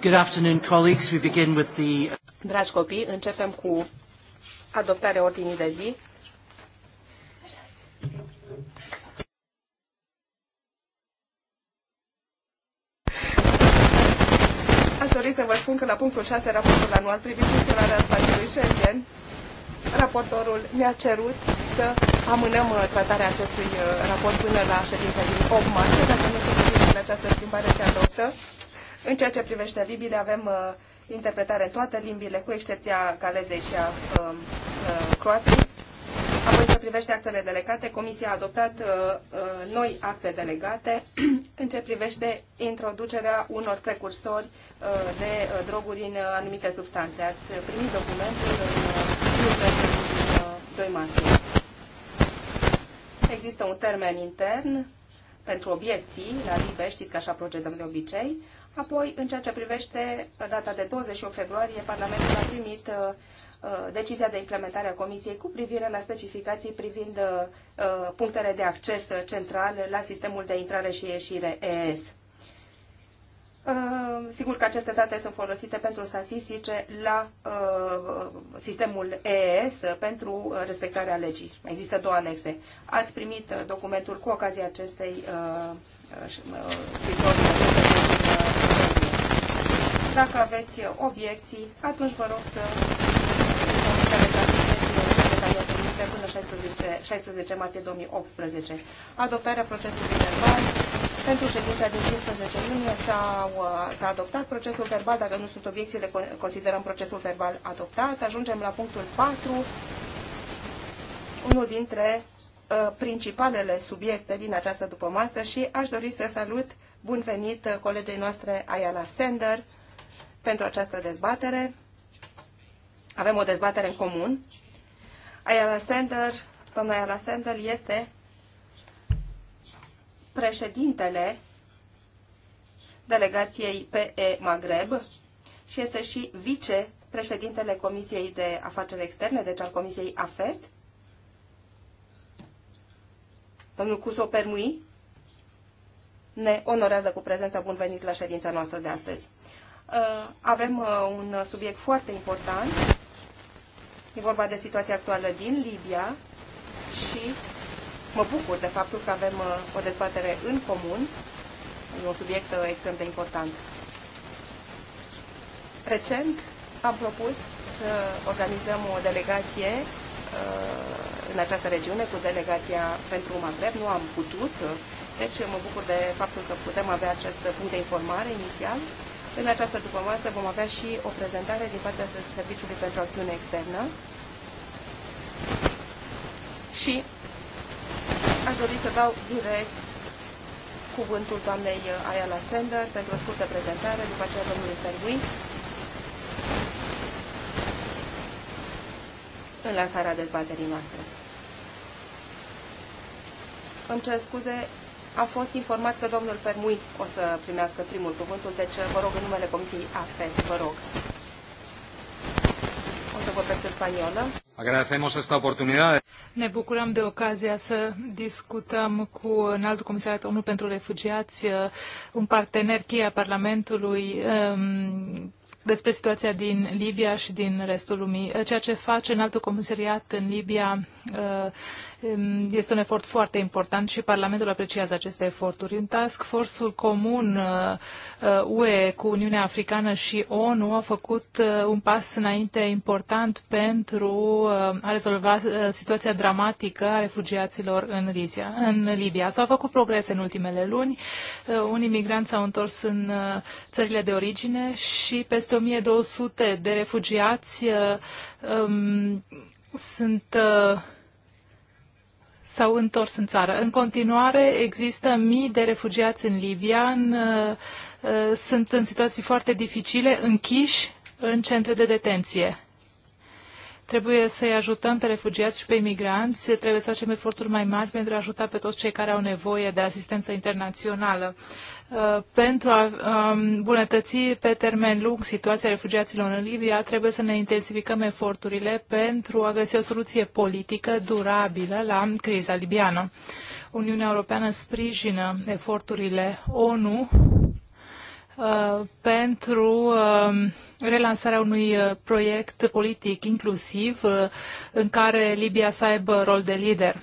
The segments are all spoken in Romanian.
Good afternoon, colleagues. We begin with the... Dragi copii, începem cu adoptarea ordinii de zi. Aș dori să vă spun că la punctul 6, raportul anual privind funcționarea spațiului Schengen, raportorul ne-a cerut să amânăm uh, tratarea acestui uh, raport până la ședința din 8 martie, dacă nu se această schimbare se adoptă. În ceea ce privește limbile, avem uh, interpretare în toate limbile, cu excepția galezei și a um, uh, uh, croatei. Apoi, ce privește actele delegate, Comisia a adoptat uh, uh, noi acte delegate în ce privește introducerea unor precursori uh, de uh, droguri în uh, anumite substanțe. Ați primit documentul în uh, 2 uh, martie. Există un termen intern pentru obiecții la LIBE, știți că așa procedăm de obicei. Apoi, în ceea ce privește data de 28 februarie, Parlamentul a primit uh, uh, decizia de implementare a Comisiei cu privire la specificații privind uh, punctele de acces central la sistemul de intrare și ieșire ES. sigur că aceste date sunt folosite pentru statistice la sistemul EES pentru respectarea legii. Există două anexe. Ați primit documentul cu ocazia acestei scrisori dacă aveți obiecții, atunci vă rog să de până 16, 16 martie 2018. Adoptarea procesului verbal pentru ședința de 15 iunie uh, s-a adoptat procesul verbal. Dacă nu sunt obiecțiile, considerăm procesul verbal adoptat. Ajungem la punctul 4, unul dintre uh, principalele subiecte din această dupămasă și aș dori să salut bun venit uh, colegei noastre Ayala Sender, pentru această dezbatere. Avem o dezbatere în comun. Ayala Sender, doamna Ayala Sender este președintele delegației PE Maghreb și este și vicepreședintele Comisiei de Afaceri Externe, deci al Comisiei AFET. Domnul Cuso Permui ne onorează cu prezența bun venit la ședința noastră de astăzi. Uh, avem uh, un subiect foarte important. E vorba de situația actuală din Libia și mă bucur de faptul că avem uh, o dezbatere în comun. E un subiect extrem de important. Recent am propus să organizăm o delegație în această regiune cu delegația pentru Maghreb. Nu am putut, deci mă bucur de faptul că putem avea acest punct de informare inițial în această dupămasă vom avea și o prezentare din partea Serviciului pentru Acțiune Externă și aș dori să dau direct cuvântul doamnei Ayala Sender pentru o scurtă prezentare, după aceea domnului Fergui în lansarea dezbaterii noastre. Îmi cer scuze, am fost informat că domnul Fermui o să primească primul cuvântul, deci vă rog în numele Comisiei AFES, vă rog. O să vorbesc în spaniolă. Agradecemos esta oportunidad. Ne bucurăm de ocazia să discutăm cu înaltul comisariat ONU pentru refugiați, un partener cheia a Parlamentului um, despre situația din Libia și din restul lumii. Ceea ce face înaltul comisariat în Libia uh, este un efort foarte important și Parlamentul apreciază aceste eforturi. În task force-ul comun uh, uh, UE cu Uniunea Africană și ONU a făcut uh, un pas înainte important pentru a rezolva situația dramatică a refugiaților în, Rizia, în Libia. S-au făcut progrese în ultimele luni. Unii migranți s-au întors în țările de origine și peste 1200 de refugiați um, sunt uh, s-au întors în țară. În continuare există mii de refugiați în Libia, în, uh, uh, sunt în situații foarte dificile, închiși în centre de detenție. Trebuie să-i ajutăm pe refugiați și pe imigranți, trebuie să facem eforturi mai mari pentru a ajuta pe toți cei care au nevoie de asistență internațională. Uh, Uh, pentru a îmbunătăți um, pe termen lung situația refugiaților în Libia, trebuie să ne intensificăm eforturile pentru a găsi o soluție politică durabilă la criza libiană. Uniunea Europeană sprijină eforturile ONU uh, pentru um, relansarea unui uh, proiect politic inclusiv în care Libia să aibă rol de lider.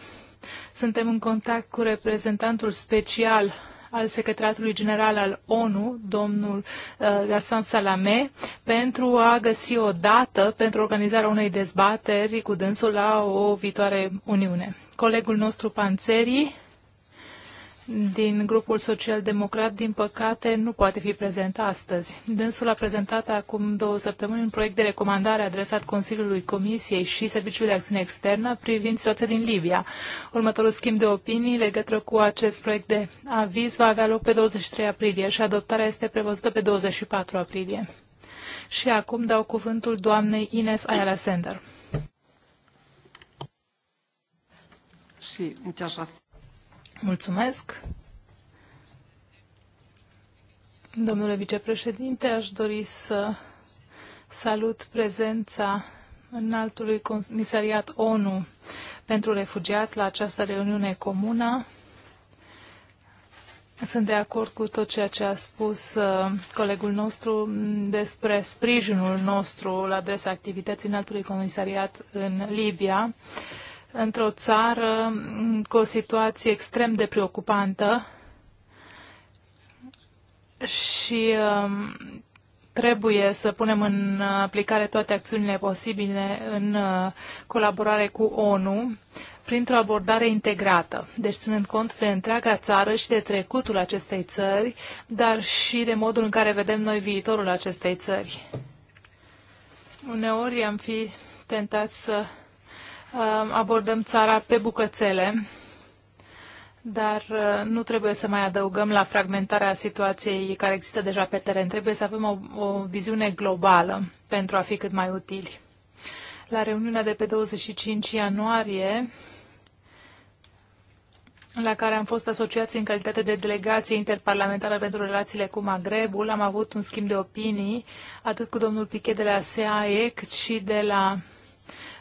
Suntem în contact cu reprezentantul special al secretarului General al ONU, domnul uh, Gassan Salame, pentru a găsi o dată pentru organizarea unei dezbateri cu dânsul la o viitoare Uniune. Colegul nostru Panțerii din grupul social-democrat, din păcate, nu poate fi prezent astăzi. Dânsul a prezentat acum două săptămâni un proiect de recomandare adresat Consiliului Comisiei și Serviciului de Acțiune Externă privind situația din Libia. Următorul schimb de opinii legătură cu acest proiect de aviz va avea loc pe 23 aprilie și adoptarea este prevăzută pe 24 aprilie. Și acum dau cuvântul doamnei Ines Ayala Sender. Sí, muchas gracias. Mulțumesc. Domnule vicepreședinte, aș dori să salut prezența înaltului comisariat ONU pentru refugiați la această reuniune comună. Sunt de acord cu tot ceea ce a spus uh, colegul nostru despre sprijinul nostru la adresa activității înaltului comisariat în Libia într-o țară mm, cu o situație extrem de preocupantă și um, trebuie să punem în aplicare toate acțiunile posibile în uh, colaborare cu ONU printr-o abordare integrată, deci ținând cont de întreaga țară și de trecutul acestei țări, dar și de modul în care vedem noi viitorul acestei țări. Uneori am fi tentat să abordăm țara pe bucățele, dar uh, nu trebuie să mai adăugăm la fragmentarea situației care există deja pe teren. Trebuie să avem o, o viziune globală pentru a fi cât mai utili. La reuniunea de pe 25 ianuarie, la care am fost asociați în calitate de delegație interparlamentară pentru relațiile cu Magrebul. Am avut un schimb de opinii atât cu domnul Pichet de la SEAE, cât și de la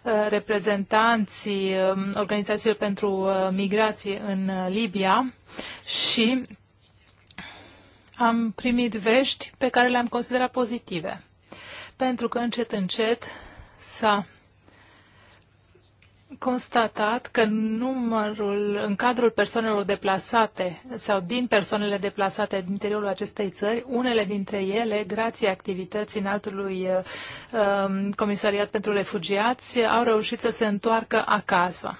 Uh, reprezentanții um, organizațiilor pentru uh, migrație în uh, Libia și am primit vești pe care le-am considerat pozitive. Pentru că încet, încet s-a constatat că numărul în cadrul persoanelor deplasate sau din persoanele deplasate din interiorul acestei țări, unele dintre ele, grație activității înaltului uh, um, comisariat pentru refugiați, au reușit să se întoarcă acasă.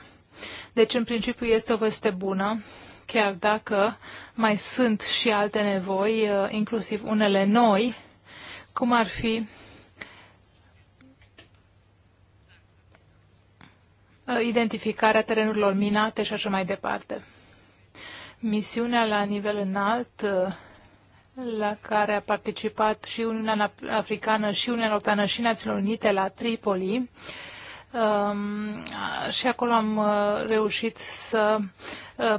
Deci, în principiu, este o veste bună, chiar dacă mai sunt și alte nevoi, uh, inclusiv unele noi, cum ar fi Uh, identificarea terenurilor minate și așa mai departe. Misiunea la nivel înalt uh, la care a participat și Uniunea Africană, și Uniunea Europeană, și Națiunile Unite la Tripoli. Um, și acolo am uh, reușit să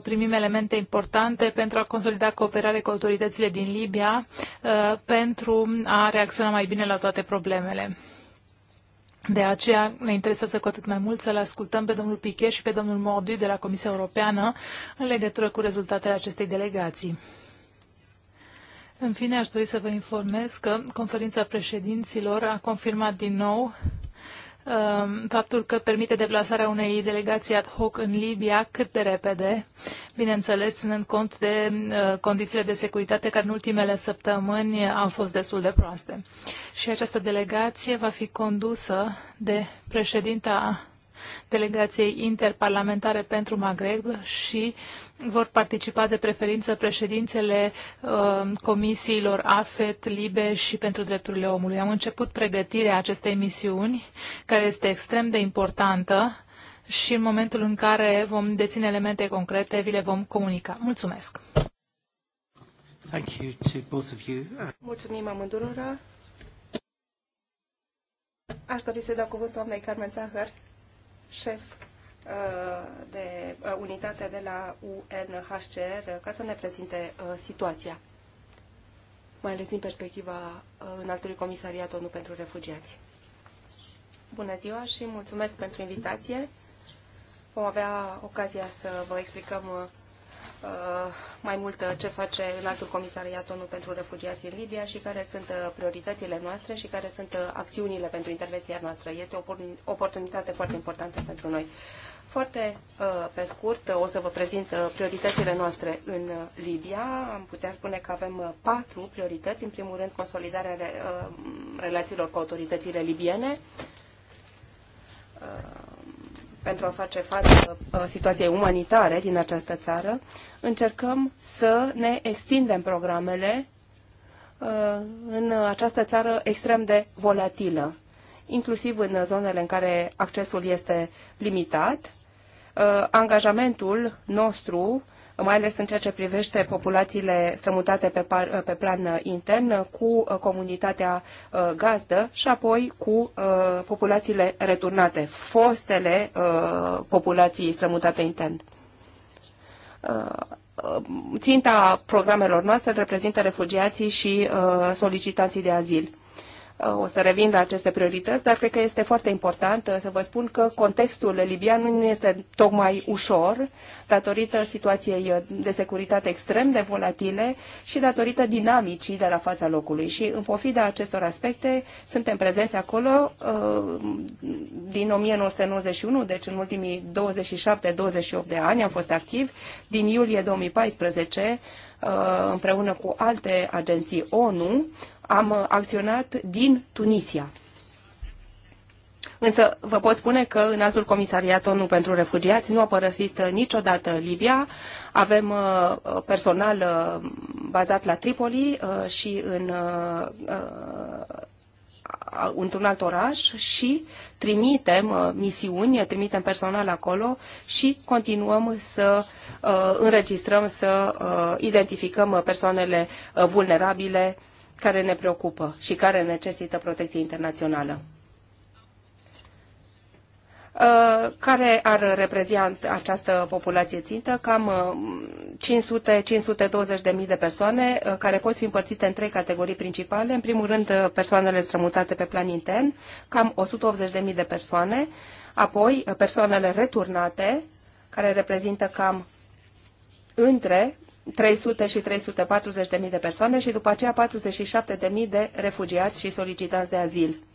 primim elemente importante pentru a consolida cooperarea cu autoritățile din Libia, pentru a reacționa mai bine la toate problemele. De aceea ne interesează cu atât mai mult să-l ascultăm pe domnul Pichet și pe domnul Mordu de la Comisia Europeană în legătură cu rezultatele acestei delegații. În fine, aș dori să vă informez că conferința președinților a confirmat din nou Um, faptul că permite deplasarea unei delegații ad hoc în Libia cât de repede, bineînțeles ținând cont de uh, condițiile de securitate care în ultimele săptămâni au fost destul de proaste. Și această delegație va fi condusă de președinta delegației interparlamentare pentru Maghreb și vor participa de preferință președințele uh, comisiilor AFET, LIBE și pentru drepturile omului. Am început pregătirea acestei misiuni, care este extrem de importantă și în momentul în care vom deține elemente concrete, vi le vom comunica. Mulțumesc! Thank you to both of you. Mulțumim amândurora. Aș dori să dau cuvântul doamnei Carmen Zahăr șef uh, de uh, unitate de la UNHCR uh, ca să ne prezinte situația, mai ales din perspectiva înaltului comisariat ONU pentru refugiați. Bună ziua și mulțumesc pentru invitație. Vom avea ocazia să vă explicăm Uh, mai mult uh, ce face înaltul altul comisariat ONU pentru refugiați în Libia și care sunt uh, prioritățile noastre și care sunt acțiunile pentru intervenția noastră. Este o oportunitate foarte importantă pentru noi. Foarte pe scurt o să vă prezint prioritățile noastre în Libia. Am putea spune că avem patru priorități. În primul rând, consolidarea relațiilor cu autoritățile libiene pentru a face față uh, situației umanitare din această țară, încercăm să ne extindem programele uh, în această țară extrem de volatilă, inclusiv în zonele în care accesul este limitat. Uh, angajamentul nostru mai ales în ceea ce privește populațiile strămutate pe, par, pe plan uh, intern uh, cu uh, comunitatea gazdă și apoi cu populațiile returnate, fostele populații strămutate intern ținta programelor noastre reprezintă refugiații și uh, solicitanții de azil o să revin la aceste priorități, dar cred că este foarte important uh, să vă spun că contextul libian nu este tocmai ușor, datorită situației uh, de securitate extrem de volatile și datorită dinamicii de la fața locului. Și în pofida acestor aspecte, suntem prezenți acolo uh, din 1991, deci în ultimii 27-28 de ani am fost activ, din iulie 2014 Uh, împreună cu alte agenții ONU, am acționat din Tunisia. Însă vă pot spune că în altul comisariat ONU pentru refugiați nu a părăsit niciodată Libia. Avem uh, personal uh, bazat la Tripoli și în într-un alt oraș și uh, trimitem uh, misiuni, trimitem personal acolo și continuăm să uh, înregistrăm, să uh, identificăm persoanele vulnerabile care ne preocupă și care necesită protecție internațională. Uh, care ar reprezenta această populație țintă, cam 500-520 uh, de mii de persoane, uh, care pot fi împărțite în trei categorii principale. În primul rând, persoanele strămutate pe plan intern, cam 180 de mii de persoane, apoi persoanele returnate, care reprezintă cam între 300 și 340 de mii de persoane și după aceea 47 de mii de refugiați și solicitanți de azil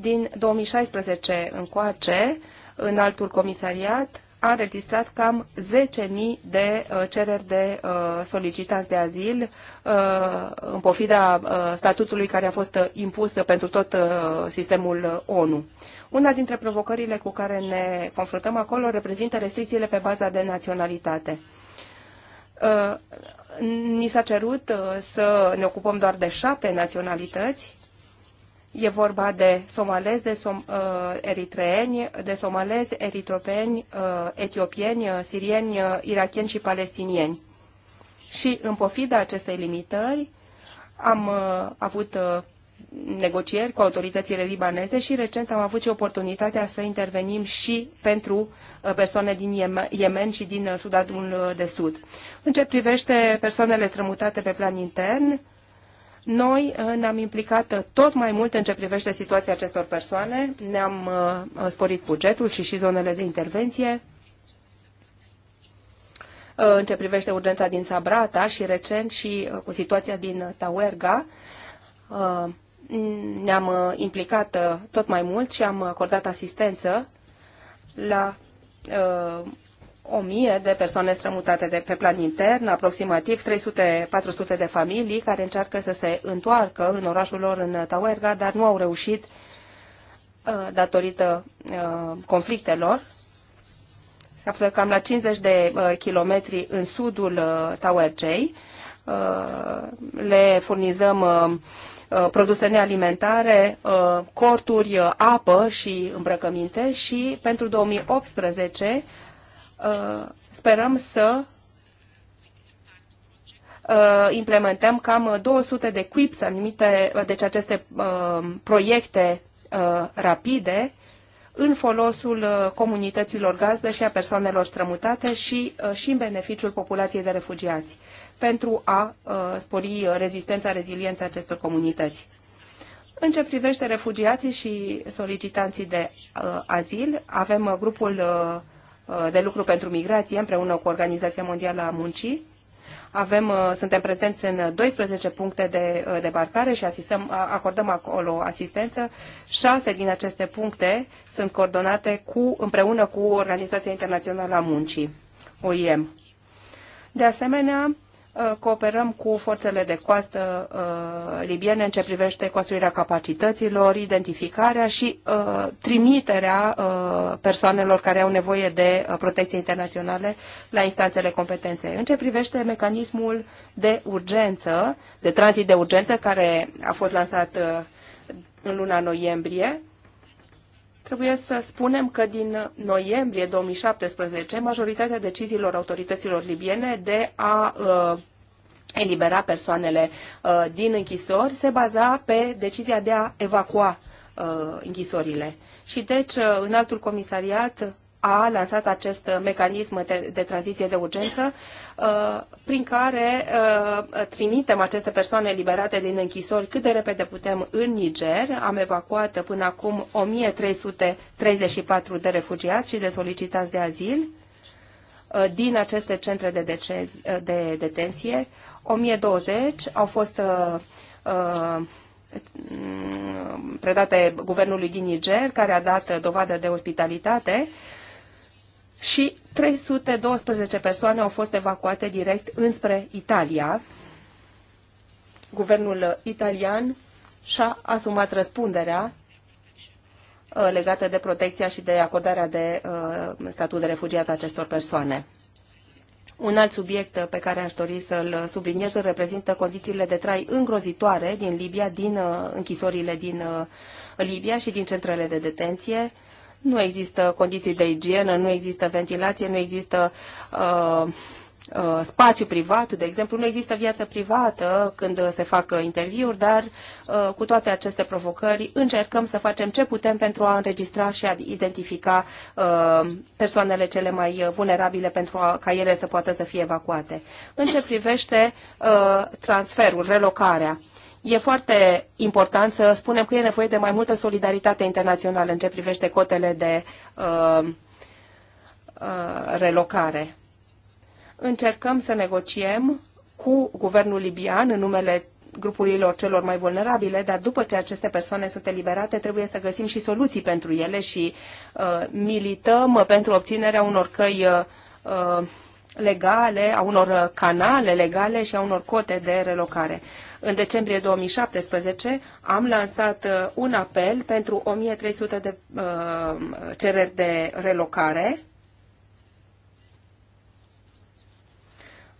din 2016 încoace, în altul comisariat, a înregistrat cam 10.000 de uh, cereri de uh, solicitanți de azil uh, în pofida statutului care a fost impus pentru tot sistemul ONU. Una dintre provocările cu care ne confruntăm acolo reprezintă restricțiile pe baza de naționalitate. Ni s-a cerut să ne ocupăm doar de șapte naționalități, E vorba de somalezi, de som, uh, eritreeni, de somalezi, eritropeni, uh, etiopieni, uh, sirieni, uh, irachieni și palestinieni. Și în pofida acestei limitări am uh, avut uh, negocieri cu autoritățile libaneze și recent am avut și oportunitatea să intervenim și pentru uh, persoane din Yemen și din uh, Sudanul de Sud. În ce privește persoanele strămutate pe plan intern, noi uh, ne-am implicat uh, tot mai mult în ce privește situația acestor persoane, ne-am uh, sporit bugetul și și zonele de intervenție, în ce privește urgența din Sabrata și recent și cu situația din Tauerga. Ne-am implicat tot mai mult și am acordat asistență la 1000 de persoane strămutate de pe plan intern, aproximativ 300-400 de familii care încearcă să se întoarcă în orașul lor în Tauerga, dar nu au reușit uh, datorită uh, conflictelor. Se află cam la 50 de uh, kilometri în sudul Tauergei. Le furnizăm produse nealimentare, corturi, apă și îmbrăcăminte și pentru 2018 Uh, sperăm să uh, implementăm cam 200 de quips, anumite, deci aceste uh, proiecte rapide, în folosul comunităților gazdă și a persoanelor strămutate și, și în beneficiul populației de refugiați, pentru a spori rezistența, reziliența acestor comunități. În ce privește refugiații și solicitanții de azil, avem grupul Uh, de lucru pentru migrație împreună cu Organizația Mondială a Muncii. Avem, uh, suntem prezenți în 12 puncte de uh, debarcare și asistăm, acordăm acolo asistență. Șase din aceste puncte sunt coordonate cu, împreună cu Organizația Internațională a Muncii, OIM. De asemenea, Uh, cooperăm cu forțele de coastă uh, libiene în ce privește construirea capacităților, identificarea și uh, trimiterea persoanelor care au nevoie de protecție internaționale la instanțele competențe. În ce privește mecanismul de urgență, de tranzit de urgență, care a fost lansat în luna noiembrie, Trebuie să spunem că din noiembrie 2017, majoritatea deciziilor autorităților libiene de a uh, elibera persoanele uh, din închisori se baza pe decizia de a evacua uh, închisorile. Și deci, uh, în altul comisariat, a lansat acest mecanism de tranziție de urgență uh, prin care uh, trimitem aceste persoane liberate din închisori cât de repede putem în Niger. Am evacuat până acum 1334 de refugiați și de solicitați de azil uh, din aceste centre de, dece- de detenție. 1020 au fost uh, predate guvernului din Niger, care a dat dovadă de ospitalitate. Uh, și 312 persoane au fost evacuate direct înspre Italia. Guvernul italian și-a asumat răspunderea uh, legată de protecția și de acordarea de uh, statut de refugiat acestor persoane. Un alt subiect pe care aș dori să-l subliniez îl reprezintă condițiile de trai îngrozitoare din Libia, din uh, închisorile din Libia și din centrele de detenție. Nu există condiții de igienă, nu există ventilație, nu există uh, uh, spațiu privat, de exemplu, nu există viață privată când se fac interviuri, dar uh, cu toate aceste provocări încercăm să facem ce putem pentru a înregistra și a identifica uh, persoanele cele mai vulnerabile pentru a, ca ele să poată să fie evacuate. În ce privește uh, transferul, relocarea, uh, e foarte important să spunem că e nevoie de mai multă solidaritate internațională în ce privește cotele de uh, uh, relocare. Încercăm să negociem cu guvernul libian în numele grupurilor celor mai vulnerabile, dar după ce aceste persoane sunt eliberate, trebuie să găsim și soluții pentru ele și uh, milităm pentru obținerea unor căi uh, uh legale, a unor uh, canale legale și a unor cote de relocare. În decembrie 2017 am lansat uh, un apel pentru 1300 de uh, cereri de relocare.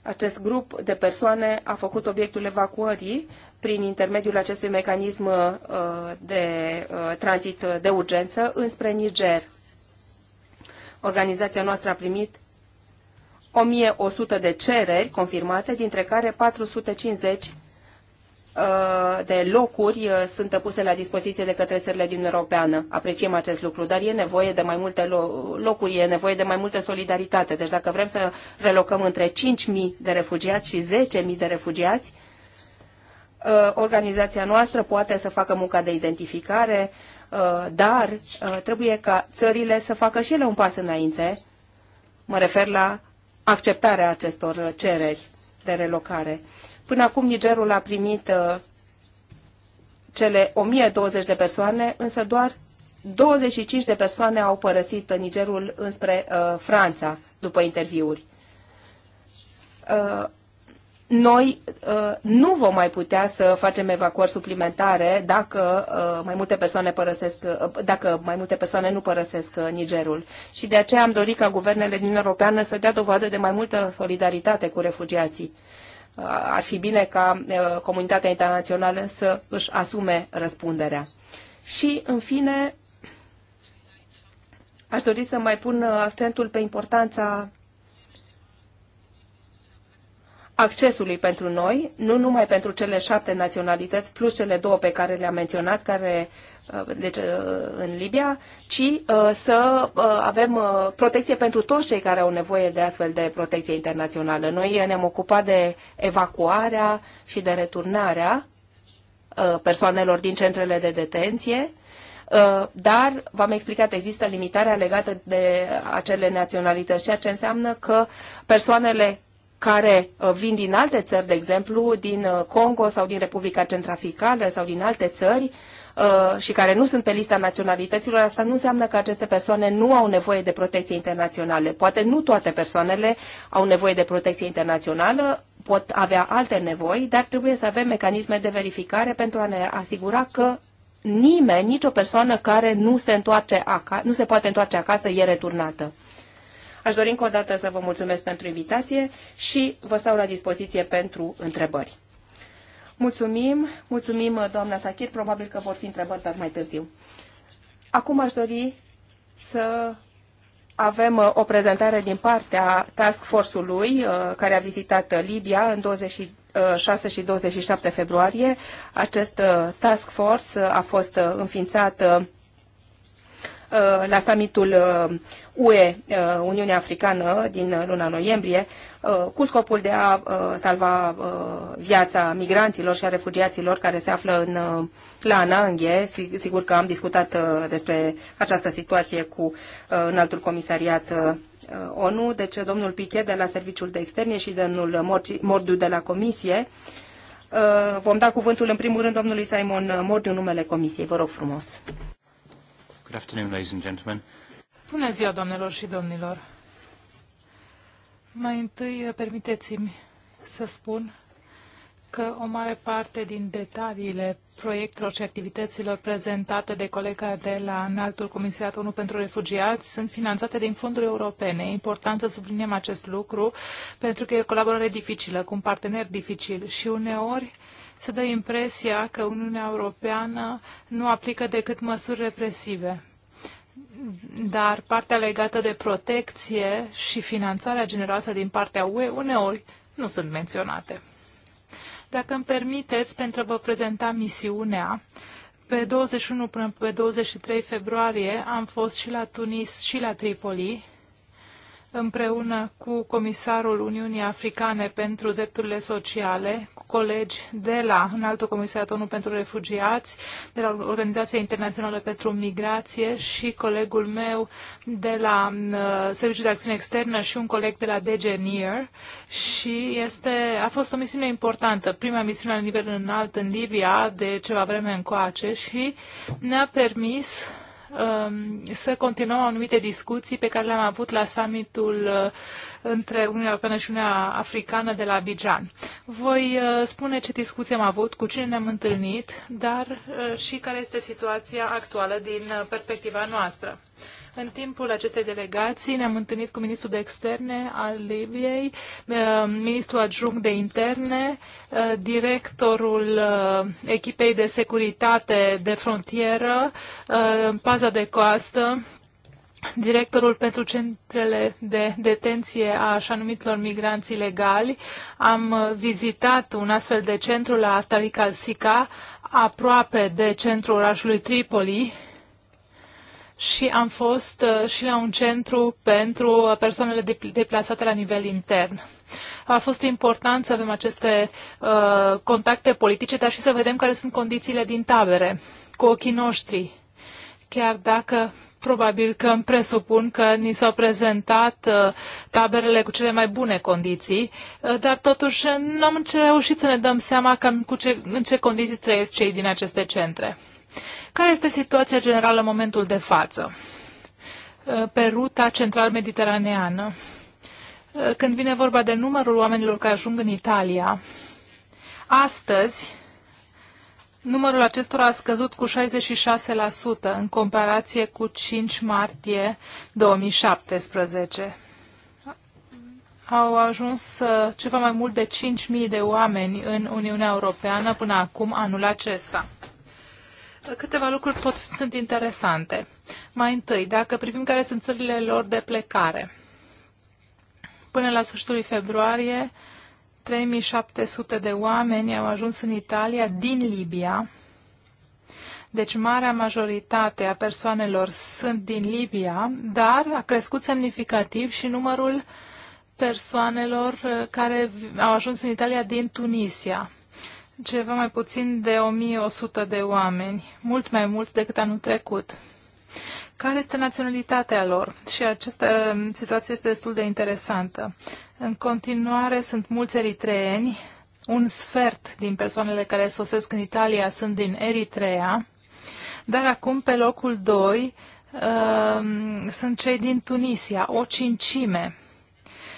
Acest grup de persoane a făcut obiectul evacuării prin intermediul acestui mecanism de tranzit de urgență înspre Niger. Organizația noastră a primit 1100 de cereri confirmate, dintre care 450 uh, de locuri uh, sunt puse la dispoziție de către țările din Europeană. Apreciem acest lucru, dar e nevoie de mai multe locuri, e nevoie de mai multă solidaritate. Deci dacă vrem să relocăm între 5.000 de refugiați și 10.000 de refugiați, uh, organizația noastră poate să facă munca de identificare, dar trebuie ca țările să facă și ele un pas înainte. Mă refer la acceptarea acestor uh, cereri de relocare. Până acum Nigerul a primit uh, cele 1020 de persoane, însă doar 25 de persoane au părăsit Nigerul înspre uh, Franța după interviuri. Uh, noi uh, nu vom mai putea să facem evacuări suplimentare dacă uh, mai multe persoane părăsesc, uh, dacă mai multe persoane nu părăsesc Nigerul. Și de aceea am dorit ca guvernele din Europeană să dea dovadă de mai multă solidaritate cu refugiații. Ar fi bine ca comunitatea internațională să își asume răspunderea. Și, în fine, aș dori să mai pun accentul pe importanța accesului pentru noi, nu numai pentru cele șapte naționalități plus cele două pe care le-am menționat, care uh, deci, uh, în Libia, ci uh, să avem protecție pentru toți cei care au nevoie de astfel de protecție internațională. Noi ne-am ocupat de evacuarea și de returnarea persoanelor din centrele de detenție, dar, v-am explicat, există limitarea legată de acele naționalități, ceea ce înseamnă că persoanele care uh, vin din alte țări, de exemplu, din uh, Congo sau din Republica Centrafricană sau din alte țări uh, și care nu sunt pe lista naționalităților, asta nu înseamnă că aceste persoane nu au nevoie de protecție internațională. Poate nu toate persoanele au nevoie de protecție internațională, pot avea alte nevoi, dar trebuie să avem mecanisme de verificare pentru a ne asigura că nimeni, nicio persoană care nu se, întoarce acasă, nu se poate întoarce acasă e returnată. Aș dori încă o dată să vă mulțumesc pentru invitație și vă stau la dispoziție pentru întrebări. Mulțumim, mulțumim doamna Sachir, probabil că vor fi întrebări, dar mai târziu. Acum aș dori să avem uh, o prezentare din partea Task Force-ului uh, care a vizitat uh, Libia în 26 și 27 februarie. Acest Task Force a fost înființat la summitul UE, uh, Uniunea Africană, din luna noiembrie, uh, cu scopul de a uh, salva viața migranților și a refugiaților care se află în, la Ananghe. Sigur că am discutat despre această situație cu altul comisariat ONU, deci domnul Pichet de la Serviciul de Externe și domnul Mordiu de la Comisie. Vom da cuvântul în primul rând domnului Simon Mordiu, numele Comisiei. Vă rog frumos. Good afternoon, ladies and gentlemen. Bună ziua, doamnelor și domnilor! Mai întâi, permiteți-mi să spun că o mare parte din detaliile proiectelor și activităților prezentate de colega de la Înaltul Comisariat 1 pentru Refugiați sunt finanțate din fonduri europene. E important să subliniem acest lucru pentru că e o colaborare dificilă, cu un partener dificil și uneori se dă impresia că Uniunea Europeană nu aplică decât măsuri represive dar partea legată de protecție și finanțarea generoasă din partea UE uneori nu sunt menționate. Dacă îmi permiteți, pentru a vă prezenta misiunea, pe 21 până pe 23 februarie am fost și la Tunis și la Tripoli împreună cu Comisarul Uniunii Africane pentru Drepturile Sociale, cu colegi de la Înaltul Comisariat ONU pentru Refugiați, de la Organizația Internațională pentru Migrație și colegul meu de la uh, Serviciul de Acțiune Externă și un coleg de la DGNIR și este, a fost o misiune importantă, prima misiune la nivel înalt în Libia de ceva vreme încoace și ne-a permis Um, să continuăm anumite discuții pe care le-am avut la summitul uh, între Uniunea Europeană și Uniunea Africană de la Abidjan. Voi uh, spune ce discuții am avut, cu cine ne-am întâlnit, dar uh, și care este situația actuală din perspectiva noastră. În timpul acestei delegații ne-am întâlnit cu ministrul de externe al Libiei, eh, ministrul adjunct de interne, eh, directorul eh, echipei de securitate de frontieră, paza de coastă, directorul pentru centrele de detenție a așa numitilor migranți ilegali. Am vizitat un astfel de centru la Tarik al-Sika, aproape de centrul orașului Tripoli, și am fost uh, și la un centru pentru uh, persoanele deplasate la nivel intern. A fost important să avem aceste uh, contacte politice, dar și să vedem care sunt condițiile din tabere, cu ochii noștri, chiar dacă probabil că îmi presupun că ni s-au prezentat uh, taberele cu cele mai bune condiții, uh, dar totuși uh, nu am reușit să ne dăm seama cam cu ce, în ce condiții trăiesc cei din aceste centre. Care este situația generală în momentul de față uh, pe ruta central-mediteraneană? Uh, când vine vorba de numărul oamenilor care ajung în Italia, astăzi numărul acestora a scăzut cu 66% în comparație cu 5 martie 2017 au ajuns uh, ceva mai mult de 5.000 de oameni în Uniunea Europeană până acum anul acesta câteva lucruri tot sunt interesante. Mai întâi, dacă privim care sunt țările lor de plecare. Până la sfârșitul februarie, 3700 de oameni au ajuns în Italia din Libia. Deci marea majoritate a persoanelor sunt din Libia, dar a crescut semnificativ și numărul persoanelor uh, care au ajuns în Italia din Tunisia ceva mai puțin de 1100 de oameni, mult mai mulți decât anul trecut. Care este naționalitatea lor? Și această um, situație este destul de interesantă. În continuare sunt mulți eritreeni, un sfert din persoanele care sosesc în Italia sunt din Eritrea, dar acum pe locul 2 uh, um, sunt cei din Tunisia, o cincime.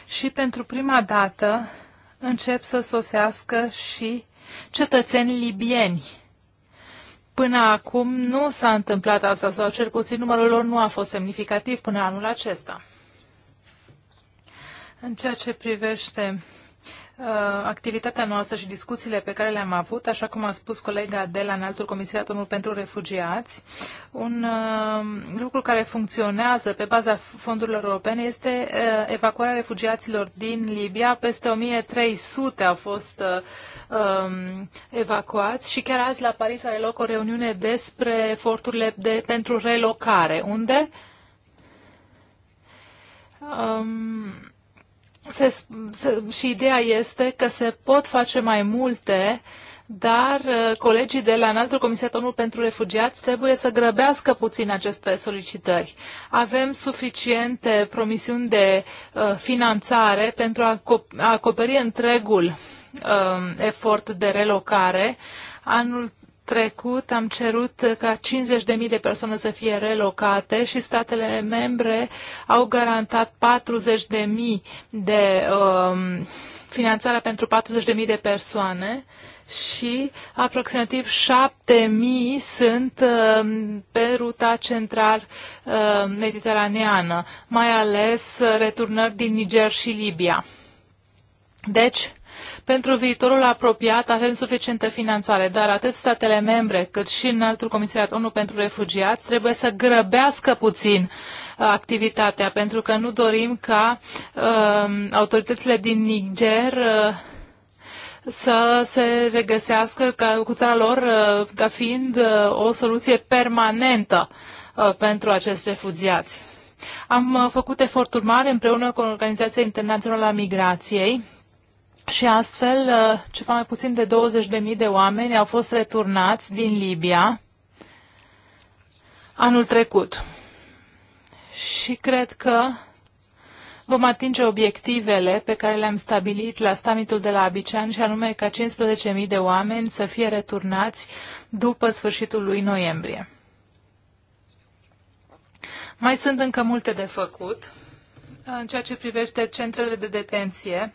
Și pentru prima dată încep să sosească și cetățeni libieni. Până acum nu s-a întâmplat asta, sau cel puțin numărul lor nu a fost semnificativ până anul acesta. În ceea ce privește uh, activitatea noastră și discuțiile pe care le-am avut, așa cum a spus colega de la Înaltul Comisariatul pentru Refugiați, un uh, lucru care funcționează pe baza fondurilor europene este uh, evacuarea refugiaților din Libia. Peste 1300 au fost uh, um, evacuați și chiar azi la Paris are loc o reuniune despre eforturile de, pentru relocare, unde um, se, se, și ideea este că se pot face mai multe dar uh, colegii de la Înaltul Comisar ONU pentru Refugiați trebuie să grăbească puțin aceste solicitări. Avem suficiente promisiuni de uh, finanțare pentru a acoperi întregul uh, efort de relocare. Anul trecut am cerut ca 50.000 de persoane să fie relocate și statele membre au garantat 40.000 de uh, finanțarea pentru 40.000 de persoane și aproximativ 7.000 sunt uh, pe ruta central-mediteraneană, mai ales returnări din Niger și Libia. Deci, pentru viitorul apropiat avem suficientă finanțare, dar atât statele membre cât și în altul Comisariat ONU pentru Refugiați trebuie să grăbească puțin uh, activitatea, pentru că nu dorim ca um, autoritățile din Niger uh, să se regăsească ca, cu țara lor uh, ca fiind uh, o soluție permanentă uh, pentru acești refugiați. Am uh, făcut eforturi mari împreună cu Organizația Internațională a Migrației și astfel uh, ceva mai puțin de 20.000 de oameni au fost returnați din Libia anul trecut. Și cred că vom atinge obiectivele pe care le-am stabilit la summitul de la Abidjan și anume ca 15.000 de oameni să fie returnați după sfârșitul lui noiembrie. Mai sunt încă multe de făcut în ceea ce privește centrele de detenție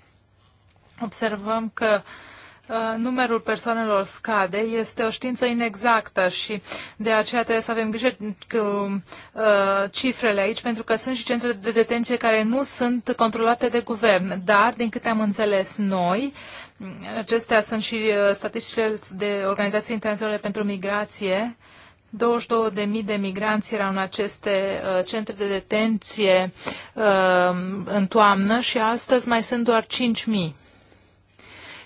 observăm că uh, numărul persoanelor scade, este o știință inexactă și de aceea trebuie să avem grijă cu uh, cifrele aici, pentru că sunt și centre de detenție care nu sunt controlate de guvern. Dar, din câte am înțeles noi, acestea sunt și uh, statisticile de organizații Internaționale pentru Migrație, 22.000 de migranți erau în aceste uh, centre de detenție uh, în toamnă și astăzi mai sunt doar 5.000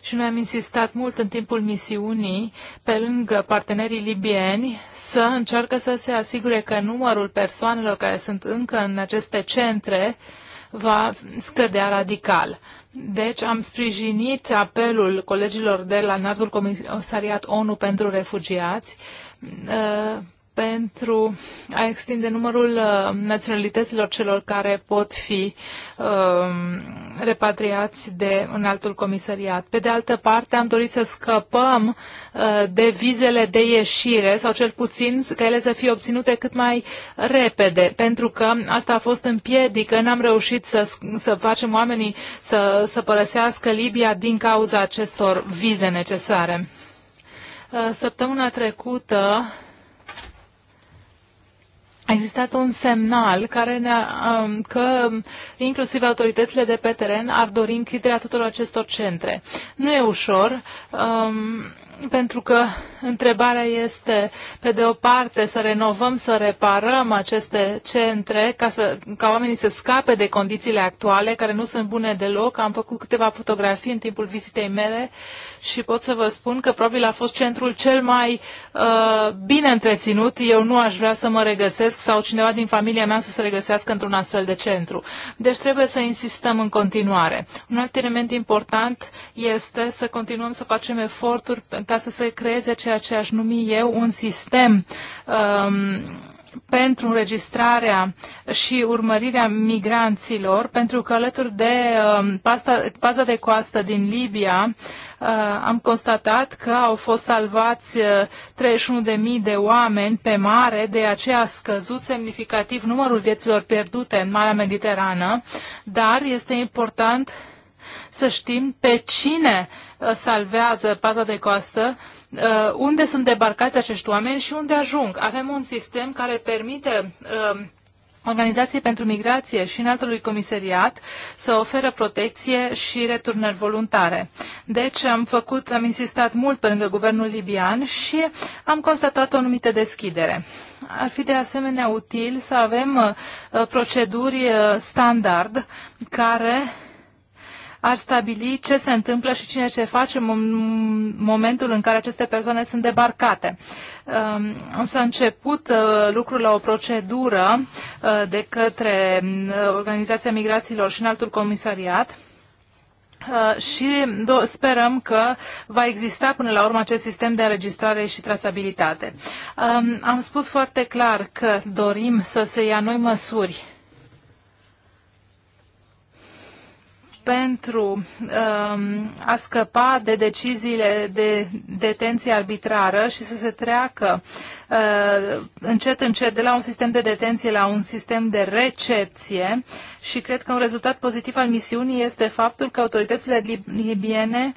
și noi am insistat mult în timpul misiunii, pe lângă partenerii libieni, să încearcă să se asigure că numărul persoanelor care sunt încă în aceste centre va scădea radical. Deci am sprijinit apelul colegilor de la Nardul Comisariat ONU pentru Refugiați uh, pentru a extinde numărul uh, naționalităților celor care pot fi um, repatriați de un altul comisariat. Pe de altă parte, am dorit să scăpăm uh, de vizele de ieșire sau cel puțin ca ele să fie obținute cât mai repede, pentru că asta a fost împiedică, n-am reușit să, să facem oamenii să, să părăsească Libia din cauza acestor vize necesare. Uh, săptămâna trecută, a existat un semnal care ne um, că inclusiv autoritățile de pe teren ar dori închiderea tuturor acestor centre. Nu e ușor. Um, pentru că întrebarea este, pe de o parte, să renovăm, să reparăm aceste centre ca, să, ca oamenii să scape de condițiile actuale, care nu sunt bune deloc. Am făcut câteva fotografii în timpul vizitei mele și pot să vă spun că probabil a fost centrul cel mai uh, bine întreținut. Eu nu aș vrea să mă regăsesc sau cineva din familia mea să se regăsească într-un astfel de centru. Deci trebuie să insistăm în continuare. Un alt element important este să continuăm să facem eforturi ca să se creeze ceea ce aș numi eu un sistem um, pentru înregistrarea și urmărirea migranților, pentru că alături de um, pasta, paza de coastă din Libia uh, am constatat că au fost salvați uh, 31.000 de oameni pe mare, de aceea a scăzut semnificativ numărul vieților pierdute în Marea Mediterană, dar este important să știm pe cine Uh, salvează paza de coastă, uh, unde sunt debarcați acești oameni și unde ajung. Avem un sistem care permite uh, Organizației pentru Migrație și Înaltului Comisariat să oferă protecție și returnări voluntare. Deci am făcut, am insistat mult pe lângă guvernul libian și am constatat o anumită deschidere. Ar fi de asemenea util să avem proceduri standard care ar stabili ce se întâmplă și cine ce face în momentul în care aceste persoane sunt debarcate. Um, S-a început uh, lucrul la o procedură uh, de către uh, Organizația Migrațiilor și în altul comisariat și sperăm că va exista până la urmă acest sistem de înregistrare și trasabilitate. Um, am spus foarte clar că dorim să se ia noi măsuri pentru um, a scăpa de deciziile de detenție arbitrară și să se treacă uh, încet, încet de la un sistem de detenție la un sistem de recepție și cred că un rezultat pozitiv al misiunii este faptul că autoritățile libiene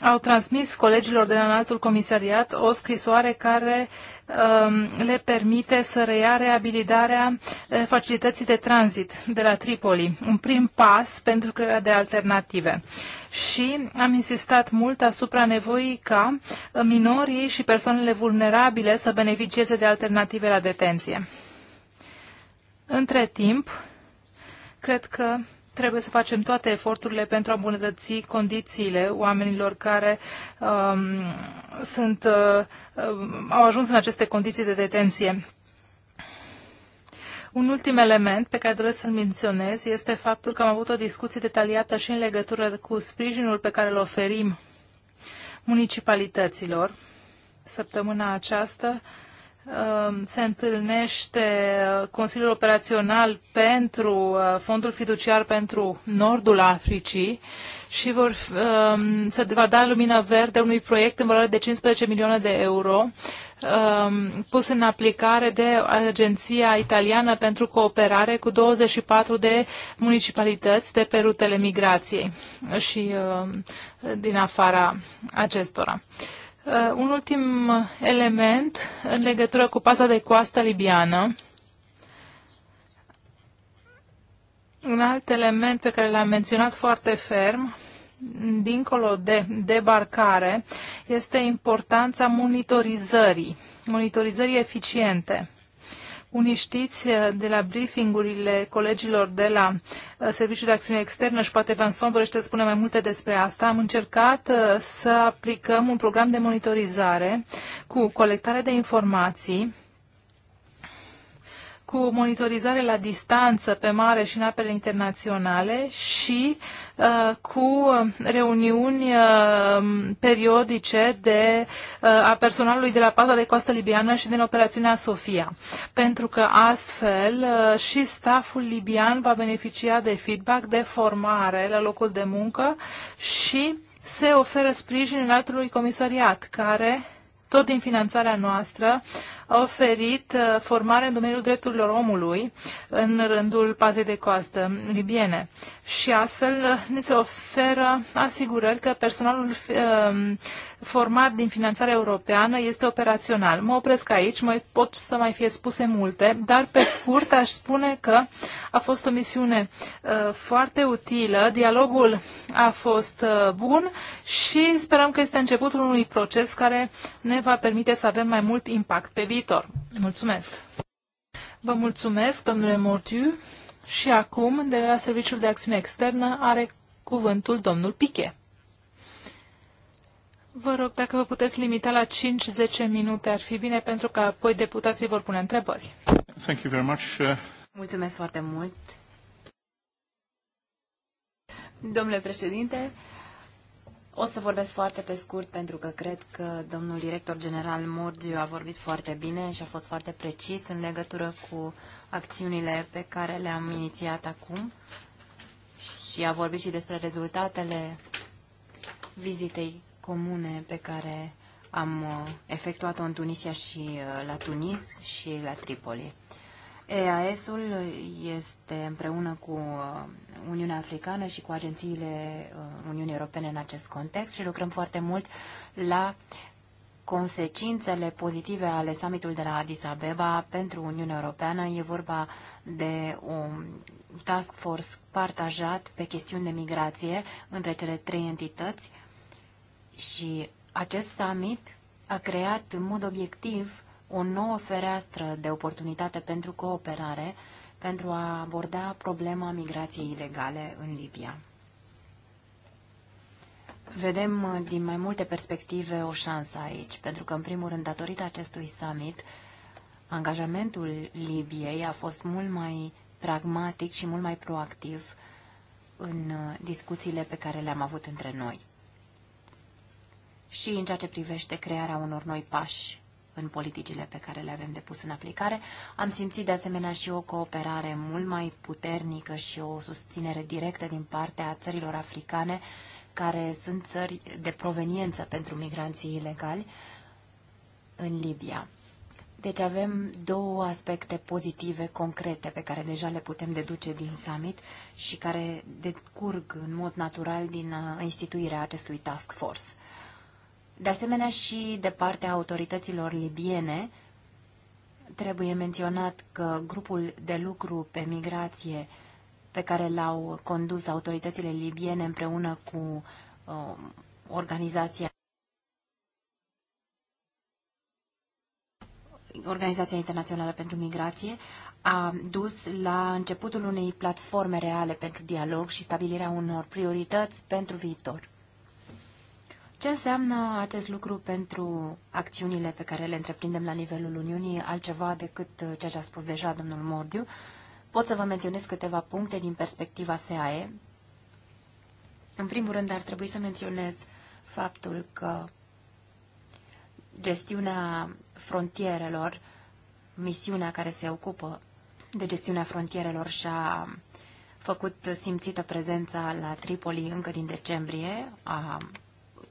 au transmis colegilor de la înaltul comisariat o scrisoare care uh, Um, le permite să reia reabilitarea uh, facilității de tranzit de la Tripoli, un prim pas pentru crearea de alternative. Și am insistat mult asupra nevoii ca minorii și persoanele vulnerabile să beneficieze de alternative la detenție. Între timp, cred că trebuie să facem toate eforturile pentru a îmbunătăți condițiile oamenilor care um, sunt, uh, um, au ajuns în aceste condiții de detenție. Un ultim element pe care doresc să-l menționez este faptul că am avut o discuție detaliată și în legătură cu sprijinul pe care îl oferim municipalităților săptămâna aceasta Um, se întâlnește Consiliul Operațional pentru uh, Fondul Fiduciar pentru Nordul Africii și vor, um, se va da lumină verde unui proiect în valoare de 15 milioane de euro um, pus în aplicare de Agenția Italiană pentru Cooperare cu 24 de municipalități de pe rutele migrației și din afara acestora. Uh, un ultim element în legătură cu paza de coastă libiană. Un alt element pe care l-am menționat foarte ferm, dincolo de debarcare, este importanța monitorizării, monitorizării eficiente. Unii știți eh, de la briefingurile colegilor de la eh, Serviciul de Acțiune Externă și poate Vanson dorește să spune mai multe despre asta. Am încercat eh, să aplicăm un program de monitorizare cu colectare de informații cu monitorizare la distanță pe mare și în apele internaționale și uh, cu reuniuni uh, periodice de, uh, a personalului de la paza de coastă libiană și din operațiunea Sofia. Pentru că astfel uh, și staful libian va beneficia de feedback, de formare la locul de muncă și se oferă sprijin în altului comisariat, care tot din finanțarea noastră, a oferit uh, formare în domeniul drepturilor omului în rândul pazei de coastă libiene. Și astfel uh, ne se oferă asigurări că personalul uh, format din finanțarea europeană este operațional. Mă opresc aici, mai pot să mai fie spuse multe, dar pe scurt aș spune că a fost o misiune foarte utilă, dialogul a fost bun și sperăm că este începutul unui proces care ne va permite să avem mai mult impact pe viitor viitor. Mulțumesc! Vă mulțumesc, domnule Mortiu. Și acum, de la Serviciul de Acțiune Externă, are cuvântul domnul Piche. Vă rog, dacă vă puteți limita la 5-10 minute, ar fi bine, pentru că apoi deputații vor pune întrebări. Thank you very much. Uh, mulțumesc foarte mult. Domnule președinte, o să vorbesc foarte pe scurt pentru că cred că domnul director general Murgiu a vorbit foarte bine și a fost foarte precis în legătură cu acțiunile pe care le-am inițiat acum și a vorbit și despre rezultatele vizitei comune pe care am uh, efectuat-o în Tunisia și uh, la Tunis și la Tripoli. EAS-ul este împreună cu uh, Uniunea Africană și cu agențiile uh, Uniunii Europene în acest context și lucrăm foarte mult la consecințele pozitive ale summitului de la Addis Abeba pentru Uniunea Europeană. E vorba de un task force partajat pe chestiuni de migrație între cele trei entități și acest summit a creat în mod obiectiv uh, o nouă fereastră de oportunitate pentru cooperare pentru a aborda problema migrației ilegale în Libia. Vedem din mai multe perspective o șansă aici, pentru că, în primul rând, datorită acestui summit, angajamentul Libiei a fost mult mai pragmatic și mult mai proactiv în uh, discuțiile pe care le-am avut între noi. Și în ceea ce privește crearea unor noi pași în politicile pe care le avem de pus în aplicare. Am simțit de asemenea și o cooperare mult mai puternică și o susținere directă din partea țărilor africane, care sunt țări de proveniență pentru migranții ilegali în Libia. Deci avem două aspecte pozitive, concrete, pe care deja le putem deduce din summit și care decurg în mod natural din uh, instituirea acestui task force. De asemenea și de partea autorităților libiene, trebuie menționat că grupul de lucru pe migrație pe care l-au condus autoritățile libiene împreună cu uh, organizația Organizația Internațională pentru Migrație a dus la începutul unei platforme reale pentru dialog și stabilirea unor priorități pentru viitor. Ce înseamnă acest lucru pentru acțiunile pe care le întreprindem la nivelul Uniunii, altceva decât uh, ceea ce a spus deja domnul Mordiu? Pot să vă menționez câteva puncte din perspectiva SAE. În primul rând, ar trebui să menționez faptul că gestiunea frontierelor, misiunea care se ocupă de gestiunea frontierelor și-a făcut simțită prezența la Tripoli încă din decembrie a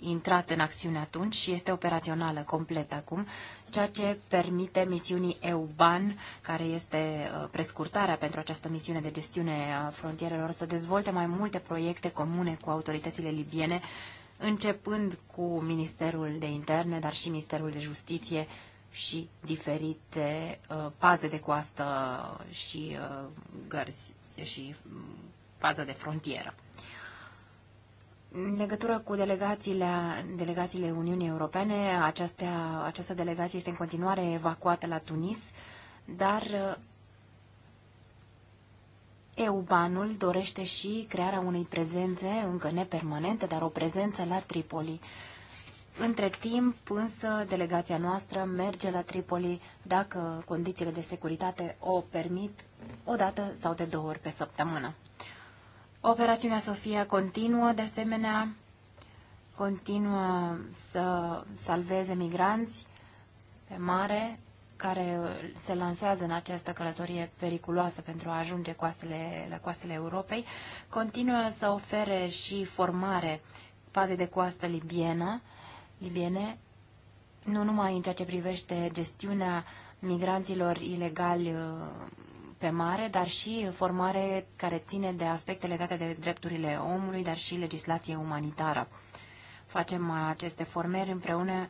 intrat în acțiune atunci și este operațională complet acum, ceea ce permite misiunii EUBAN, care este uh, prescurtarea pentru această misiune de gestiune a frontierelor, să dezvolte mai multe proiecte comune cu autoritățile libiene, începând cu Ministerul de Interne, dar și Ministerul de Justiție și diferite uh, paze de coastă și uh, gărzi și mm, pază de frontieră. În legătură cu delegațiile, delegațiile Uniunii Europene, aceastea, această delegație este în continuare evacuată la Tunis, dar uh, EUBANul dorește și crearea unei prezențe, încă nepermanente, dar o prezență la Tripoli. Între timp, însă, delegația noastră merge la Tripoli dacă condițiile de securitate o permit o dată sau de două ori pe săptămână. Operațiunea Sofia continuă, de asemenea, continuă să salveze migranți pe mare care se lansează în această călătorie periculoasă pentru a ajunge coastele, la coastele Europei, continuă să ofere și formare paze de coastă libienă, libiene, nu numai în ceea ce privește gestiunea migranților ilegali uh, pe mare, dar și formare care ține de aspecte legate de drepturile omului, dar și legislație umanitară. Facem aceste formări împreună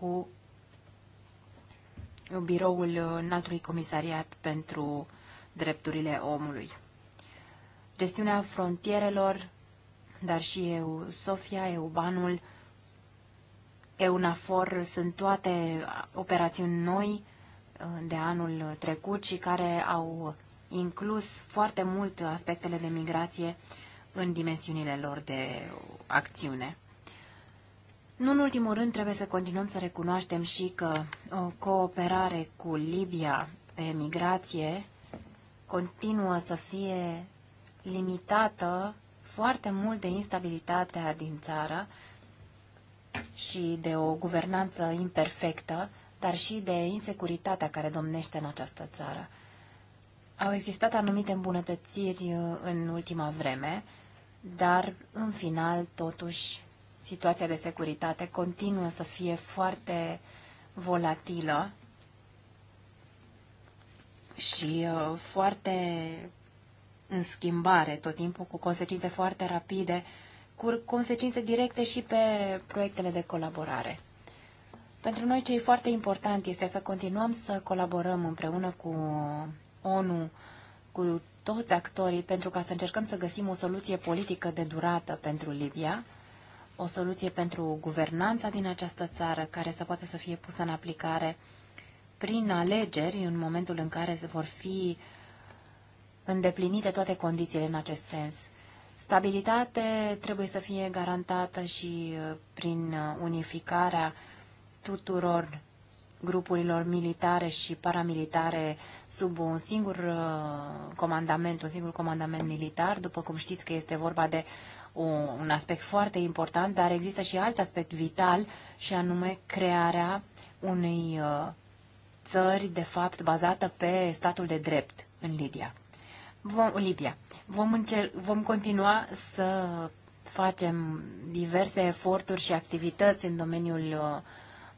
cu biroul Înaltului Comisariat pentru Drepturile Omului. Gestiunea frontierelor, dar și EU, Sofia, EUBANul, EUNAFOR sunt toate operațiuni noi Uh, de anul trecut și care au inclus foarte mult aspectele de migrație în dimensiunile lor de acțiune. Nu în ultimul rând, trebuie să continuăm să recunoaștem și că o uh, cooperare cu Libia pe migrație continuă să fie limitată foarte mult de instabilitatea din țară și de o guvernanță imperfectă, dar și de insecuritatea care domnește în această țară. Au existat anumite îmbunătățiri uh, în ultima vreme, dar în final, totuși, situația de securitate continuă să fie foarte volatilă și uh, foarte în schimbare tot timpul, cu consecințe foarte rapide, cu consecințe directe și pe proiectele de colaborare. Pentru noi ce e foarte important este să continuăm să colaborăm împreună cu ONU, cu toți actorii, pentru ca să încercăm să găsim o soluție politică de durată pentru Libia, o soluție pentru guvernanța din această țară care să poată să fie pusă în aplicare prin alegeri în momentul în care vor fi îndeplinite toate condițiile în acest sens. Stabilitate trebuie să fie garantată și uh, prin uh, unificarea tuturor grupurilor militare și paramilitare sub un singur uh, comandament, un singur comandament militar. După cum știți că este vorba de un aspect foarte important, dar există și alt aspect vital și anume crearea unei uh, țări, de fapt, bazată pe statul de drept în Libia. Vom, Libia. Vom, încer- vom continua să facem diverse eforturi și activități în domeniul uh,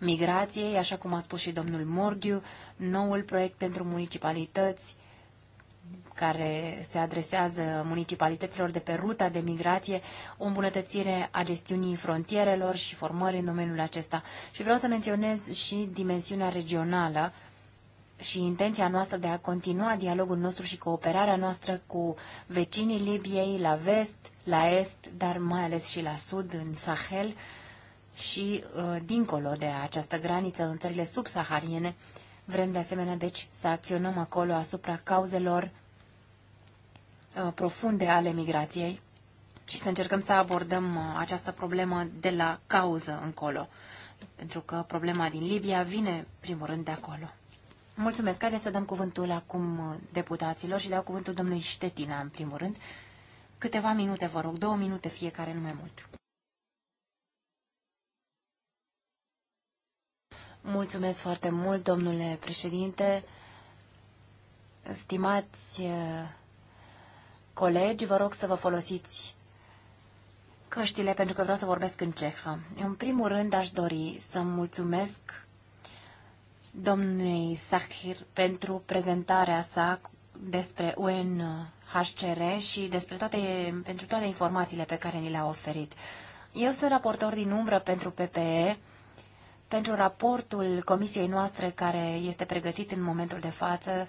migrației, așa cum a spus și domnul Mordiu, noul proiect pentru municipalități care se adresează municipalităților de pe ruta de migrație, o îmbunătățire a gestiunii frontierelor și formări în domeniul acesta. Și vreau să menționez și dimensiunea regională și intenția noastră de a continua dialogul nostru și cooperarea noastră cu vecinii Libiei la vest, la est, dar mai ales și la sud, în Sahel, și uh, dincolo de această graniță în țările subsahariene. Vrem de asemenea, deci, să acționăm acolo asupra cauzelor uh, profunde ale migrației și să încercăm să abordăm uh, această problemă de la cauză încolo, pentru că problema din Libia vine, primul rând, de acolo. Mulțumesc. Haideți să dăm cuvântul acum uh, deputaților și dau cuvântul domnului Ștetina, în primul rând. Câteva minute, vă rog, două minute fiecare, nu mai mult. Mulțumesc foarte mult, domnule președinte. Stimați eh, colegi, vă rog să vă folosiți căștile pentru că vreau să vorbesc în cehă. În primul rând aș dori să mulțumesc domnului Sahir pentru prezentarea sa despre UNHCR și despre toate, pentru toate informațiile pe care ni le-a oferit. Eu sunt raportor din umbră pentru PPE pentru raportul comisiei noastre care este pregătit în momentul de față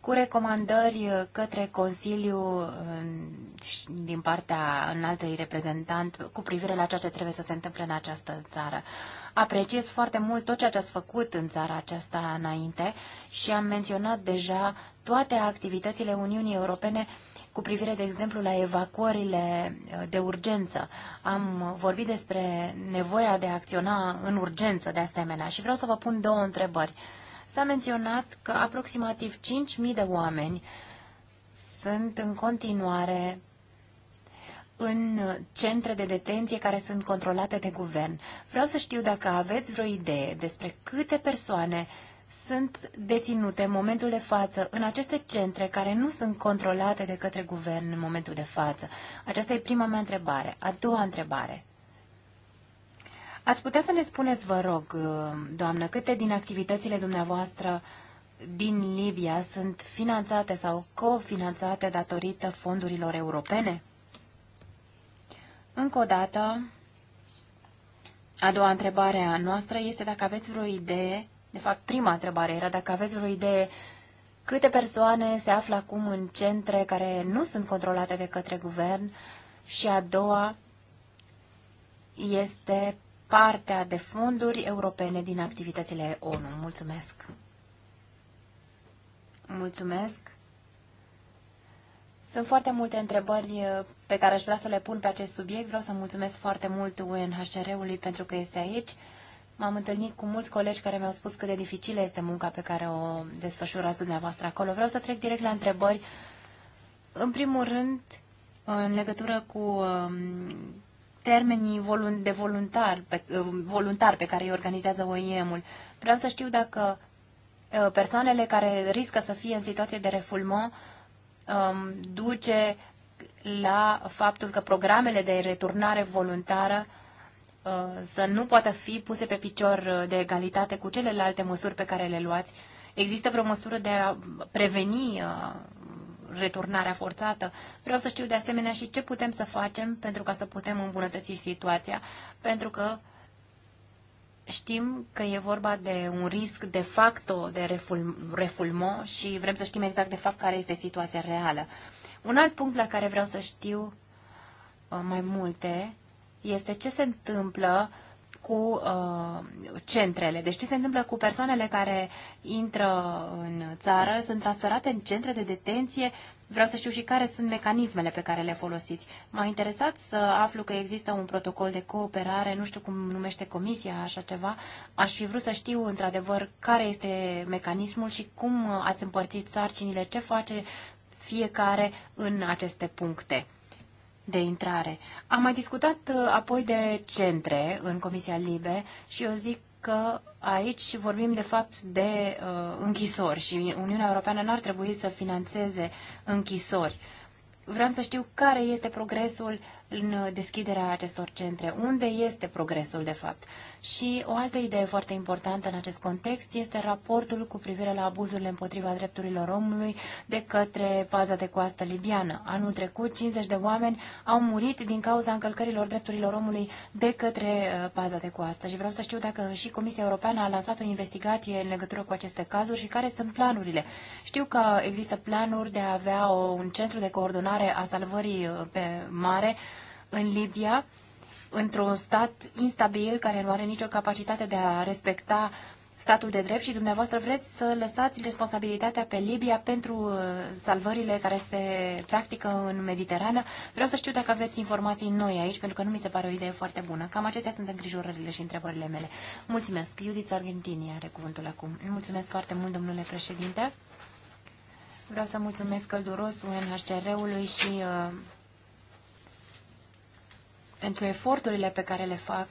cu recomandări către Consiliu din partea înaltei reprezentant cu privire la ceea ce trebuie să se întâmple în această țară. Apreciez foarte mult tot ceea ce ați făcut în țara aceasta înainte și am menționat deja toate activitățile Uniunii Europene cu privire, de exemplu, la evacuările uh, de urgență. Am vorbit despre nevoia de a acționa în urgență, de asemenea, și vreau să vă pun două întrebări. S-a menționat că aproximativ 5.000 de oameni sunt în continuare în centre de detenție care sunt controlate de guvern. Vreau să știu dacă aveți vreo idee despre câte persoane sunt deținute în momentul de față în aceste centre care nu sunt controlate de către guvern în momentul de față? Aceasta e prima mea întrebare. A doua întrebare. Ați putea să ne spuneți, vă rog, uh, doamnă, câte din activitățile dumneavoastră din Libia sunt finanțate sau cofinanțate datorită fondurilor europene? Încă o dată, a doua întrebare a noastră este dacă aveți vreo idee de fapt, prima întrebare era dacă aveți vreo idee câte persoane se află acum în centre care nu sunt controlate de către guvern și a doua este partea de fonduri europene din activitățile ONU. Mulțumesc! Mulțumesc! Sunt foarte multe întrebări pe care aș vrea să le pun pe acest subiect. Vreau să mulțumesc foarte mult UNHCR-ului pentru că este aici. M-am întâlnit cu mulți colegi care mi-au spus cât de dificilă este munca pe care o desfășurați dumneavoastră acolo. Vreau să trec direct la întrebări. În primul rând, în legătură cu um, termenii de voluntar pe, um, voluntar pe care îi organizează OIM-ul, vreau să știu dacă uh, persoanele care riscă să fie în situație de refulmă um, duce la faptul că programele de returnare voluntară Uh, să nu poată fi puse pe picior uh, de egalitate cu celelalte măsuri pe care le luați? Există vreo măsură de a preveni uh, returnarea forțată? Vreau să știu de asemenea și ce putem să facem pentru ca să putem îmbunătăți situația, pentru că știm că e vorba de un risc de facto de reful, refulmo și vrem să știm exact de fapt care este situația reală. Un alt punct la care vreau să știu mai multe este ce se întâmplă cu uh, centrele. Deci ce se întâmplă cu persoanele care intră în țară, sunt transferate în centre de detenție. Vreau să știu și care sunt mecanismele pe care le folosiți. M-a interesat să aflu că există un protocol de cooperare, nu știu cum numește comisia așa ceva. Aș fi vrut să știu într-adevăr care este mecanismul și cum ați împărțit sarcinile, ce face fiecare în aceste puncte de intrare. Am mai discutat uh, apoi de centre în Comisia Libe și eu zic că aici vorbim de fapt de uh, închisori și Uniunea Europeană n-ar trebui să financeze închisori. Vreau să știu care este progresul în uh, deschiderea acestor centre, unde este progresul de fapt. Și o altă idee foarte importantă în acest context este raportul cu privire la abuzurile împotriva drepturilor omului de către paza de coastă libiană. Anul trecut, 50 de oameni au murit din cauza încălcărilor drepturilor omului de către paza uh, de coastă. Și vreau să știu dacă și Comisia Europeană a lansat o investigație în legătură cu aceste cazuri și care sunt planurile. Știu că există planuri de a avea un centru de coordonare a salvării uh, pe mare în Libia într-un stat instabil care nu are nicio capacitate de a respecta statul de drept și dumneavoastră vreți să lăsați responsabilitatea pe Libia pentru uh, salvările care se practică în Mediterană. Vreau să știu dacă aveți informații noi aici, pentru că nu mi se pare o idee foarte bună. Cam acestea sunt îngrijorările și întrebările mele. Mulțumesc. Judith Argentini are cuvântul acum. Mulțumesc foarte mult, domnule președinte. Vreau să mulțumesc călduros UNHCR-ului și uh, pentru eforturile pe care le fac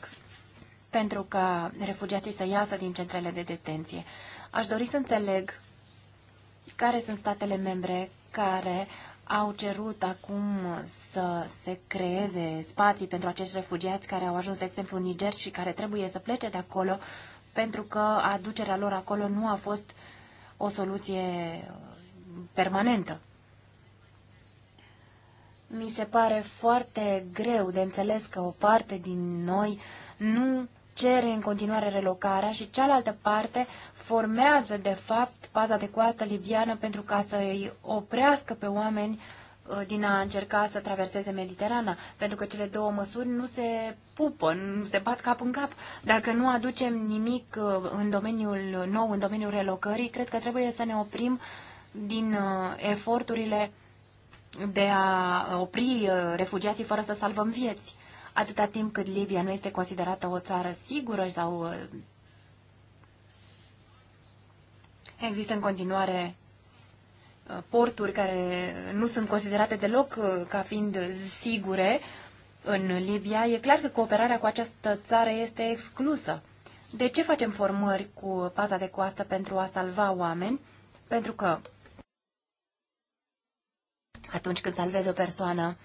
pentru ca refugiații să iasă din centrele de detenție. Aș dori să înțeleg care sunt statele membre care au cerut acum să se creeze spații pentru acești refugiați care au ajuns, de exemplu, în Niger și care trebuie să plece de acolo pentru că aducerea lor acolo nu a fost o soluție permanentă mi se pare foarte greu de înțeles că o parte din noi nu cere în continuare relocarea și cealaltă parte formează, de fapt, paza de coastă libiană pentru ca să îi oprească pe oameni uh, din a încerca să traverseze Mediterana, pentru că cele două măsuri nu se pupă, nu se bat cap în cap. Dacă nu aducem nimic uh, în domeniul nou, în domeniul relocării, cred că trebuie să ne oprim din uh, eforturile de a uh, opri uh, refugiații fără să salvăm vieți. Atâta timp cât Libia nu este considerată o țară sigură sau uh, există în continuare porturi care nu sunt considerate deloc ca fiind sigure în Libia, e clar că cooperarea cu această țară este exclusă. De ce facem formări cu paza de coastă pentru a salva oameni? Pentru că atunci când salvezi o persoană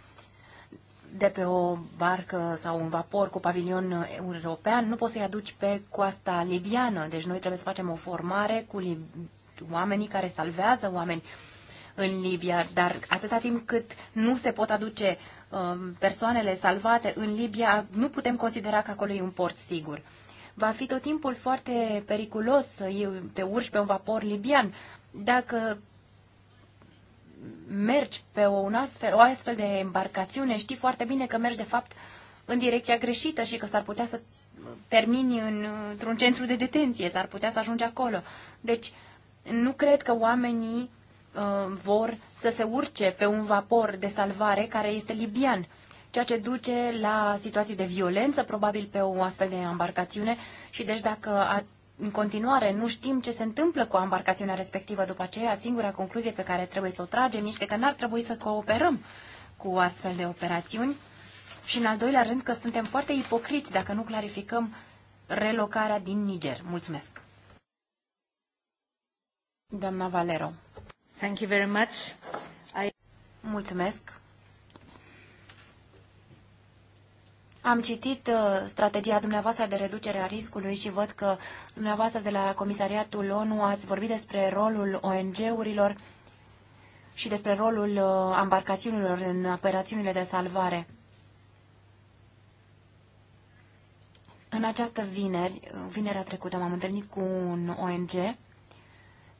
de pe o barcă sau un vapor cu pavilion european, nu poți să-i aduci pe coasta libiană. Deci noi trebuie să facem o formare cu lib- oamenii care salvează oameni în Libia, dar atâta timp cât nu se pot aduce um, persoanele salvate în Libia, nu putem considera că acolo e un port sigur. Va fi tot timpul foarte periculos să te urci pe un vapor libian. Dacă mergi pe un astfel, o astfel de embarcațiune, știi foarte bine că mergi de fapt în direcția greșită și că s-ar putea să termini în, într-un centru de detenție, s-ar putea să ajungi acolo. Deci, nu cred că oamenii uh, vor să se urce pe un vapor de salvare care este libian, ceea ce duce la situații de violență, probabil pe o astfel de embarcațiune și deci dacă în continuare nu știm ce se întâmplă cu embarcațiunea respectivă după aceea, singura concluzie pe care trebuie să o tragem este că n-ar trebui să cooperăm cu astfel de operațiuni și, în al doilea rând, că suntem foarte ipocriți dacă nu clarificăm relocarea din Niger. Mulțumesc! Doamna Valero. Thank you very much. I... Mulțumesc. Am citit uh, strategia dumneavoastră de reducere a riscului și văd că dumneavoastră de la Comisariatul ONU ați vorbit despre rolul ONG-urilor și despre rolul ambarcațiunilor uh, în operațiunile de salvare. În această vineri, vinerea trecută, m-am întâlnit cu un ONG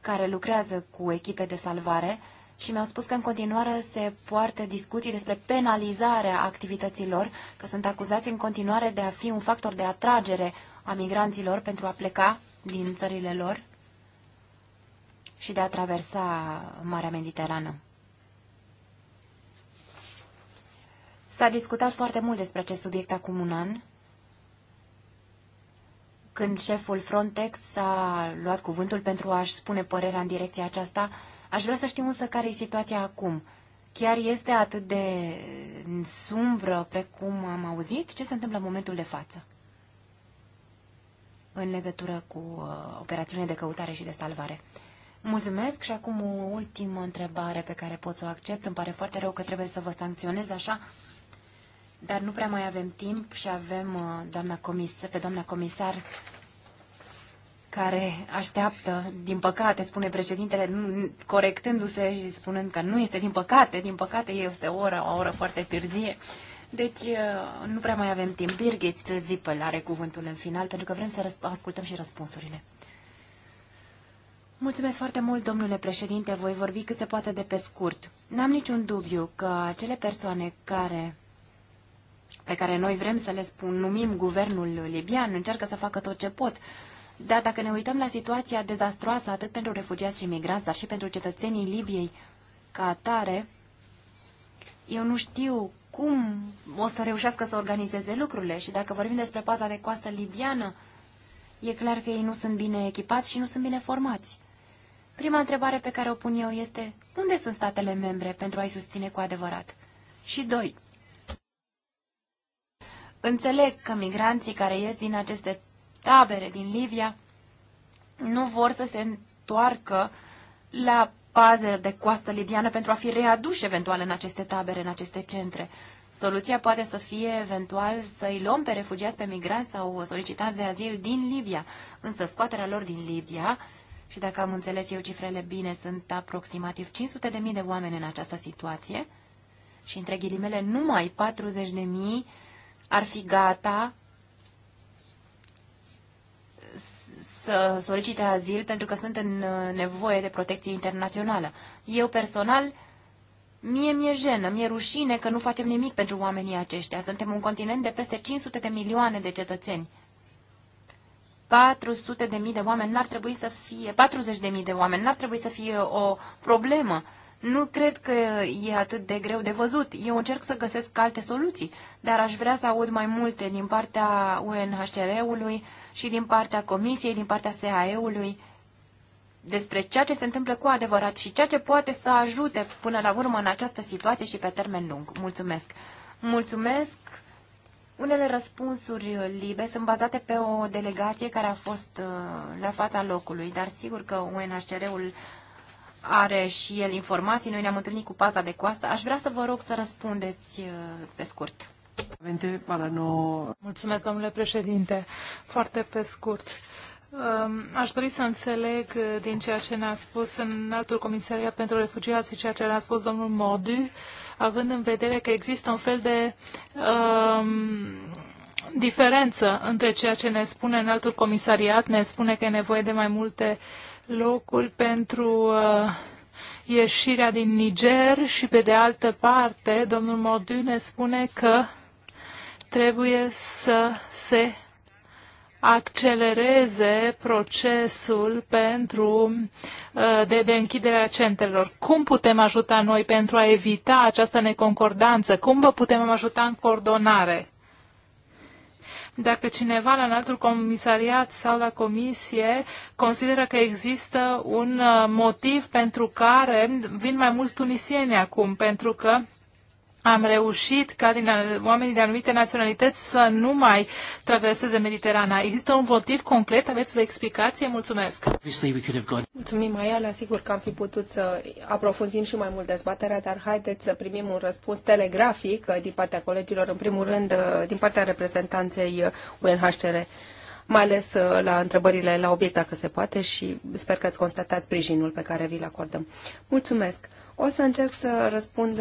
care lucrează cu echipe de salvare și mi-au spus că în continuare se poartă discuții despre penalizarea activităților, că sunt acuzați în continuare de a fi un factor de atragere a migranților pentru a pleca din țările lor și de a traversa Marea Mediterană. S-a discutat foarte mult despre acest subiect acum un an, când șeful Frontex a luat cuvântul pentru a-și spune părerea în direcția aceasta, Aș vrea să știu însă care e situația acum. Chiar este atât de sumbră precum am auzit? Ce se întâmplă în momentul de față? în legătură cu uh, operațiunile de căutare și de salvare. Mulțumesc și acum o ultimă întrebare pe care pot să o accept. Îmi pare foarte rău că trebuie să vă sancționez așa, dar nu prea mai avem timp și avem uh, doamna comis- pe doamna comisar care așteaptă, din păcate, spune președintele, corectându-se și spunând că nu este din păcate, din păcate este o oră, o oră foarte târzie. Deci uh, nu prea mai avem timp. Birgit Zipel are cuvântul în final, pentru că vrem să ascultăm și răspunsurile. Mulțumesc foarte mult, domnule președinte, voi vorbi cât se poate de pe scurt. N-am niciun dubiu că acele persoane care pe care noi vrem să le spun, numim guvernul libian, încearcă să facă tot ce pot dar dacă ne uităm la situația dezastroasă atât pentru refugiați și migranți, dar și pentru cetățenii Libiei ca atare, eu nu știu cum o să reușească să organizeze lucrurile și dacă vorbim despre paza de coastă libiană, e clar că ei nu sunt bine echipați și nu sunt bine formați. Prima întrebare pe care o pun eu este, unde sunt statele membre pentru a-i susține cu adevărat? Și doi, înțeleg că migranții care ies din aceste tabere din Libia nu vor să se întoarcă la paze de coastă libiană pentru a fi readuși eventual în aceste tabere, în aceste centre. Soluția poate să fie eventual să-i luăm pe refugiați, pe migranți sau solicitați de azil din Libia, însă scoaterea lor din Libia și dacă am înțeles eu cifrele bine, sunt aproximativ 500.000 de oameni în această situație și între ghilimele numai 40.000 ar fi gata să solicite azil pentru că sunt în uh, nevoie de protecție internațională. Eu personal, mie mi-e jenă, mi-e rușine că nu facem nimic pentru oamenii aceștia. Suntem un continent de peste 500 de milioane de cetățeni. 400 de mii de oameni n-ar trebui să fie, 40 de mii de oameni n-ar trebui să fie o problemă. Nu cred că e atât de greu de văzut. Eu încerc să găsesc alte soluții, dar aș vrea să aud mai multe din partea UNHCR-ului, și din partea Comisiei, din partea SAE-ului, despre ceea ce se întâmplă cu adevărat și ceea ce poate să ajute până la urmă în această situație și pe termen lung. Mulțumesc! Mulțumesc! Unele răspunsuri uh, libe sunt bazate pe o delegație care a fost uh, la fața locului, dar sigur că UNHCR-ul are și el informații. Noi ne-am întâlnit cu paza de coastă. Aș vrea să vă rog să răspundeți uh, pe scurt. Mulțumesc, domnule președinte. Foarte pe scurt. Um, aș dori să înțeleg uh, din ceea ce ne-a spus în altul comisariat pentru refugiați și ceea ce ne-a spus domnul Modu, având în vedere că există un fel de um, diferență între ceea ce ne spune în altul comisariat, ne spune că e nevoie de mai multe locuri pentru uh, ieșirea din Niger și pe de altă parte domnul Modu ne spune că trebuie să se accelereze procesul pentru uh, de, de închiderea centrelor. Cum putem ajuta noi pentru a evita această neconcordanță? Cum vă putem ajuta în coordonare? Dacă cineva la înaltul comisariat sau la comisie consideră că există un uh, motiv pentru care vin mai mulți tunisieni acum, pentru că am reușit ca din, oamenii de anumite naționalități să nu mai traverseze Mediterana. Există un motiv concret? Aveți o explicație? Mulțumesc! Mulțumim, Aiala. Sigur că am fi putut să aprofunzim și mai mult dezbaterea, dar haideți să primim un răspuns telegrafic uh, din partea colegilor, în primul rând uh, din partea reprezentanței UNHCR uh, mai ales la întrebările la obiect, dacă se poate, și sper că ați constatat sprijinul pe care vi-l acordăm. Mulțumesc! O să încerc să răspund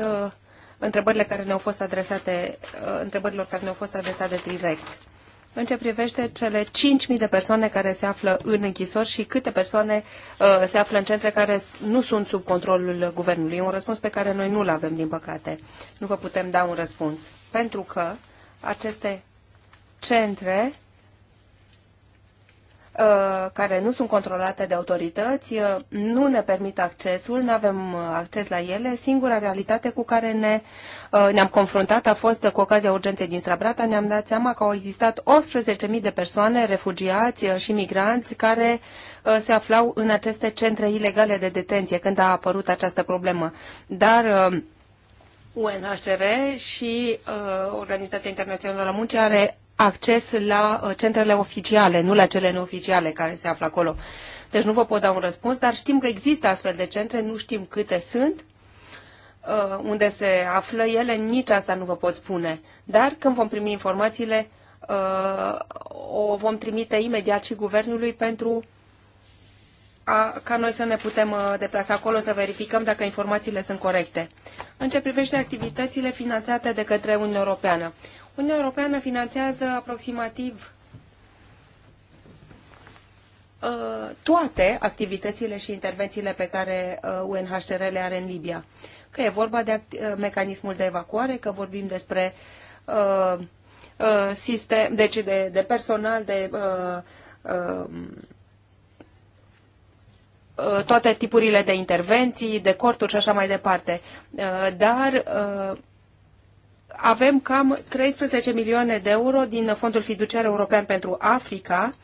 întrebările care ne-au fost adresate, uh, întrebărilor care ne-au fost adresate direct. În ce privește cele 5.000 de persoane care se află în închisori și câte persoane uh, se află în centre care nu sunt sub controlul guvernului. E un răspuns pe care noi nu-l avem, din păcate. Nu vă putem da un răspuns. Pentru că aceste centre Uh, care nu sunt controlate de autorități, uh, nu ne permit accesul, nu avem uh, acces la ele. Singura realitate cu care ne, ne-am confruntat a fost cu ocazia urgente din Strabrata. Ne-am dat seama că au existat 11.000 de persoane, refugiați și migranți, care se aflau în aceste centre ilegale de detenție când a apărut această problemă. Dar UNHCR și uh, Organizația Internațională a Muncii are acces la uh, centrele oficiale, nu la cele neoficiale care se află acolo. Deci nu vă pot da un răspuns, dar știm că există astfel de centre, nu știm câte sunt, uh, unde se află ele, nici asta nu vă pot spune. Dar când vom primi informațiile, uh, o vom trimite imediat și guvernului pentru a, ca noi să ne putem deplasa acolo să verificăm dacă informațiile sunt corecte. În ce privește activitățile finanțate de către Uniunea Europeană, Uniunea Europeană finanțează aproximativ uh, toate activitățile și intervențiile pe care UNHCR uh, le are în Libia. Că e vorba de uh, mecanismul de evacuare, că vorbim despre uh, uh, sistem, deci de, de personal, de uh, toate tipurile de intervenții, de corturi și așa mai departe. Dar avem cam 13 milioane de euro din Fondul Fiduciar European pentru Africa,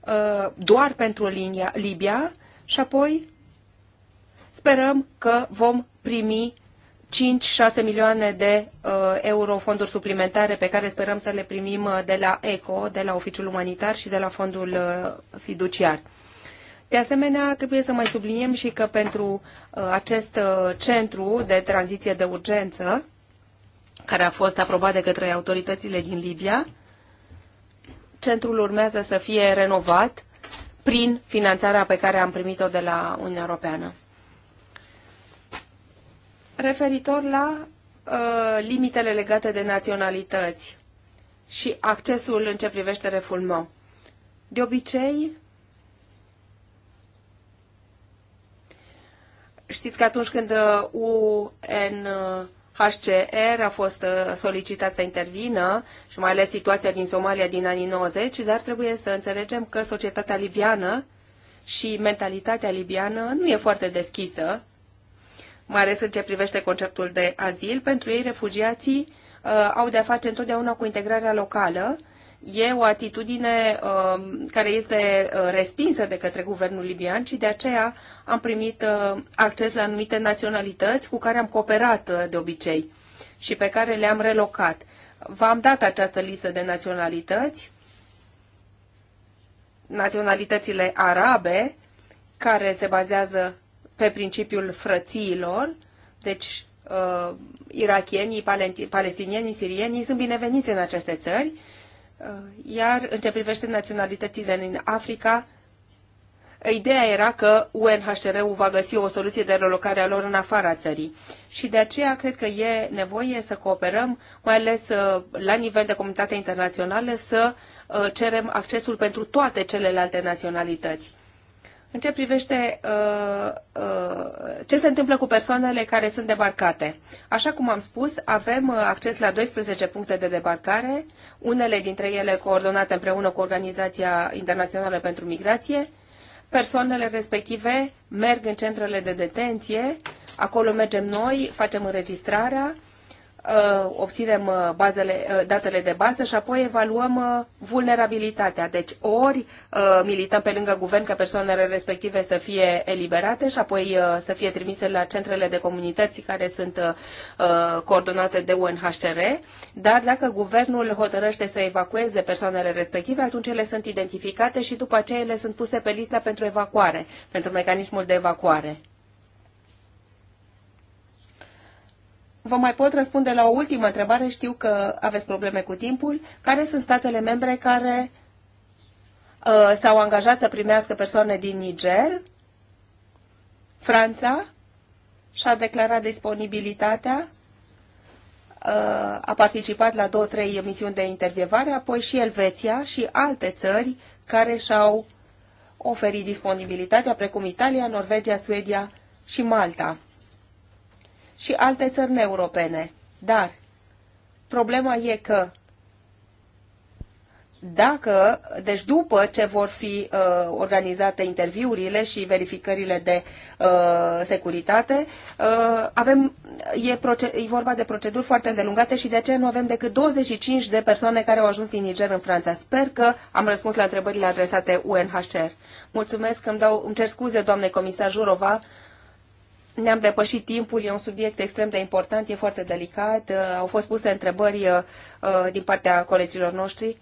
uh, doar pentru linia, Libia, și apoi sperăm că vom primi 5-6 milioane de uh, euro fonduri suplimentare pe care sperăm să le primim uh, de la ECO, de la Oficiul Umanitar și de la Fondul Fiduciar. De asemenea, trebuie să mai subliniem și că pentru acest centru de tranziție de urgență care a fost aprobat de către autoritățile din Libia. Centrul urmează să fie renovat prin finanțarea pe care am primit-o de la Uniunea Europeană. Referitor la uh, limitele legate de naționalități și accesul în ce privește refulmă. De obicei, știți că atunci când UN uh, HCR a fost uh, solicitat să intervină și mai ales situația din Somalia din anii 90, dar trebuie să înțelegem că societatea libiană și mentalitatea libiană nu e foarte deschisă, mai ales în ce privește conceptul de azil. Pentru ei, refugiații uh, au de-a face întotdeauna cu integrarea locală e o atitudine um, care este uh, respinsă de către guvernul libian și de aceea am primit uh, acces la anumite naționalități cu care am cooperat uh, de obicei și pe care le-am relocat. V-am dat această listă de naționalități, naționalitățile arabe, care se bazează pe principiul frățiilor, deci uh, irachienii, palestinienii, sirienii sunt bineveniți în aceste țări Uh, iar în ce privește naționalitățile din Africa, ideea era că UNHCR-ul va găsi o soluție de relocare a lor în afara țării. Și de aceea cred că e nevoie să cooperăm, mai ales uh, la nivel de comunitate internațională, să uh, cerem accesul pentru toate celelalte naționalități. În ce privește uh, uh, ce se întâmplă cu persoanele care sunt debarcate. Așa cum am spus, avem uh, acces la 12 puncte de debarcare, unele dintre ele coordonate împreună cu Organizația Internațională pentru Migrație. Persoanele respective merg în centrele de detenție, acolo mergem noi, facem înregistrarea, Uh, obținem uh, bazele, uh, datele de bază și apoi evaluăm vulnerabilitatea. Deci ori milităm pe lângă guvern ca persoanele respective să fie eliberate și apoi să fie trimise la centrele de comunități care sunt coordonate de UNHCR, dar dacă guvernul hotărăște să evacueze persoanele respective, atunci ele sunt identificate și după aceea ele sunt puse pe lista pentru evacuare, pentru mecanismul de evacuare. Vă mai pot răspunde la o ultimă întrebare, știu că aveți probleme cu timpul. Care sunt statele membre care uh, s-au angajat să primească persoane din Niger? Franța și-a declarat disponibilitatea, uh, a participat la două, trei emisiuni de intervievare, apoi și Elveția și alte țări care și-au oferit disponibilitatea, precum Italia, Norvegia, Suedia și Malta și alte țări europene. Dar problema e că dacă, deci după ce vor fi uh, organizate interviurile și verificările de uh, securitate, uh, avem, e, e vorba de proceduri foarte îndelungate și de aceea nu avem decât 25 de persoane care au ajuns din Niger în Franța. Sper că am răspuns la întrebările adresate UNHCR. Mulțumesc, îmi, dau, îmi cer scuze, doamne comisar Jurova, ne-am depășit timpul, e un subiect extrem de important, e foarte delicat. Uh, au fost puse întrebări uh, uh, din partea colegilor noștri.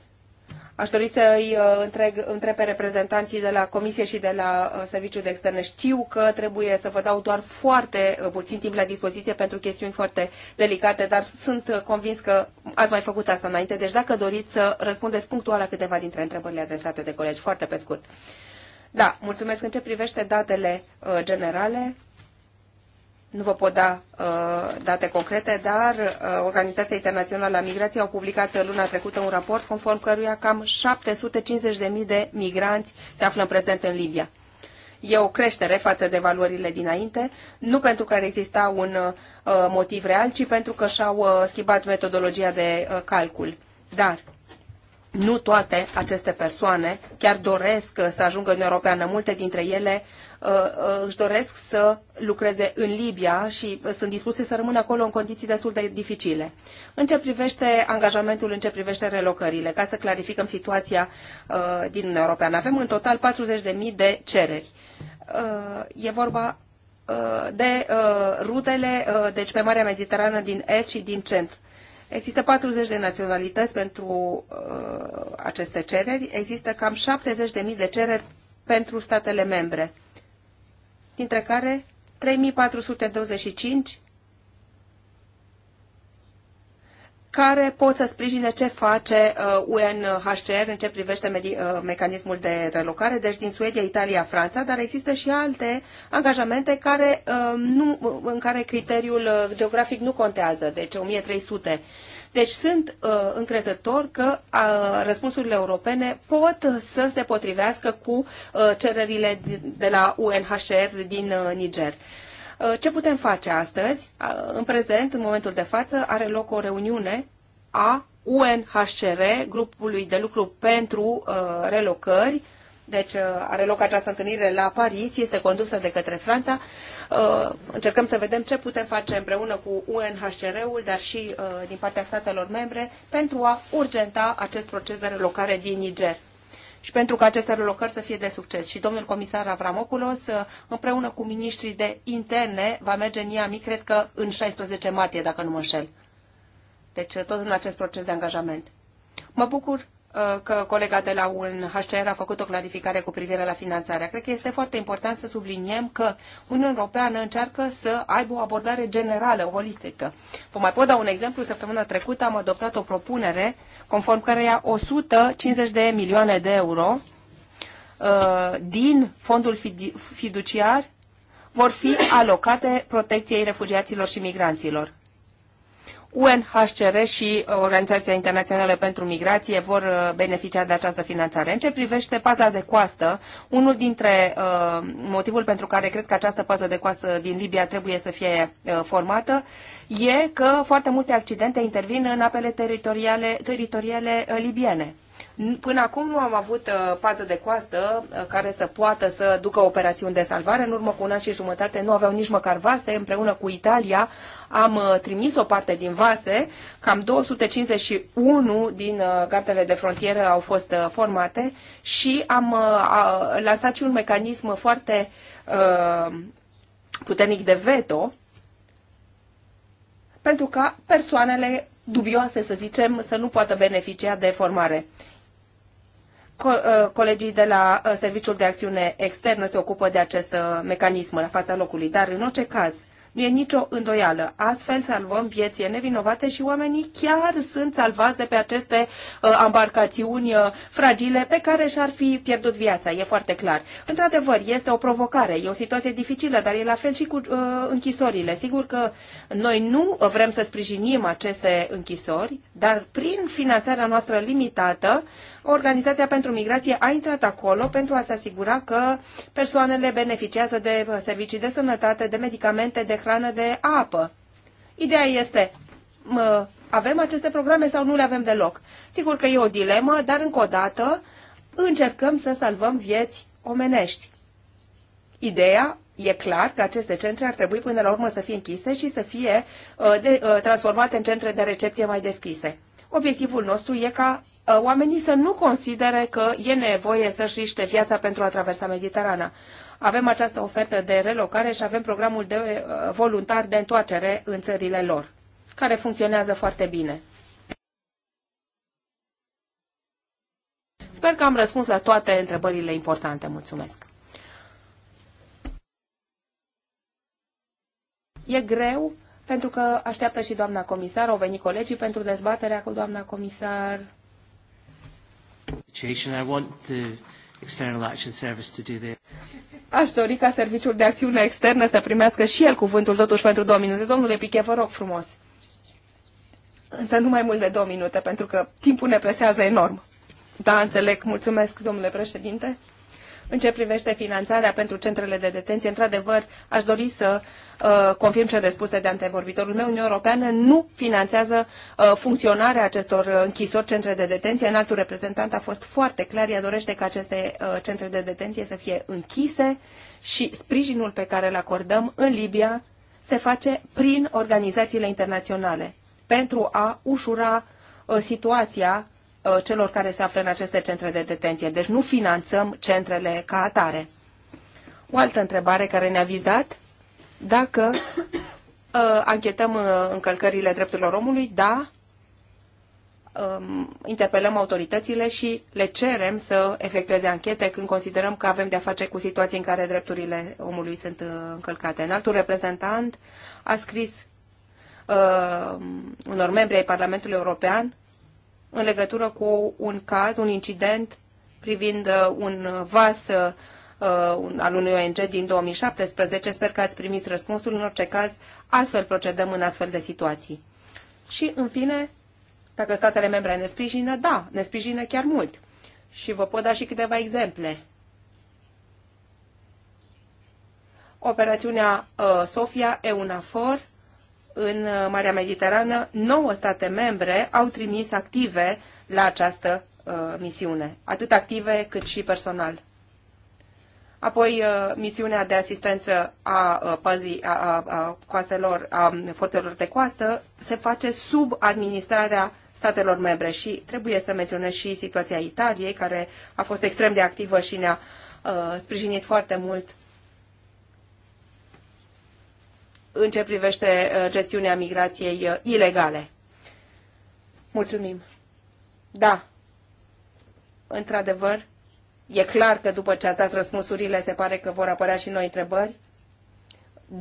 Aș dori să îi întreg, întreb pe reprezentanții de la Comisie și de la Serviciul de Externe. Știu că trebuie să vă dau doar foarte puțin timp la dispoziție pentru chestiuni foarte delicate, dar sunt convins că ați mai făcut asta înainte. Deci dacă doriți să răspundeți punctual la câteva dintre întrebările adresate de colegi, foarte pe scurt. Da, mulțumesc. În ce privește datele generale, nu vă pot da uh, date concrete, dar uh, Organizația Internațională a Migrației au publicat uh, luna trecută un raport conform căruia cam 750.000 de migranți se află în prezent în Libia. E o creștere față de valorile dinainte, nu pentru că ar exista un uh, motiv real, ci pentru că și-au uh, schimbat metodologia de uh, calcul. Dar nu toate aceste persoane chiar doresc să ajungă în Europeană. Multe dintre ele uh, uh, își doresc să lucreze în Libia și uh, sunt dispuse să rămână acolo în condiții destul de dificile. În ce privește angajamentul, în ce privește relocările, ca să clarificăm situația din Uniunea Europeană, avem în total 40.000 de cereri. E vorba de rutele, deci pe Marea Mediterană din Est și din Centru Există 40 de naționalități pentru uh, aceste cereri. Există cam 70.000 de cereri pentru statele membre, dintre care 3425 care pot să sprijine ce face UNHCR uh, în ce privește uh, mecanismul de relocare, deci din Suedia, Italia, Franța, dar există și alte angajamente care, uh, nu, în care criteriul geografic nu contează, deci 1300. Deci sunt încrezător că răspunsurile europene pot să se potrivească cu cererile de la UNHCR din Niger. Uh, ce putem face astăzi? Uh, în prezent, în momentul de față, are loc o reuniune a UNHCR, grupului de lucru pentru uh, relocări, deci are loc această întâlnire la Paris, este condusă de către Franța. Încercăm să vedem ce putem face împreună cu UNHCR-ul, dar și din partea statelor membre, pentru a urgenta acest proces de relocare din Niger și pentru ca aceste relocări să fie de succes. Și domnul comisar Avramopoulos, uh, împreună cu ministrii de interne, va merge în Iami, cred că în 16 martie, dacă nu mă înșel. Deci uh, tot în acest proces de angajament. Mă bucur Uh, că colega de la UNHCR a făcut o clarificare cu privire la finanțarea. Cred că este foarte important să subliniem că Uniunea Europeană încearcă să aibă o abordare generală, holistică. Vă mai pot da un exemplu. Săptămâna trecută am adoptat o propunere conform căreia 150 de milioane de euro uh, din fondul fiduciar vor fi alocate protecției refugiaților și migranților. UNHCR și uh, Organizația Internațională pentru Migrație vor uh, beneficia de această finanțare. În ce privește paza de coastă, unul dintre uh, motivul pentru care cred că această pază de coastă din Libia trebuie să fie uh, formată e că foarte multe accidente intervin în apele teritoriale, teritoriale uh, libiene. Până acum nu am avut uh, pază de coastă uh, care să poată să ducă operațiuni de salvare. În urmă cu un an și jumătate nu aveau nici măcar vase. Împreună cu Italia am uh, trimis o parte din vase. Cam 251 din uh, gardele de frontieră au fost uh, formate și am uh, lansat și un mecanism foarte uh, puternic de veto pentru ca persoanele dubioase, să zicem, să nu poată beneficia de formare. Co uh, colegii de la uh, Serviciul de Acțiune Externă se ocupă de acest uh, mecanism la fața locului, dar în orice caz nu e nicio îndoială. Astfel salvăm vieți nevinovate și oamenii chiar sunt salvați de pe aceste uh, embarcațiuni uh, fragile pe care și-ar fi pierdut viața, e foarte clar. Într-adevăr, este o provocare, e o situație dificilă, dar e la fel și cu uh, închisorile. Sigur că noi nu vrem să sprijinim aceste închisori, dar prin finanțarea noastră limitată, Organizația pentru Migrație a intrat acolo pentru a se asigura că persoanele beneficiază de servicii de sănătate, de medicamente, de hrană, de apă. Ideea este, avem aceste programe sau nu le avem deloc? Sigur că e o dilemă, dar încă o dată încercăm să salvăm vieți omenești. Ideea E clar că aceste centre ar trebui până la urmă să fie închise și să fie uh, de, uh, transformate în centre de recepție mai deschise. Obiectivul nostru e ca Uh, oamenii să nu considere că e nevoie să-și riște viața pentru a traversa Mediterana. Avem această ofertă de relocare și avem programul de uh, voluntar de întoarcere în țările lor, care funcționează foarte bine. Sper că am răspuns la toate întrebările importante. Mulțumesc! E greu, pentru că așteaptă și doamna comisar, au venit colegii pentru dezbaterea cu doamna comisar. Aș dori ca Serviciul de Acțiune Externă să primească și el cuvântul totuși pentru două minute. Domnule Piche, vă rog frumos. Însă nu mai mult de două minute, pentru că timpul ne presează enorm. Da, înțeleg. Mulțumesc, domnule președinte. În ce privește finanțarea pentru centrele de detenție, într-adevăr, aș dori să uh, Uh, confirm cele spuse de antevorbitorul meu, Uniunea Europeană nu finanțează uh, funcționarea acestor închisori, centre de detenție. În altul reprezentant a fost foarte clar, ea dorește ca aceste uh, centre de detenție să fie închise și sprijinul pe care îl acordăm în Libia se face prin organizațiile internaționale pentru a ușura situația celor care se află în aceste centre de detenție. Deci nu finanțăm centrele ca atare. O altă întrebare care ne-a vizat dacă uh, anchetăm uh, încălcările drepturilor omului, da, um, interpelăm autoritățile și le cerem să efectueze anchete când considerăm că avem de-a face cu situații în care drepturile omului sunt uh, încălcate. În altul reprezentant a scris uh, unor membri ai Parlamentului European în legătură cu un caz, un incident privind uh, un vas uh, Uh, al unui ONG din 2017. Sper că ați primit răspunsul. În orice caz, astfel procedăm în astfel de situații. Și, în fine, dacă statele membre ne sprijină, da, ne sprijină chiar mult. Și vă pot da și câteva exemple. Operațiunea uh, Sofia EUNAFOR în uh, Marea Mediterană, nouă state membre au trimis active la această uh, misiune, atât active cât și personal apoi uh, misiunea de asistență a uh, păzii a, a, a coastelor, a um, fortelor de coastă, se face sub administrarea statelor membre și trebuie să menționez și situația Italiei, care a fost extrem de activă și ne-a uh, sprijinit foarte mult în ce privește gestiunea migrației ilegale. Mulțumim! Da, într-adevăr, E clar că după ce ați dat răspunsurile, se pare că vor apărea și noi întrebări.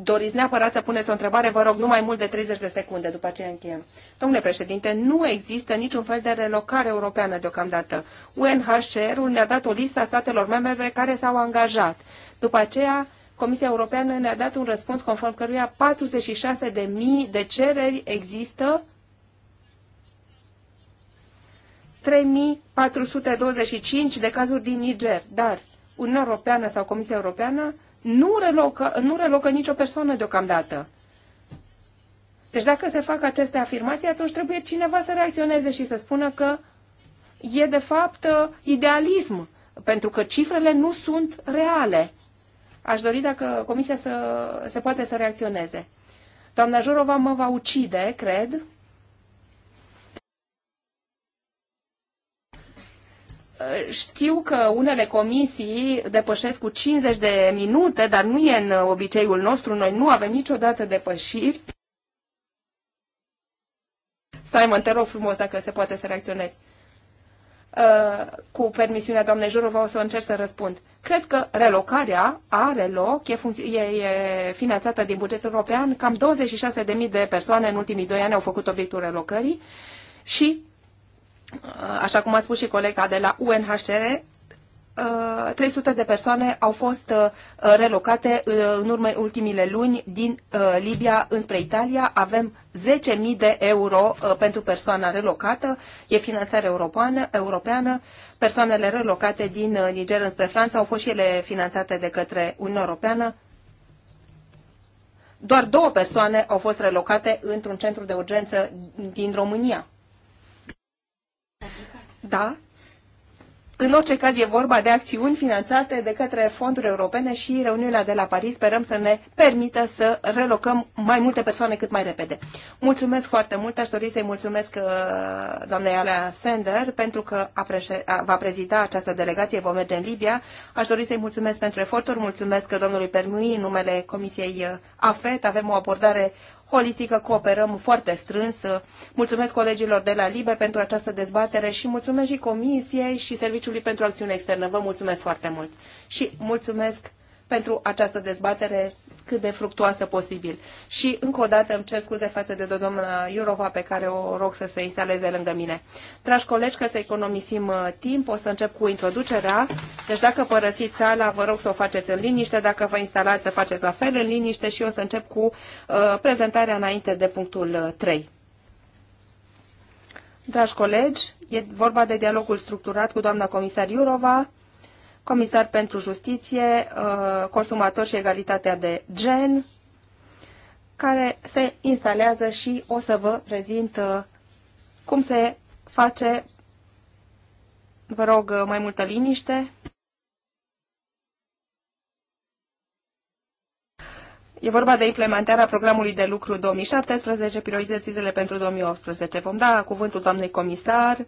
Doriți neapărat să puneți o întrebare, vă rog, nu mai mult de 30 de secunde, după aceea încheiem. Domnule președinte, nu există niciun fel de relocare europeană deocamdată. UNHCR-ul ne-a dat o listă a statelor membre care s-au angajat. După aceea, Comisia Europeană ne-a dat un răspuns conform căruia 46.000 de cereri există 3425 de cazuri din Niger, dar Uniunea Europeană sau Comisia Europeană nu relocă, nu relocă nicio persoană deocamdată. Deci dacă se fac aceste afirmații, atunci trebuie cineva să reacționeze și să spună că e de fapt idealism, pentru că cifrele nu sunt reale. Aș dori dacă Comisia să, se poate să reacționeze. Doamna Jorova mă va ucide, cred, Știu că unele comisii depășesc cu 50 de minute, dar nu e în obiceiul nostru. Noi nu avem niciodată depășiri. Simon, te rog frumos dacă se poate să reacționezi. Uh, cu permisiunea doamnei Jurova o să încerc să răspund. Cred că relocarea are loc, e, e, e finanțată din bugetul european. Cam 26.000 de persoane în ultimii doi ani au făcut obiectul relocării și așa cum a spus și colega de la UNHCR, 300 uh, de persoane au fost uh, relocate uh, în urme ultimile luni din Libia înspre Italia. Avem 10.000 de euro pentru persoana relocată, e finanțare europeană, europeană. Persoanele relocate din Niger înspre Franța au fost și ele finanțate de către Uniunea Europeană. Doar două persoane au fost relocate într-un centru de urgență din România. Da, în orice caz e vorba de acțiuni finanțate de către fonduri europene și reuniunea de la Paris sperăm să ne permită să relocăm mai multe persoane cât mai repede. Mulțumesc foarte mult, aș dori să-i mulțumesc uh, doamnei Alea Sender pentru că a a, va prezida această delegație, vom merge în Libia. Aș dori să-i mulțumesc pentru eforturi, mulțumesc domnului Permui în numele Comisiei uh, AFET, avem o abordare holistică, cooperăm foarte strâns. Mulțumesc colegilor de la LIBE pentru această dezbatere și mulțumesc și Comisiei și Serviciului pentru Acțiune Externă. Vă mulțumesc foarte mult și mulțumesc pentru această dezbatere cât de fructuoasă posibil. Și încă o dată îmi cer scuze față de doamna Iurova pe care o rog să se instaleze lângă mine. Dragi colegi, ca să economisim uh, timp, o să încep cu introducerea. Deci dacă părăsiți sala, vă rog să o faceți în liniște, dacă vă instalați să faceți la fel în liniște și o să încep cu uh, prezentarea înainte de punctul 3. Uh, Dragi colegi, e vorba de dialogul structurat cu doamna comisar Iurova comisar pentru justiție, uh, consumator și egalitatea de gen, care se instalează și o să vă prezint uh, cum se face. Vă rog uh, mai multă liniște. E vorba de implementarea programului de lucru 2017, prioritățile pentru 2018. Vom da cuvântul doamnei comisar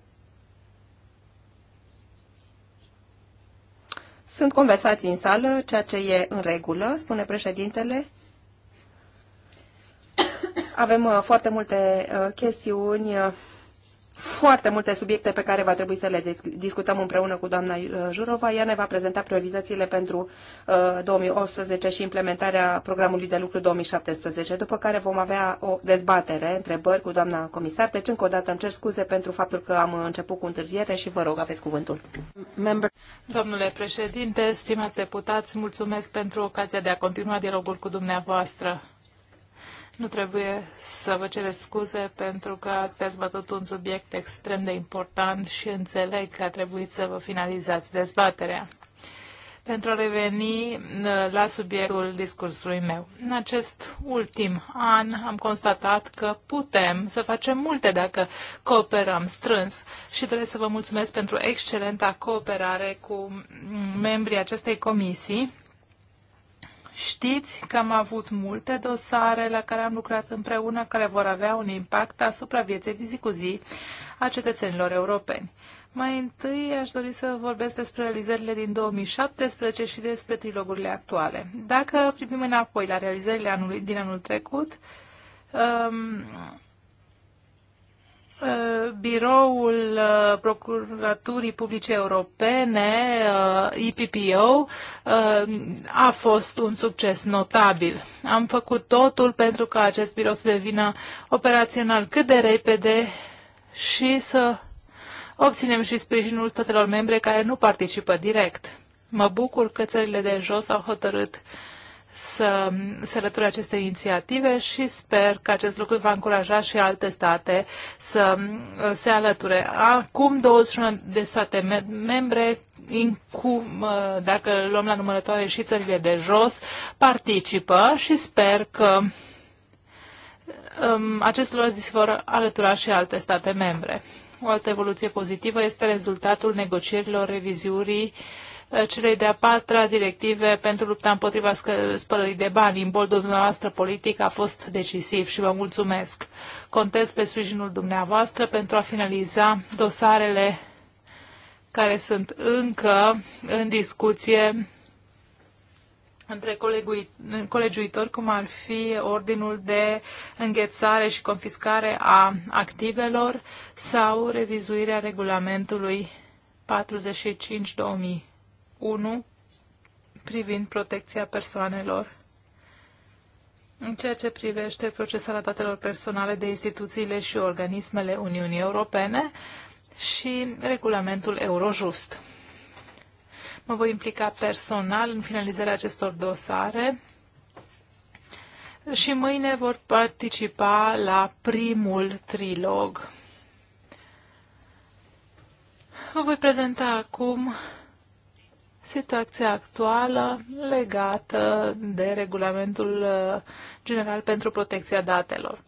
Sunt conversații în sală, ceea ce e în regulă, spune președintele. Avem uh, foarte multe uh, chestiuni uh, foarte multe subiecte pe care va trebui să le discutăm împreună cu doamna uh, Jurova. Ea ne va prezenta prioritățile pentru 2018 uh, și implementarea programului de lucru 2017, după care vom avea o dezbatere, întrebări cu doamna comisar. Deci, încă o dată îmi cer scuze pentru faptul că am început cu întârziere și vă rog, aveți cuvântul. Domnule președinte, stimați deputați, mulțumesc pentru ocazia de a continua dialogul cu dumneavoastră. Nu trebuie să vă cere scuze pentru că ați bătut un subiect extrem de important și înțeleg că a trebuit să vă finalizați dezbaterea. Pentru a reveni uh, la subiectul discursului meu. În acest ultim an am constatat că putem să facem multe dacă cooperăm strâns și trebuie să vă mulțumesc pentru excelenta cooperare cu membrii acestei comisii Știți că am avut multe dosare la care am lucrat împreună care vor avea un impact asupra vieții de zi cu zi a cetățenilor europeni. Mai întâi aș dori să vorbesc despre realizările din 2017 și despre trilogurile actuale. Dacă privim înapoi la realizările anului, din anul trecut, um, Uh, biroul uh, Procuraturii Publice Europene, uh, IPPO, a fost un succes notabil. Am făcut totul pentru ca acest birou să devină operațional cât de repede și să obținem și sprijinul statelor membre care nu participă direct. Mă bucur că țările de jos au hotărât uh, să se alăture aceste inițiative și sper că acest lucru va încuraja și alte state să uh, se alăture. Acum 21 de state membre, cum, uh, dacă luăm la numărătoare și țările de jos, participă și sper că um, acestor se vor alătura și alte state membre. O altă evoluție pozitivă este rezultatul negocierilor revizurii uh, Uh, celei de-a patra directive pentru lupta împotriva spălării de bani. Imboldul dumneavoastră politic a fost decisiv și vă mulțumesc. Contez pe sprijinul dumneavoastră pentru a finaliza dosarele care sunt încă în discuție între colegiuitori, cum ar fi ordinul de înghețare și confiscare a activelor sau revizuirea regulamentului 45 2000. 1 privind protecția persoanelor. În ceea ce privește procesarea datelor personale de instituțiile și organismele Uniunii Europene și regulamentul Eurojust. Mă voi implica personal în finalizarea acestor dosare și mâine vor participa la primul trilog. Vă voi prezenta acum situația actuală legată de Regulamentul uh, General pentru Protecția Datelor.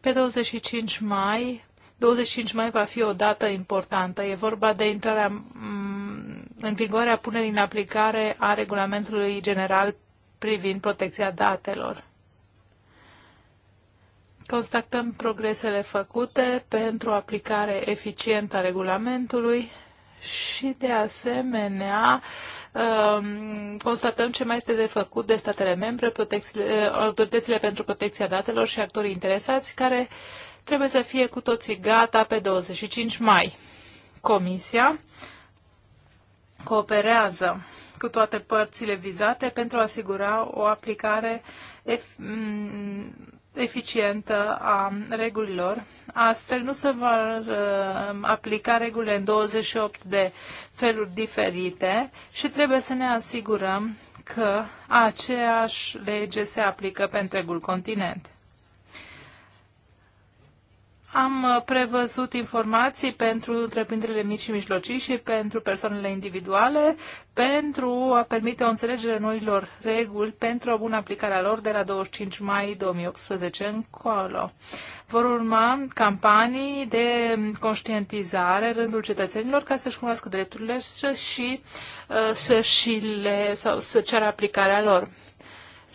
Pe 25 mai, 25 mai va fi o dată importantă. E vorba de intrarea mm, în vigoare a punerii în aplicare a Regulamentului General privind protecția datelor. Constatăm progresele făcute pentru aplicare eficientă a regulamentului și, de asemenea, um, constatăm ce mai este de făcut de statele membre, uh, autoritățile pentru protecția datelor și actorii interesați, care trebuie să fie cu toții gata pe 25 mai. Comisia cooperează cu toate părțile vizate pentru a asigura o aplicare eficientă a regulilor. Astfel nu se vor uh, aplica regulile în 28 de feluri diferite și trebuie să ne asigurăm că aceeași lege se aplică pe întregul continent. Am uh, prevăzut informații pentru întreprinderile mici și mijlocii și pentru persoanele individuale pentru a permite o înțelegere noilor reguli pentru o bună aplicare a lor de la 25 mai 2018 încolo. Vor urma campanii de conștientizare rândul cetățenilor ca să-și cunoască drepturile și uh, să, și le, sau să ceară aplicarea lor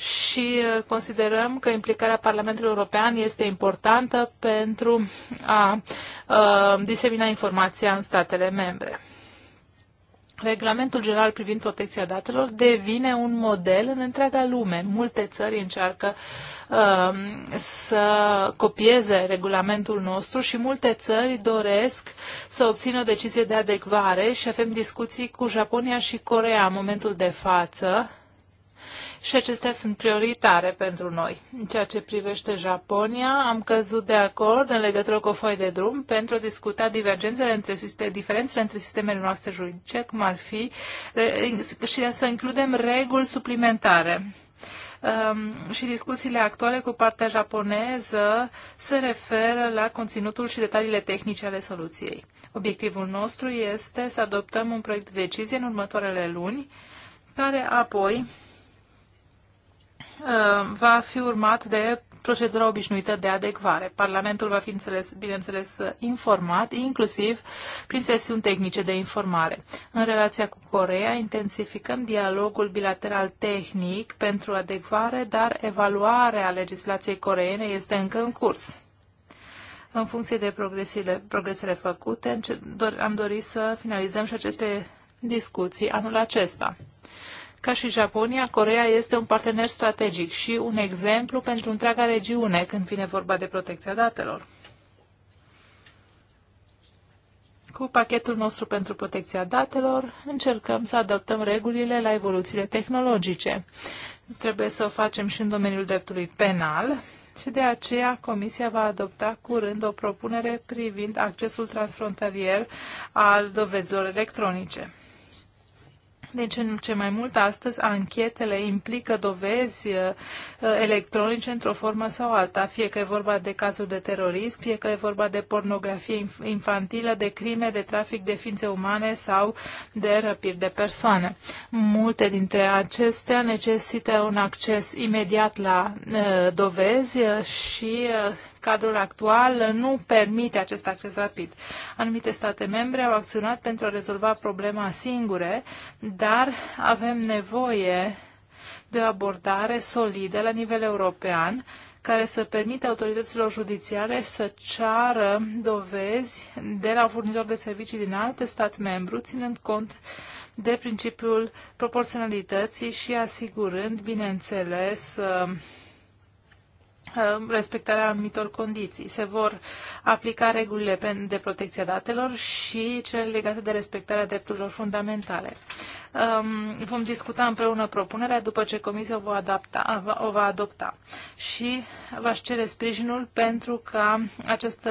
și uh, considerăm că implicarea Parlamentului European este importantă pentru a, a uh, disemina informația în statele membre. Regulamentul general privind protecția datelor devine un model în întreaga lume. Multe țări încearcă um, să copieze regulamentul nostru și multe țări doresc să obțină o decizie de adecvare și avem discuții cu Japonia și Corea în momentul de față și acestea sunt prioritare pentru noi. În ceea ce privește Japonia, am căzut de acord în legătură cu o foaie de drum pentru a discuta divergențele între diferențele între sistemele noastre juridice, cum ar fi, și să includem reguli suplimentare um, și discuțiile actuale cu partea japoneză se referă la conținutul și detaliile tehnice ale soluției. Obiectivul nostru este să adoptăm un proiect de decizie în următoarele luni, care apoi Uh, va fi urmat de procedura obișnuită de adecvare. Parlamentul va fi, înțeles, bineînțeles, informat, inclusiv prin sesiuni tehnice de informare. În relația cu Corea, intensificăm dialogul bilateral tehnic pentru adecvare, dar evaluarea legislației coreene este încă în curs. În funcție de progresele, progresele făcute, am dorit să finalizăm și aceste discuții anul acesta. Ca și Japonia, Corea este un partener strategic și un exemplu pentru întreaga regiune când vine vorba de protecția datelor. Cu pachetul nostru pentru protecția datelor, încercăm să adaptăm regulile la evoluțiile tehnologice. Trebuie să o facem și în domeniul dreptului penal și de aceea Comisia va adopta curând o propunere privind accesul transfrontalier al dovezilor electronice deci ce în ce mai mult astăzi anchetele implică dovezi uh, electronice într-o formă sau alta, fie că e vorba de cazuri de terorism, fie că e vorba de pornografie infantilă, de crime, de trafic de ființe umane sau de răpiri de persoane. Multe dintre acestea necesită un acces imediat la uh, dovezi uh, și cadrul actual nu permite acest acces rapid. Anumite state membre au acționat pentru a rezolva problema singure, dar avem nevoie de o abordare solidă la nivel european care să permite autorităților judiciare să ceară dovezi de la furnizori de servicii din alte stat membru, ținând cont de principiul proporționalității și asigurând, bineînțeles, Um, respectarea anumitor condiții. Se vor aplica regulile de protecție a datelor și cele legate de respectarea drepturilor fundamentale. Um, vom discuta împreună propunerea după ce Comisia o va, adapta, o va adopta și v-aș cere sprijinul pentru ca acest,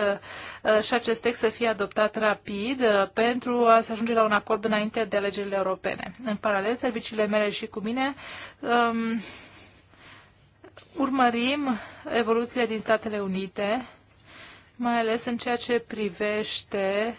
uh, și acest text să fie adoptat rapid uh, pentru a se ajunge la un acord înainte de alegerile europene. În paralel, serviciile mele și cu mine um, urmărim evoluțiile din Statele Unite, mai ales în ceea ce privește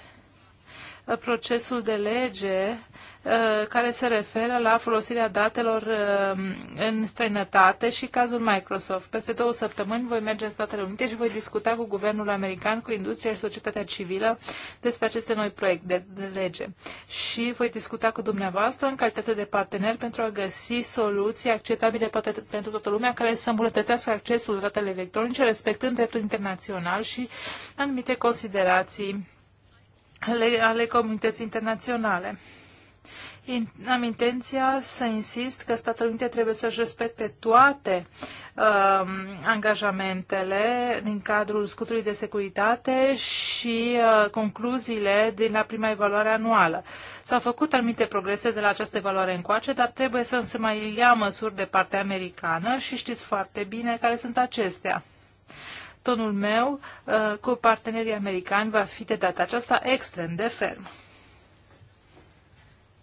procesul de lege Uh, care se referă la folosirea datelor uh, în străinătate și cazul Microsoft. Peste două săptămâni voi merge în Statele Unite și voi discuta cu guvernul american, cu industria și societatea civilă despre aceste noi proiecte de, de lege. Și voi discuta cu dumneavoastră în calitate de partener pentru a găsi soluții acceptabile poate pentru toată lumea care să îmbunătățească accesul la datele electronice, respectând dreptul internațional și anumite considerații ale, ale comunității internaționale. Am intenția să insist că Statele Unite trebuie să-și respecte toate um, angajamentele din cadrul scutului de securitate și uh, concluziile din la prima evaluare anuală. S-au făcut anumite progrese de la această evaluare încoace, dar trebuie să se mai ia măsuri de partea americană și știți foarte bine care sunt acestea tonul meu uh, cu partenerii americani va fi de data aceasta extrem de ferm.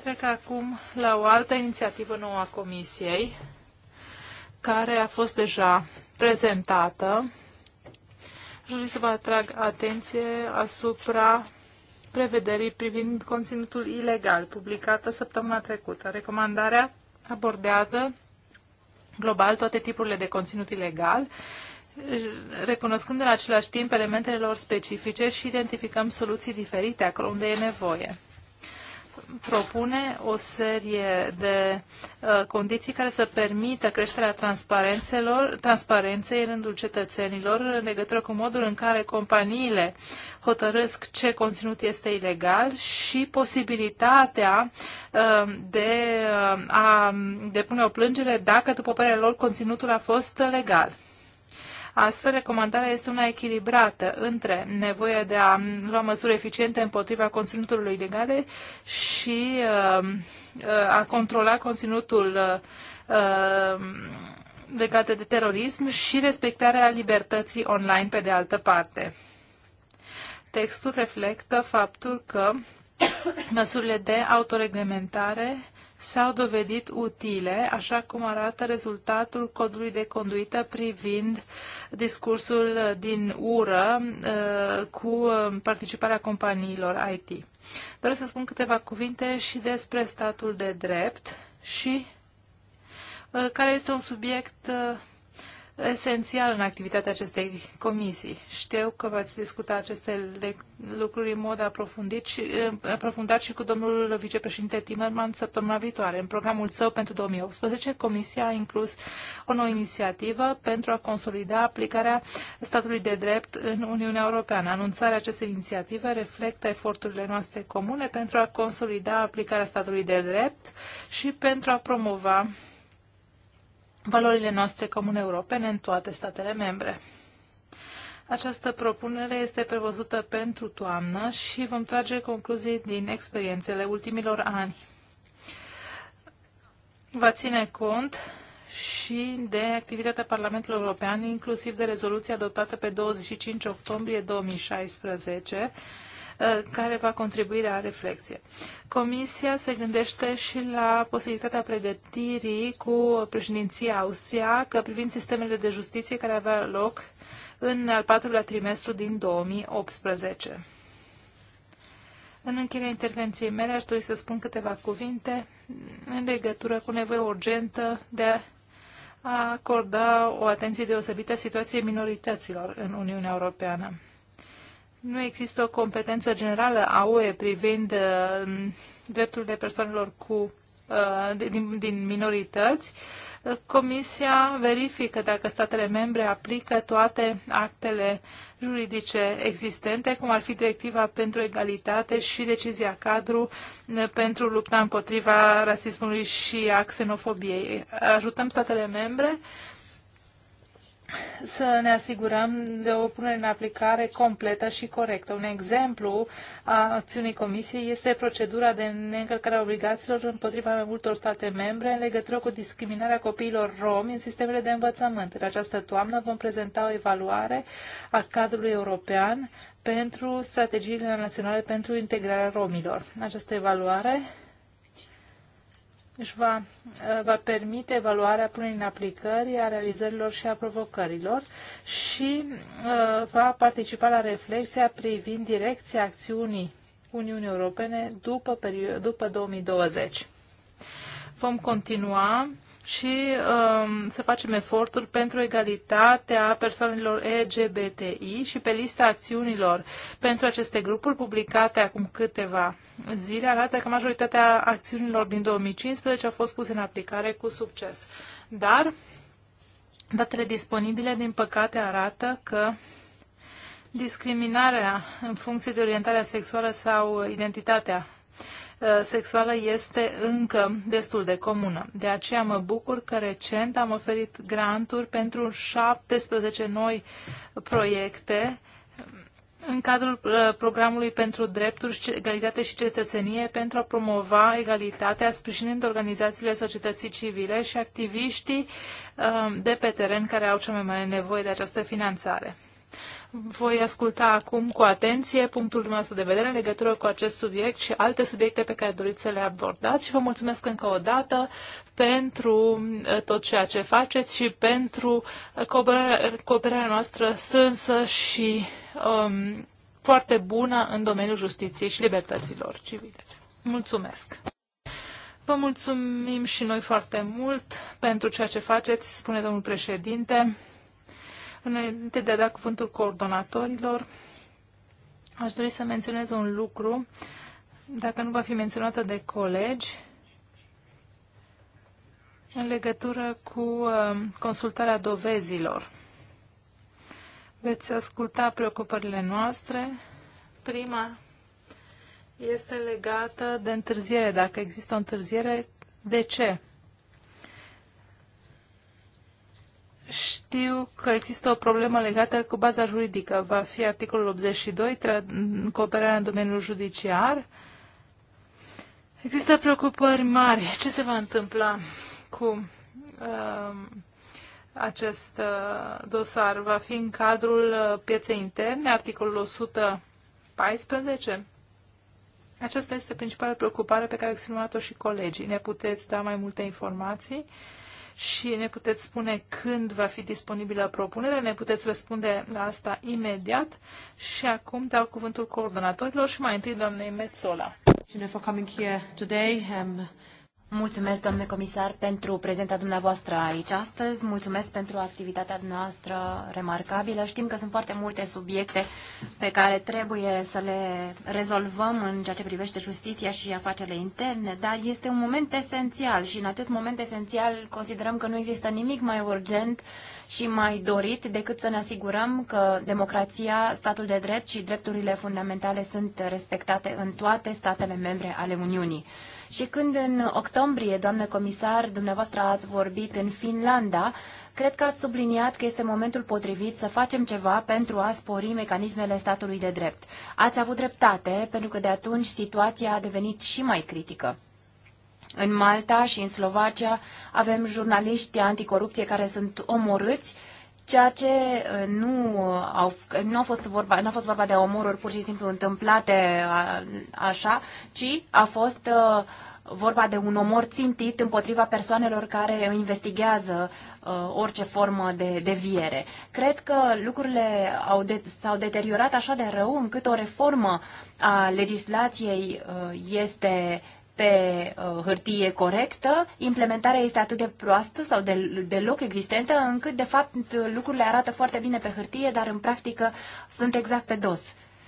Trec acum la o altă inițiativă nouă a Comisiei, care a fost deja prezentată. Aș vrea să vă atrag atenție asupra prevederii privind conținutul ilegal, publicată săptămâna trecută. Recomandarea abordează global toate tipurile de conținut ilegal, recunoscând în același timp elementele lor specifice și identificăm soluții diferite acolo unde e nevoie propune o serie de uh, condiții care să permită creșterea transparențelor, transparenței în rândul cetățenilor în legătură cu modul în care companiile hotărăsc ce conținut este ilegal și posibilitatea uh, de uh, a depune o plângere dacă, după părerea lor, conținutul a fost legal. Astfel, recomandarea este una echilibrată între nevoia de a lua măsuri eficiente împotriva conținutului ilegale și uh, uh, a controla conținutul uh, legat de terorism și respectarea libertății online pe de altă parte. Textul reflectă faptul că măsurile de autoreglementare s-au dovedit utile, așa cum arată rezultatul codului de conduită privind discursul din ură uh, cu uh, participarea companiilor IT. Doresc să spun câteva cuvinte și despre statul de drept și uh, care este un subiect esențial în activitatea acestei comisii. Știu că v-ați discutat aceste lucruri în mod aprofundit și, eh, aprofundat și cu domnul vicepreședinte Timerman săptămâna viitoare. În programul său pentru 2018, Comisia a inclus o nouă inițiativă pentru a consolida aplicarea statului de drept în Uniunea Europeană. Anunțarea acestei inițiative reflectă eforturile noastre comune pentru a consolida aplicarea statului de drept și pentru a promova valorile noastre comune europene în toate statele membre. Această propunere este prevăzută pentru toamnă și vom trage concluzii din experiențele ultimilor ani. Va ține cont și de activitatea Parlamentului European, inclusiv de rezoluția adoptată pe 25 octombrie 2016, Uh, care va contribui la reflexie. Comisia se gândește și la posibilitatea pregătirii cu președinția austriacă privind sistemele de justiție care avea loc în al patrulea trimestru din 2018. În încheierea intervenției mele aș dori să spun câteva cuvinte în legătură cu nevoia urgentă de a a acorda o atenție deosebită situației minorităților în Uniunea Europeană nu există o competență generală a UE privind uh, drepturile persoanelor cu, uh, din, din minorități, uh, Comisia verifică dacă statele membre aplică toate actele juridice existente, cum ar fi Directiva pentru Egalitate și decizia cadru pentru lupta împotriva rasismului și a xenofobiei. Ajutăm statele membre uh, să ne asigurăm de o punere în aplicare completă și corectă. Un exemplu a acțiunii Comisiei este procedura de neîncălcare a obligațiilor împotriva mai multor state membre în legătură cu discriminarea copiilor romi în sistemele de învățământ. În această toamnă vom prezenta o evaluare a cadrului european pentru strategiile naționale pentru integrarea romilor. Această evaluare își va, uh, va permite evaluarea punerii în aplicări a realizărilor și a provocărilor și uh, va participa la reflexia privind direcția acțiunii Uniunii Europene după, după 2020. Vom continua și um, să facem eforturi pentru egalitatea persoanelor LGBTI și pe lista acțiunilor pentru aceste grupuri publicate acum câteva zile arată că majoritatea acțiunilor din 2015 au fost puse în aplicare cu succes. Dar datele disponibile, din păcate, arată că discriminarea în funcție de orientarea sexuală sau identitatea Uh, sexuală este încă destul de comună. De aceea mă bucur că recent am oferit granturi pentru 17 noi proiecte în cadrul uh, programului pentru drepturi, egalitate și cetățenie pentru a promova egalitatea, sprijinind organizațiile societății civile și activiștii uh, de pe teren care au cea mai mare nevoie de această finanțare. Voi asculta acum cu atenție punctul dumneavoastră de vedere în legătură cu acest subiect și alte subiecte pe care doriți să le abordați și vă mulțumesc încă o dată pentru uh, tot ceea ce faceți și pentru uh, cooperarea noastră strânsă și um, foarte bună în domeniul justiției și libertăților civile. Mulțumesc! Vă mulțumim și noi foarte mult pentru ceea ce faceți, spune domnul președinte. Înainte de a da cuvântul coordonatorilor, aș dori să menționez un lucru, dacă nu va fi menționată de colegi, în legătură cu um, consultarea dovezilor. Veți asculta preocupările noastre. Prima este legată de întârziere. Dacă există o întârziere, de ce? Știu că există o problemă legată cu baza juridică. Va fi articolul 82, cooperarea în domeniul judiciar. Există preocupări mari. Ce se va întâmpla cu uh, acest uh, dosar? Va fi în cadrul uh, pieței interne, articolul 114? Aceasta este principala preocupare pe care a exprimat-o și colegii. Ne puteți da mai multe informații? Uh, și ne puteți spune când va fi disponibilă propunerea, ne puteți răspunde la asta imediat și acum dau cuvântul coordonatorilor și mai întâi doamnei Metzola. Mulțumesc, domnule comisar, pentru prezenta dumneavoastră aici astăzi. Mulțumesc pentru activitatea noastră remarcabilă. Știm că sunt foarte multe subiecte pe care trebuie să le rezolvăm în ceea ce privește justiția și afacerile interne, dar este un moment esențial și în acest moment esențial considerăm că nu există nimic mai urgent și mai dorit decât să ne asigurăm că democrația, statul de drept și drepturile fundamentale sunt respectate în toate statele membre ale Uniunii. Și când în octombrie, doamnă comisar, dumneavoastră ați vorbit în Finlanda, cred că ați subliniat că este momentul potrivit să facem ceva pentru a spori mecanismele statului de drept. Ați avut dreptate, pentru că de atunci situația a devenit și mai critică. În Malta și în Slovacia avem jurnaliști anticorupție care sunt omorâți ceea ce uh, nu, uh, au, nu, a fost vorba, nu a fost vorba de omoruri pur și simplu întâmplate a, așa, ci a fost uh, vorba de un omor țintit împotriva persoanelor care investigează uh, orice formă de deviere. Cred că lucrurile au de- s-au deteriorat așa de rău încât o reformă a legislației uh, este uh, pe uh, hârtie corectă, implementarea este atât de proastă sau de, deloc existentă, încât, de fapt, lucrurile arată foarte bine pe hârtie, dar în practică sunt exact pe dos.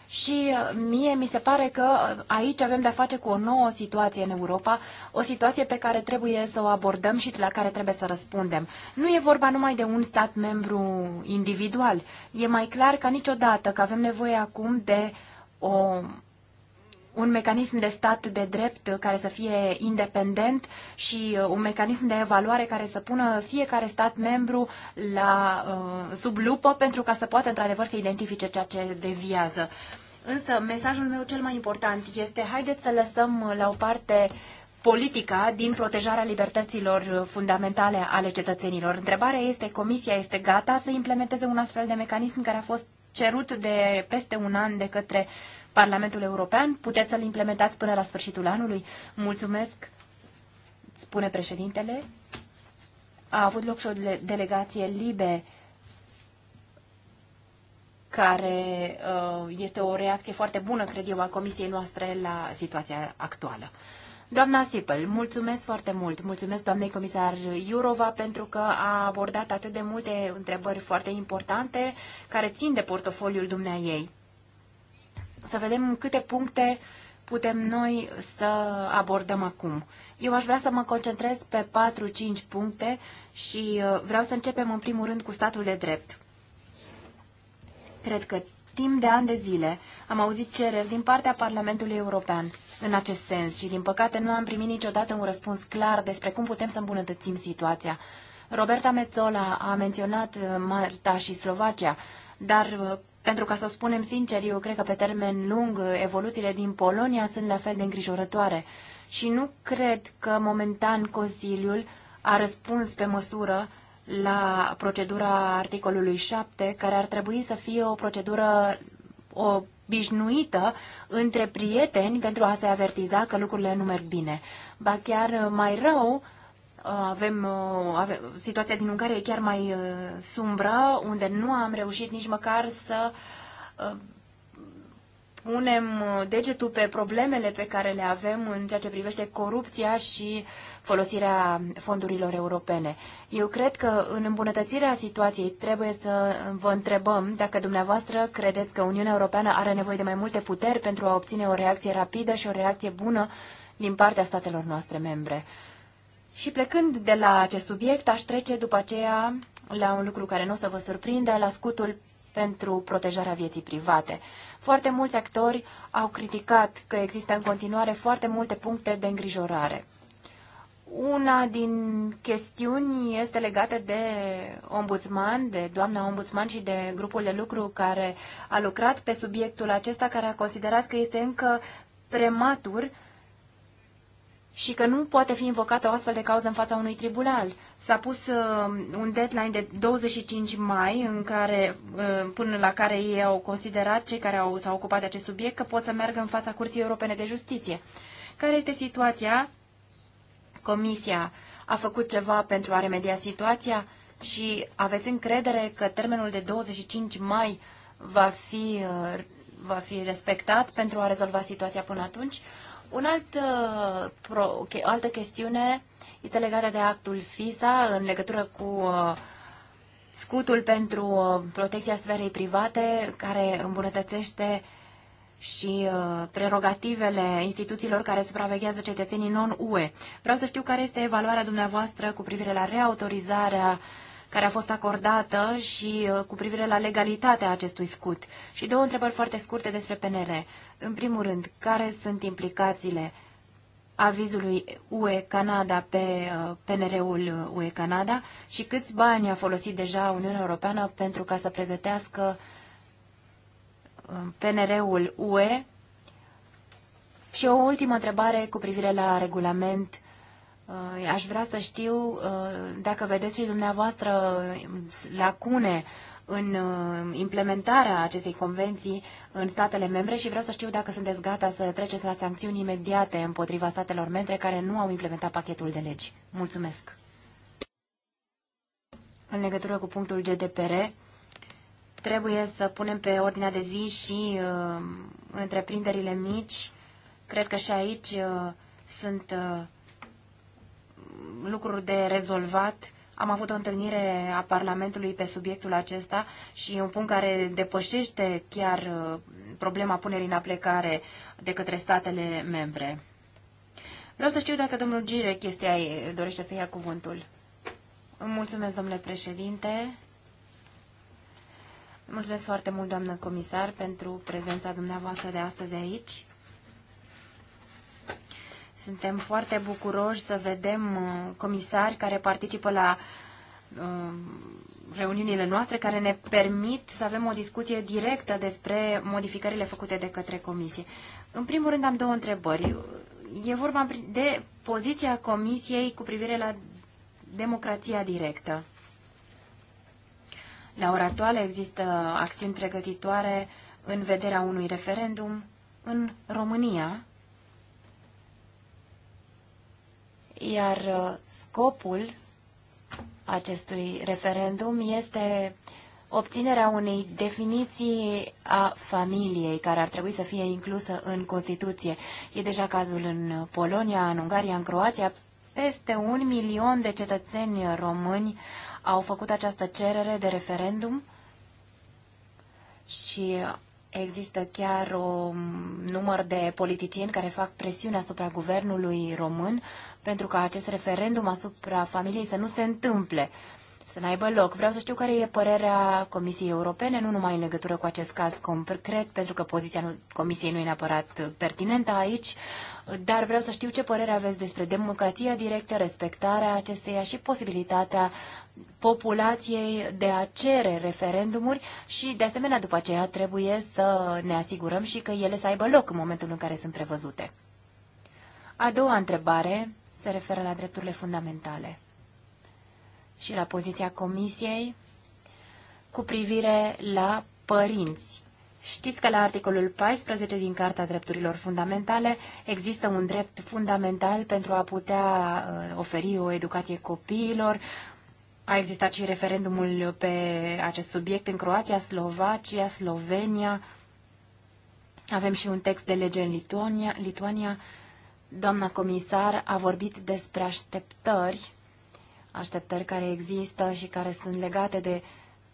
Și uh, mie mi se pare că uh, aici avem de-a face cu o nouă situație în Europa, o situație pe care trebuie să o abordăm și la care trebuie să răspundem. Nu e vorba numai de un stat membru individual. E mai clar ca niciodată că avem nevoie acum de o un mecanism de stat de drept care să fie independent și uh, un mecanism de evaluare care să pună fiecare stat membru la, uh, sub lupă pentru ca să poată într-adevăr să identifice ceea ce deviază. Însă mesajul meu cel mai important este haideți să lăsăm uh, la o parte politica din protejarea libertăților fundamentale ale cetățenilor. Întrebarea este, Comisia este gata să implementeze un astfel de mecanism care a fost cerut de peste un an de către uh, Parlamentul European. Puteți să-l implementați până la sfârșitul anului? Mulțumesc, spune președintele. A avut loc și o delegație libe care uh, este o reacție foarte bună, cred eu, a comisiei noastre la situația actuală. Doamna Sipel, mulțumesc foarte mult. Mulțumesc doamnei comisar Iurova pentru că a abordat atât de multe întrebări foarte importante care țin de portofoliul dumneai ei să vedem câte puncte putem noi să abordăm acum. Eu aș vrea să mă concentrez pe 4-5 puncte și uh, vreau să începem în primul rând cu statul de drept. Cred că timp de ani de zile am auzit cereri din partea Parlamentului European în acest sens și, din păcate, nu am primit niciodată un răspuns clar despre cum putem să îmbunătățim situația. Roberta Mezzola a menționat uh, Marta și Slovacia, dar uh, pentru ca să o spunem sincer, eu cred că pe termen lung evoluțiile din Polonia sunt la fel de îngrijorătoare și nu cred că momentan Consiliul a răspuns pe măsură la procedura articolului 7, care ar trebui să fie o procedură obișnuită între prieteni pentru a se avertiza că lucrurile nu merg bine. Ba chiar mai rău, avem, uh, avem situația din Ungaria e chiar mai uh, sumbră, unde nu am reușit nici măcar să uh, punem degetul pe problemele pe care le avem în ceea ce privește corupția și folosirea fondurilor europene. Eu cred că în îmbunătățirea situației trebuie să vă întrebăm dacă dumneavoastră credeți că Uniunea Europeană are nevoie de mai multe puteri pentru a obține o reacție rapidă și o reacție bună din partea statelor noastre membre. Și plecând de la acest subiect, aș trece după aceea la un lucru care nu o să vă surprindă, la scutul pentru protejarea vieții private. Foarte mulți actori au criticat că există în continuare foarte multe puncte de îngrijorare. Una din chestiuni este legată de ombudsman, de doamna ombudsman și de grupul de lucru care a lucrat pe subiectul acesta, care a considerat că este încă prematur și că nu poate fi invocată o astfel de cauză în fața unui tribunal. S-a pus uh, un deadline de 25 mai în care, uh, până la care ei au considerat, cei care au, s-au ocupat de acest subiect, că pot să meargă în fața Curții Europene de Justiție. Care este situația? Comisia a făcut ceva pentru a remedia situația și aveți încredere că termenul de 25 mai va fi, uh, va fi respectat pentru a rezolva situația până atunci? Un alt, uh, pro, o altă chestiune este legată de actul FISA în legătură cu uh, scutul pentru uh, protecția sferei private care îmbunătățește și prerogativele instituțiilor care supraveghează cetățenii non-UE. Vreau să știu care este evaluarea dumneavoastră cu privire la reautorizarea uh, care a fost acordată și uh, cu privire la legalitatea acestui scut. Și două întrebări foarte scurte despre PNR. În primul rând, care sunt implicațiile avizului UE Canada pe uh, PNR-ul UE Canada și câți bani a folosit deja Uniunea Europeană pentru ca să pregătească uh, PNR-ul UE? Și o ultimă întrebare cu privire la regulament Uh, aș vrea să știu uh, dacă vedeți și dumneavoastră uh, lacune în implementarea acestei convenții în statele membre și vreau să știu dacă sunteți gata să treceți la sancțiuni imediate împotriva statelor membre care nu au implementat pachetul de legi. Mulțumesc! În legătură cu punctul GDPR, trebuie să punem pe ordinea de zi și uh, întreprinderile mici. Cred că și aici uh, sunt... Uh, lucruri de rezolvat. Am avut o întâlnire a Parlamentului pe subiectul acesta și e un punct care depășește chiar uh, problema punerii în aplicare de către statele membre. Vreau să știu dacă domnul Girec este, dorește să ia cuvântul. Mulțumesc, domnule președinte. Mulțumesc foarte mult, doamnă comisar, pentru prezența dumneavoastră de astăzi aici. Suntem foarte bucuroși să vedem uh, comisari care participă la uh, reuniunile noastre care ne permit să avem o discuție directă despre modificările făcute de către comisie. În primul rând am două întrebări. E vorba de poziția comisiei cu privire la democrația directă. La ora actuală există acțiuni pregătitoare în vederea unui referendum în România iar uh, scopul acestui referendum este obținerea unei definiții a familiei care ar trebui să fie inclusă în Constituție. E deja cazul în Polonia, în Ungaria, în Croația. Peste un milion de cetățeni români au făcut această cerere de referendum și există chiar un număr de politicieni care fac presiune asupra guvernului român pentru ca acest referendum asupra familiei să nu se întâmple, să n-aibă loc. Vreau să știu care e părerea Comisiei Europene, nu numai în legătură cu acest caz concret, pentru că poziția Comisiei nu e neapărat pertinentă aici, dar vreau să știu ce părere aveți despre democrația directă, respectarea acesteia și posibilitatea populației de a cere referendumuri și, de asemenea, după aceea trebuie să ne asigurăm și că ele să aibă loc în momentul în care sunt prevăzute. A doua întrebare se referă la drepturile fundamentale și la poziția Comisiei cu privire la părinți. Știți că la articolul 14 din Carta Drepturilor Fundamentale există un drept fundamental pentru a putea uh, oferi o educație copiilor. A existat și referendumul pe acest subiect în Croația, Slovacia, Slovenia. Avem și un text de lege în Lituania. Lituania Doamna comisar a vorbit despre așteptări, așteptări care există și care sunt legate de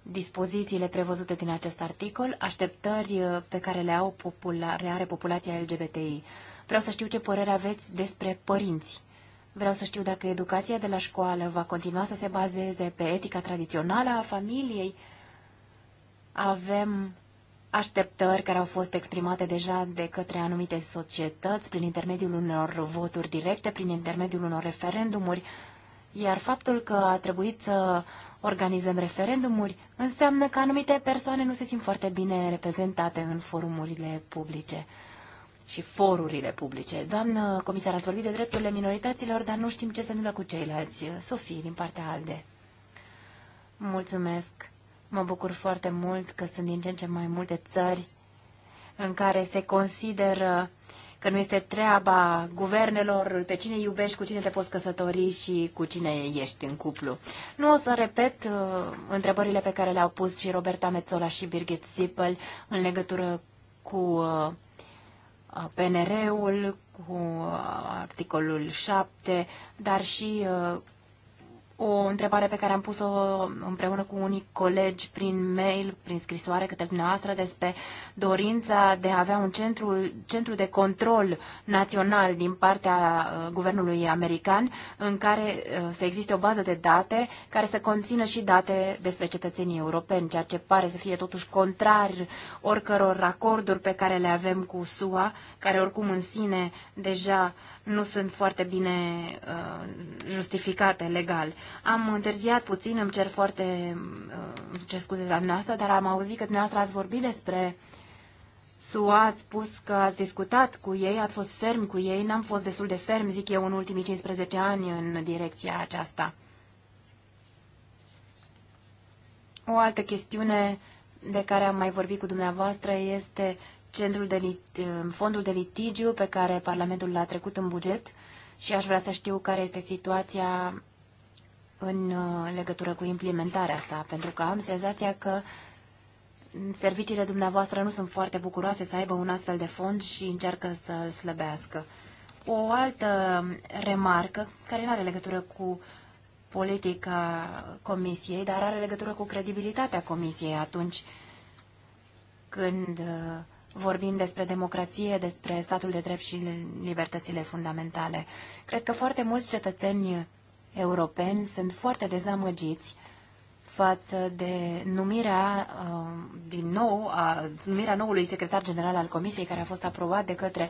dispozițiile prevăzute din acest articol, așteptări uh, pe care le au popula are populația LGBTI. Vreau să știu ce părere aveți despre părinți. Vreau să știu dacă educația de la școală va continua să se bazeze pe etica tradițională a familiei. Avem așteptări care au fost exprimate deja de către anumite societăți prin intermediul unor voturi directe, prin intermediul unor referendumuri, iar faptul că a trebuit să organizăm referendumuri înseamnă că anumite persoane nu se simt foarte bine reprezentate în forumurile publice și forurile publice. Doamnă comisar, ați vorbit de drepturile minorităților, dar nu știm ce se întâmplă cu ceilalți. Sofie, din partea ALDE. Mulțumesc. Mă bucur foarte mult că sunt din ce în ce mai multe țări în care se consideră că nu este treaba guvernelor pe cine iubești, cu cine te poți căsători și cu cine ești în cuplu. Nu o să repet uh, întrebările pe care le-au pus și Roberta Mezzola și Birgit Zippel în legătură cu uh, PNR-ul, cu uh, articolul 7, dar și uh, o întrebare pe care am pus-o împreună cu unii colegi prin mail, prin scrisoare către dumneavoastră despre dorința de a avea un centru, centru de control național din partea uh, guvernului american în care uh, să existe o bază de date care să conțină și date despre cetățenii europeni, ceea ce pare să fie totuși contrar oricăror acorduri pe care le avem cu SUA, care oricum în sine deja uh, nu sunt foarte bine uh, justificate legal. Am întârziat puțin, îmi cer foarte uh, ce scuze la dumneavoastră, dar am auzit că dumneavoastră ați vorbit despre SUA, ați spus că ați discutat cu ei, ați fost ferm cu ei, n-am fost destul de ferm, zic eu, în ultimii 15 ani în direcția aceasta. O altă chestiune de care am mai vorbit cu dumneavoastră este uh, centrul de fondul de litigiu pe care Parlamentul l-a trecut în buget și aș vrea să știu care este situația în uh, legătură cu implementarea sa, pentru că am senzația că serviciile dumneavoastră nu sunt foarte bucuroase să aibă un astfel de fond și încearcă să-l slăbească. O altă remarcă, care nu are legătură cu politica Comisiei, dar are legătură cu credibilitatea Comisiei atunci când uh, vorbim despre democrație, despre statul de drept și libertățile fundamentale. Cred că foarte mulți cetățeni europeni sunt foarte dezamăgiți față de numirea uh, din nou, a, numirea noului secretar general al Comisiei care a fost aprobat de către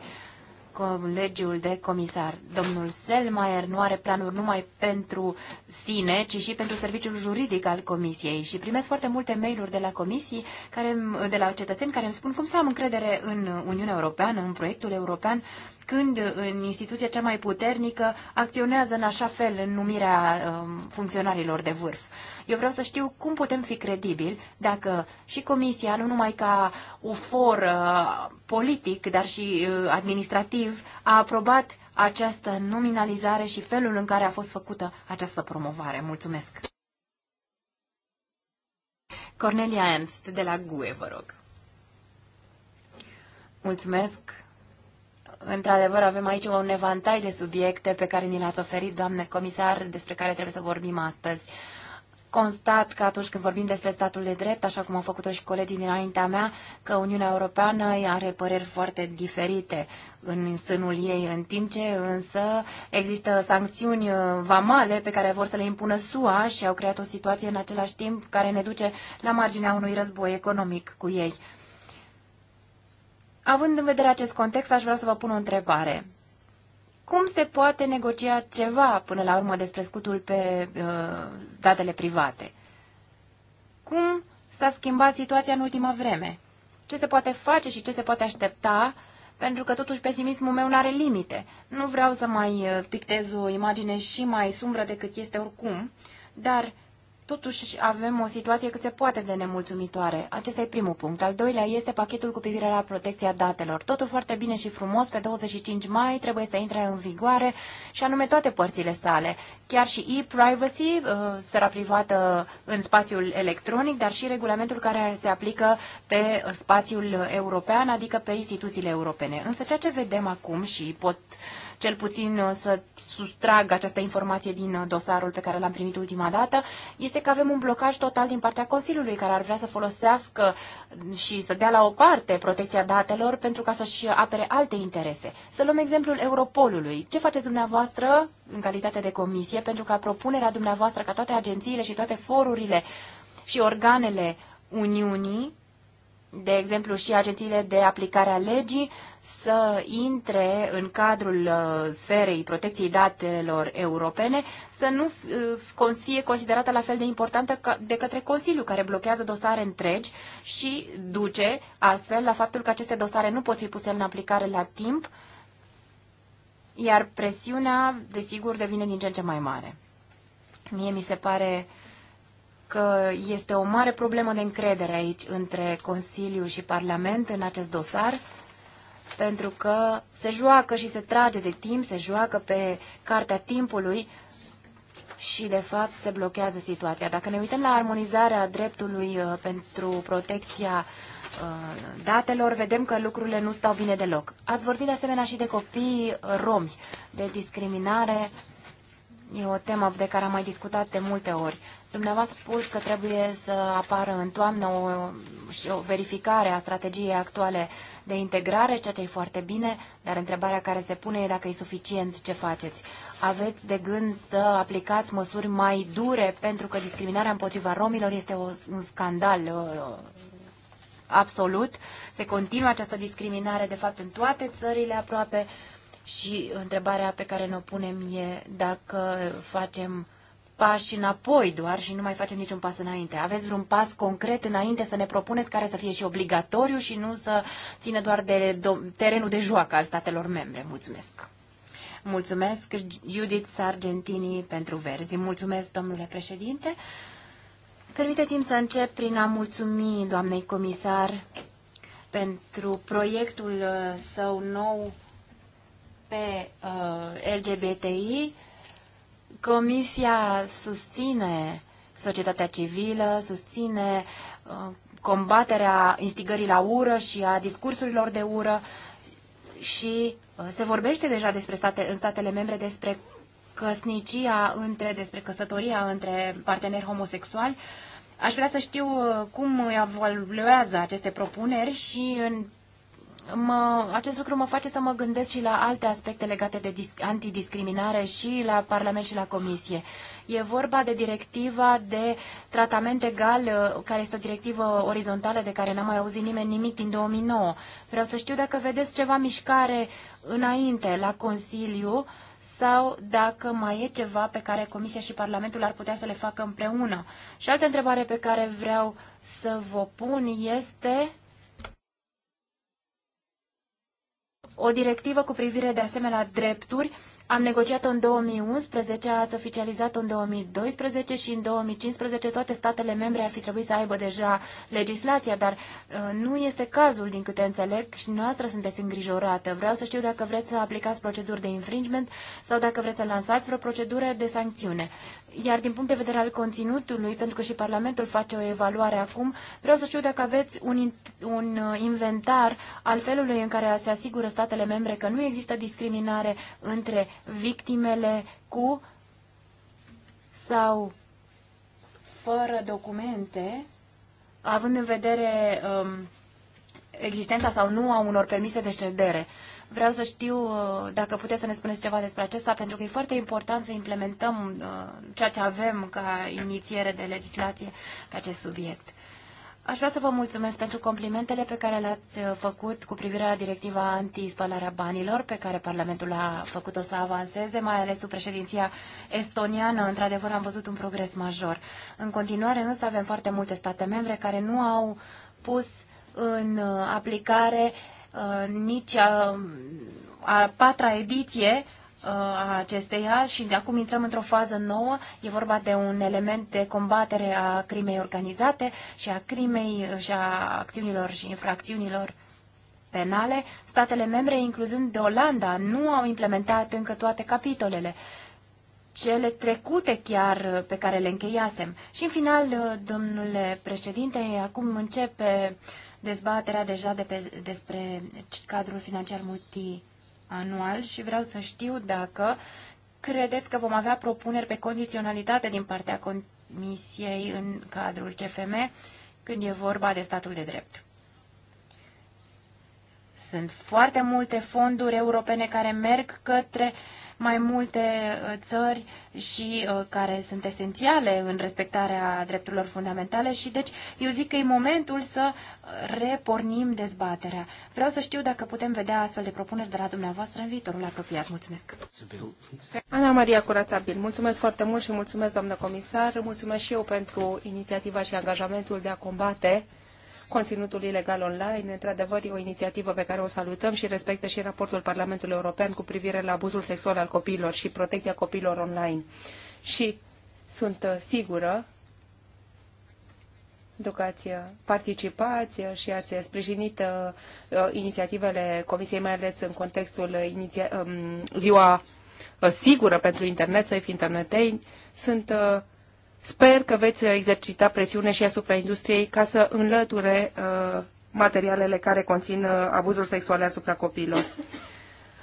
colegiul de comisar. Domnul Selmayr nu are planuri numai pentru sine, ci și pentru serviciul juridic al comisiei și primesc foarte multe mail-uri de la comisii, care, de la cetățeni care îmi spun cum să am încredere în Uniunea Europeană, în proiectul european, când în instituția cea mai puternică acționează în așa fel în numirea um, funcționarilor de vârf. Eu vreau să știu cum putem fi credibili dacă și Comisia, nu numai ca un for uh, politic, dar și uh, administrativ, a aprobat această nominalizare și felul în care a fost făcută această promovare. Mulțumesc! Cornelia Ernst, de la GUE, vă rog. Mulțumesc! Într-adevăr, avem aici un evantai de subiecte pe care ni le-ați oferit, doamne comisar, despre care trebuie să vorbim astăzi constat că atunci când vorbim despre statul de drept, așa cum au făcut-o și colegii dinaintea mea, că Uniunea Europeană are păreri foarte diferite în sânul ei, în timp ce însă există sancțiuni uh, vamale pe care vor să le impună SUA și au creat o situație în același timp care ne duce la marginea unui război economic cu ei. Având în vedere acest context, aș vrea să vă pun o întrebare. Cum se poate negocia ceva până la urmă despre scutul pe uh, datele private? Cum s-a schimbat situația în ultima vreme? Ce se poate face și ce se poate aștepta? Pentru că totuși pesimismul meu nu are limite. Nu vreau să mai uh, pictez o imagine și mai sumbră decât este oricum, dar uh, Totuși avem o situație cât se poate de nemulțumitoare. Acesta e primul punct. Al doilea este pachetul cu privire la protecția datelor. Totul foarte bine și frumos, pe 25 mai trebuie să intre în vigoare și anume toate părțile sale. Chiar și e-privacy, uh, sfera privată în spațiul electronic, dar și regulamentul care se aplică pe spațiul european, adică pe instituțiile europene. Însă ceea ce vedem acum și pot cel puțin uh, să sustrag această informație din uh, dosarul pe care l-am primit ultima dată, este că avem un blocaj total din partea Consiliului care ar vrea să folosească și să dea la o parte protecția datelor pentru ca să-și apere alte interese. Să luăm exemplul Europolului. Ce faceți dumneavoastră în calitate de comisie pentru ca propunerea dumneavoastră ca toate agențiile și toate forurile și organele Uniunii de exemplu și agențiile de aplicare a legii, să intre în cadrul uh, sferei protecției datelor europene, să nu uh, fie considerată la fel de importantă de către Consiliu, care blochează dosare întregi și duce astfel la faptul că aceste dosare nu pot fi puse în aplicare la timp, iar presiunea, desigur, devine din ce în ce mai mare. Mie mi se pare că este o mare problemă de încredere aici între Consiliu și Parlament în acest dosar pentru că se joacă și se trage de timp, se joacă pe cartea timpului și, de fapt, se blochează situația. Dacă ne uităm la armonizarea dreptului uh, pentru protecția uh, datelor, vedem că lucrurile nu stau bine deloc. Ați vorbit de asemenea și de copii uh, romi, de discriminare. E o temă de care am mai discutat de multe ori. Dumneavoastră spus că trebuie să apară în toamnă o, și o verificare a strategiei actuale uh, de integrare, ceea ce e foarte bine, dar întrebarea care se pune e dacă e suficient ce faceți. Aveți de gând să aplicați măsuri mai dure pentru că discriminarea împotriva romilor este o, un scandal uh, absolut. Se continuă această discriminare, de fapt, în toate țările aproape și întrebarea pe care ne o punem e dacă facem pași înapoi doar și nu mai facem niciun pas înainte. Aveți vreun pas concret înainte să ne propuneți care să fie și obligatoriu și nu să țină doar de terenul de joacă al statelor membre. Mulțumesc! Mulțumesc, Judith Sargentini, pentru verzi. Mulțumesc, domnule președinte. Permiteți-mi să încep prin a mulțumi doamnei comisar pentru proiectul său nou pe uh, LGBTI Comisia susține societatea civilă, susține uh, combaterea instigării la ură și a discursurilor de ură și uh, se vorbește deja despre state, în statele membre despre căsnicia între, despre căsătoria între parteneri homosexuali. Aș vrea să știu uh, cum evoluează aceste propuneri și în mă, acest lucru mă face să mă gândesc și la alte aspecte legate de antidiscriminare și la Parlament și la Comisie. E vorba de directiva de tratament egal, uh, care este o directivă orizontală de care n-a mai auzit nimeni nimic din 2009. Vreau să știu dacă vedeți ceva mișcare înainte la Consiliu sau dacă mai e ceva pe care Comisia și Parlamentul ar putea să le facă împreună. Și altă întrebare pe care vreau să vă pun este O directivă cu privire de asemenea drepturi am negociat-o în 2011, ați oficializat-o în 2012 și în 2015 toate statele membre ar fi trebuit să aibă deja legislația, dar uh, nu este cazul din câte înțeleg și noastră sunteți îngrijorată. Vreau să știu dacă vreți să aplicați proceduri de infringement sau dacă vreți să lansați vreo procedură de sancțiune. Iar din punct de vedere al conținutului, pentru că și Parlamentul face o evaluare acum, vreau să știu dacă aveți un, un uh, inventar al felului în care se asigură statele membre că nu există discriminare între victimele cu sau fără documente, având în vedere um, existența sau nu a unor permise de ședere. Uh, Vreau să știu uh, dacă puteți să ne spuneți ceva despre acesta, pentru că e foarte important să implementăm uh, ceea ce avem ca inițiere de legislație pe acest subiect. Aș vrea să vă mulțumesc pentru complimentele pe care le-ați uh, făcut cu privire la directiva anti-spălarea banilor, pe care Parlamentul a făcut-o să avanseze, mai ales sub președinția estoniană. Într-adevăr, am văzut un progres major. În continuare, însă, avem foarte multe state membre care nu au pus în aplicare Uh, nici a, uh, a patra ediție uh, a acesteia și de acum intrăm într-o fază nouă. E vorba de un element de combatere a crimei organizate și a crimei și a acțiunilor și infracțiunilor penale. Statele membre, incluzând de Olanda, nu au implementat încă toate capitolele cele trecute chiar pe care le încheiasem. Și în final, domnule președinte, acum începe uh, dezbaterea deja de pe, despre cadrul financiar multianual și vreau să știu dacă credeți că vom avea propuneri pe condiționalitate din partea Comisiei în cadrul CFM când e vorba de statul de drept. Sunt foarte multe fonduri europene care merg către uh, mai multe uh, țări și uh, care sunt esențiale în respectarea drepturilor fundamentale și deci eu zic că e momentul să uh, repornim dezbaterea. Vreau să știu dacă putem vedea astfel de propuneri de la dumneavoastră în viitorul apropiat. Mulțumesc! Ana Maria Curațabil, mulțumesc foarte mult și mulțumesc, doamnă comisar, mulțumesc și eu pentru inițiativa și angajamentul de a combate Conținutul ilegal online, într-adevăr, e o inițiativă pe care o salutăm și respectă și raportul Parlamentului European cu privire la abuzul sexual al copiilor și protecția copiilor online. Și sunt uh, sigură că ați uh, participați uh, și ați sprijinit inițiativele Comisiei, mai ales în contextul iniția- um, ziua sigură pentru internet, Safe Internet Day. Sunt uh, Sper că veți exercita presiune și asupra industriei ca să înlăture uh, materialele care conțin uh, abuzuri sexuale asupra copiilor.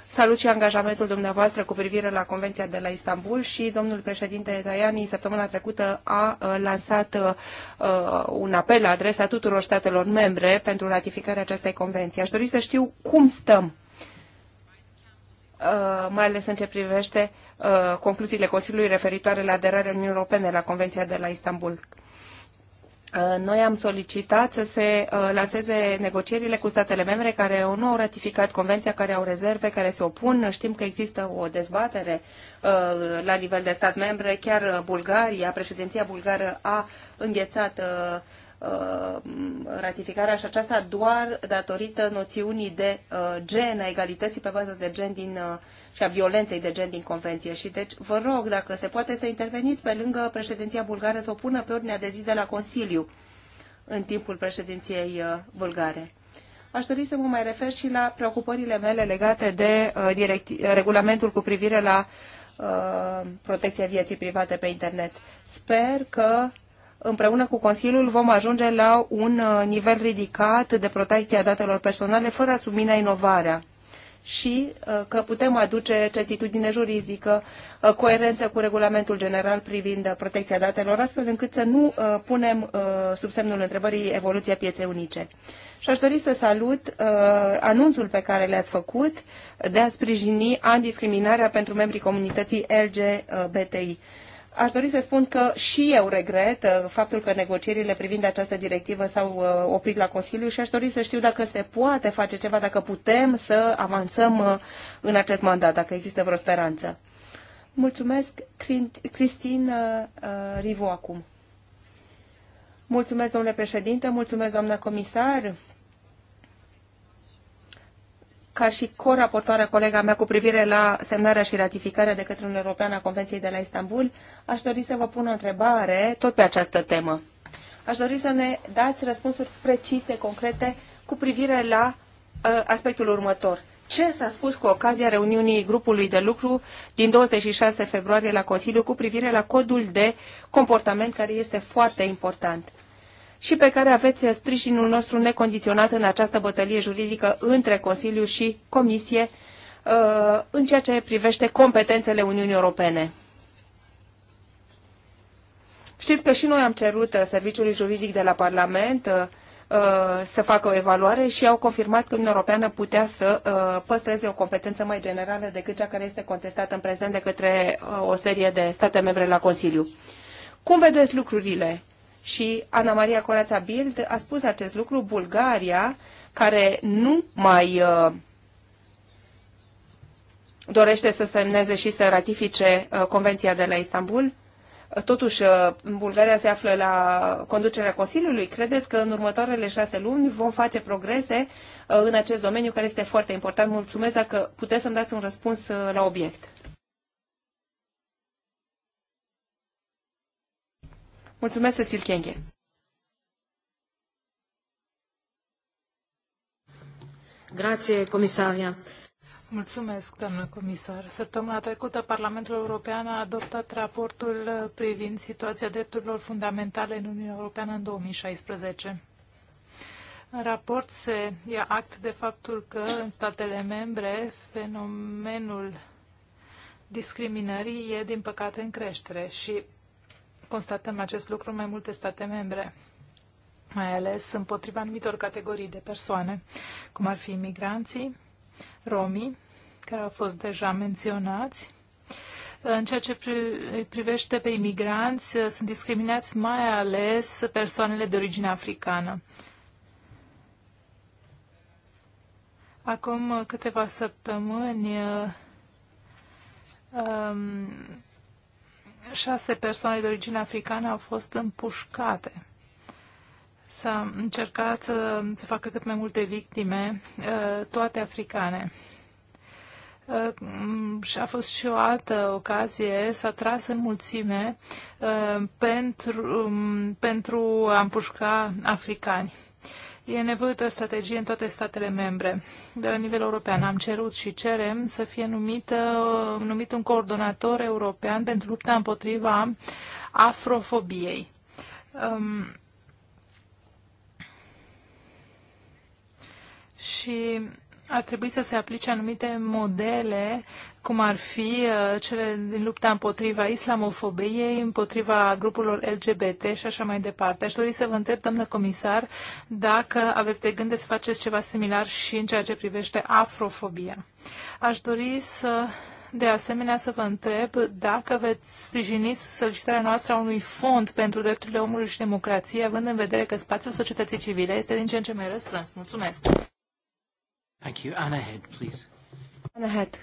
Salut și angajamentul dumneavoastră cu privire la Convenția de la Istanbul și domnul președinte Tajani săptămâna trecută a uh, lansat uh, uh, un apel la adresa tuturor statelor membre pentru ratificarea acestei convenții. Aș dori să știu cum stăm, uh, mai ales în ce privește uh, Uh, concluziile Consiliului referitoare la aderarea Uniunii Europene la Convenția de la Istanbul. Uh, noi am solicitat să se uh, lanseze negocierile cu statele membre care nu au ratificat convenția, care au rezerve, care se opun. Știm că există o dezbatere la nivel de stat membre. Chiar Bulgaria, președinția bulgară a înghețat ratificarea și aceasta doar datorită noțiunii de gen, a egalității pe bază de gen din și a violenței de gen din Convenție. Și deci vă rog, dacă se poate, să interveniți pe lângă președinția bulgară, să o pună pe ordinea de zi de la Consiliu în timpul președinției uh, bulgare. Aș dori să mă mai refer și la preocupările mele legate de uh, direct, uh, regulamentul cu privire la uh, protecția vieții private pe internet. Sper că împreună cu Consiliul vom ajunge la un nivel ridicat de protecție a datelor personale fără a submina inovarea și uh, că putem aduce certitudine juridică, uh, coerență cu regulamentul general privind uh, protecția datelor, astfel încât să nu punem sub semnul întrebării evoluția pieței unice. Și aș dori să salut anunțul pe care le-ați făcut de a sprijini antidiscriminarea pentru membrii comunității LGBTI. Aș dori să spun că și eu regret uh, faptul că negocierile privind această directivă s-au uh, oprit la Consiliu și aș dori să știu dacă se poate face ceva, dacă putem să avansăm uh, în acest mandat, dacă există vreo speranță. Mulțumesc, Cristin Rivo, acum. Mulțumesc, domnule președinte, mulțumesc, doamna comisar, ca și co-raportoare colega mea cu privire la semnarea și ratificarea de către Uniunea Europeană a Convenției de la Istanbul, aș dori să vă pun o întrebare tot pe această temă. Aș dori să ne dați răspunsuri precise, concrete, cu privire la uh, aspectul următor. Ce s-a spus cu ocazia reuniunii grupului de lucru din 26 februarie la Consiliu cu privire la codul de comportament care este foarte important? și pe care aveți sprijinul nostru necondiționat în această bătălie juridică între Consiliu și Comisie uh, în ceea ce privește competențele Uniunii Europene. Știți că și noi am cerut uh, Serviciului Juridic de la Parlament uh, să facă o evaluare și au confirmat că Uniunea Europeană putea să păstreze o competență mai generală decât cea care este contestată în prezent de către o serie de state membre la Consiliu. Cum vedeți lucrurile? și Ana Maria Corața Bild a spus acest lucru, Bulgaria, care nu mai uh, dorește să semneze și să ratifice uh, Convenția de la Istanbul, uh, Totuși, Bulgaria se află la conducerea Consiliului. Credeți că în următoarele șase luni vom face progrese în acest domeniu care este foarte important? Mulțumesc dacă puteți să-mi dați un răspuns la obiect. Mulțumesc, Cecil Kenge. Grație, comisaria. Mulțumesc, doamnă comisar. Săptămâna trecută, Parlamentul European a adoptat raportul privind situația drepturilor fundamentale în Uniunea Europeană în 2016. În raport se ia act de faptul că în statele membre fenomenul discriminării e, din păcate, în creștere și constatăm acest lucru în mai multe state membre, mai ales împotriva anumitor categorii de persoane, cum ar fi imigranții, romii, care au fost deja menționați. În ceea ce privește pe imigranți, sunt discriminați mai ales persoanele de origine africană. Acum câteva săptămâni, um, șase persoane de origine africană au fost împușcate. S-a încercat să uh, să facă cât mai multe victime, uh, toate africane. Uh, și a fost și o altă ocazie, s-a tras în mulțime pentru, um, pentru a împușca africani. E nevoie de o strategie în toate statele membre. De la nivel european am cerut și cerem să fie numită, uh, numit un coordonator european pentru lupta împotriva afrofobiei. Um, și ar trebui să se aplice anumite modele cum ar fi uh, cele din lupta împotriva islamofobiei, împotriva grupurilor LGBT și așa mai departe. Aș dori să vă întreb, doamnă comisar, dacă aveți de gând să faceți ceva similar și în ceea ce privește afrofobia. Aș dori să de asemenea să vă întreb dacă veți sprijini solicitarea noastră a unui fond pentru drepturile omului și democrație, având în vedere că spațiul societății civile este din ce în ce mai răstrâns. Mulțumesc! Thank you. Anna Head, please. Anna Head.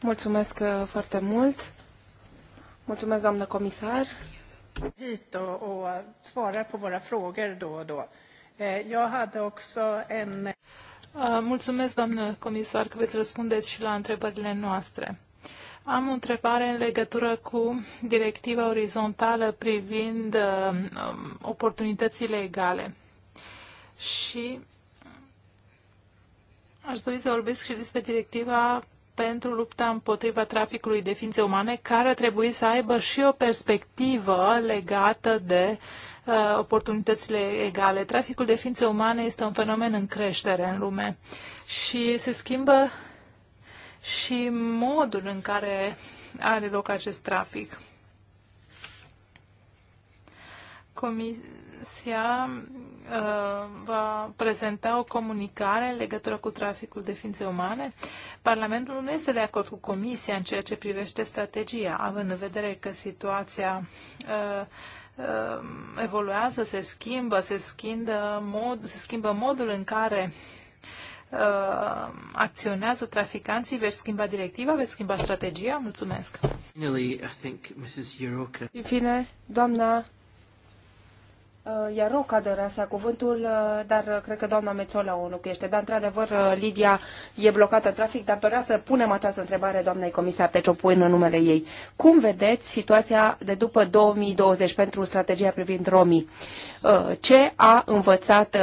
Mulțumesc uh, foarte mult. Mulțumesc, doamnă comisar. Hit och, och eh, svarar på våra frågor då och då. Eh, jag hade också en... Eh, mulțumesc, doamnă comisar, că veți răspundeți și la întrebările noastre. Am o întrebare în legătură cu directiva orizontală privind uh, oportunitățile egale. Și aș dori să vorbesc și despre directiva pentru lupta împotriva traficului de ființe umane, care trebuie să aibă și o perspectivă legată de uh, oportunitățile egale. Traficul de ființe umane este un fenomen în creștere în lume și se schimbă și modul în care are loc acest trafic. Comis- Comisia uh, va prezenta o comunicare în legătură cu traficul de ființe umane. Parlamentul nu este de acord cu Comisia în ceea ce privește strategia, având în vedere că situația uh, uh, evoluează, se schimbă, se schimbă, mod, se schimbă modul în care uh, acționează traficanții, veți schimba directiva, veți schimba strategia? Mulțumesc! Finally, I think Mrs. În fine, doamna Uh, iar Roc adărea să cuvântul, uh, dar uh, cred că doamna Mețola o locuiește. Dar, într-adevăr, Lidia e blocată în trafic, dar dorea să punem această întrebare doamnei comisar Teciopui în numele ei. Cum vedeți situația de după 2020 pentru strategia privind romii? Ce a învățat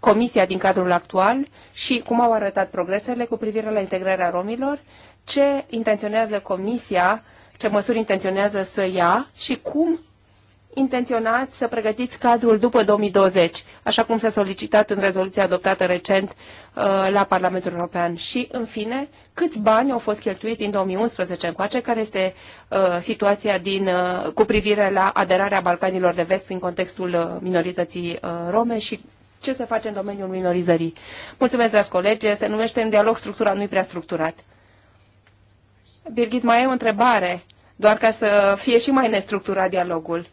comisia din cadrul actual și cum au arătat progresele cu privire la integrarea romilor? Ce intenționează comisia ce măsuri intenționează să ia și cum intenționați să pregătiți cadrul după 2020, așa cum s-a solicitat în rezoluția adoptată recent uh, la Parlamentul European? Și, în fine, câți bani au fost cheltuiți din 2011 încoace? Care este uh, situația din, uh, cu privire la aderarea Balcanilor de Vest în contextul uh, minorității uh, rome și ce se face în domeniul minorizării? Mulțumesc, dragi colegi, se numește în dialog structura nu-i prea structurat. Birgit, mai e o întrebare, doar ca să fie și mai nestructurat dialogul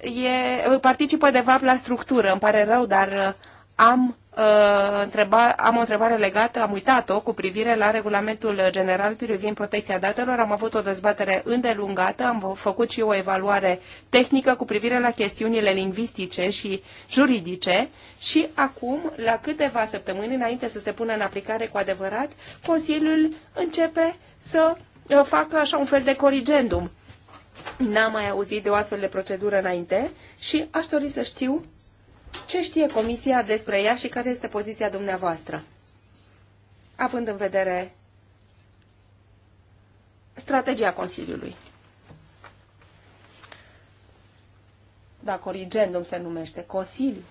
e, participă de fapt la structură. Îmi pare rău, dar uh, am, uh, întreba, am o întrebare legată, am uitat-o, cu privire la regulamentul general privind protecția datelor. Am avut o dezbatere îndelungată, am făcut și o evaluare tehnică cu privire la chestiunile lingvistice și juridice și acum, la câteva săptămâni înainte să se pună în aplicare cu adevărat, Consiliul începe să uh, facă așa un fel de corigendum N-am mai auzit de o astfel de procedură înainte și aș dori să știu ce știe Comisia despre ea și care este poziția dumneavoastră, având în vedere strategia Consiliului. Da, corigendum se numește, Consiliu.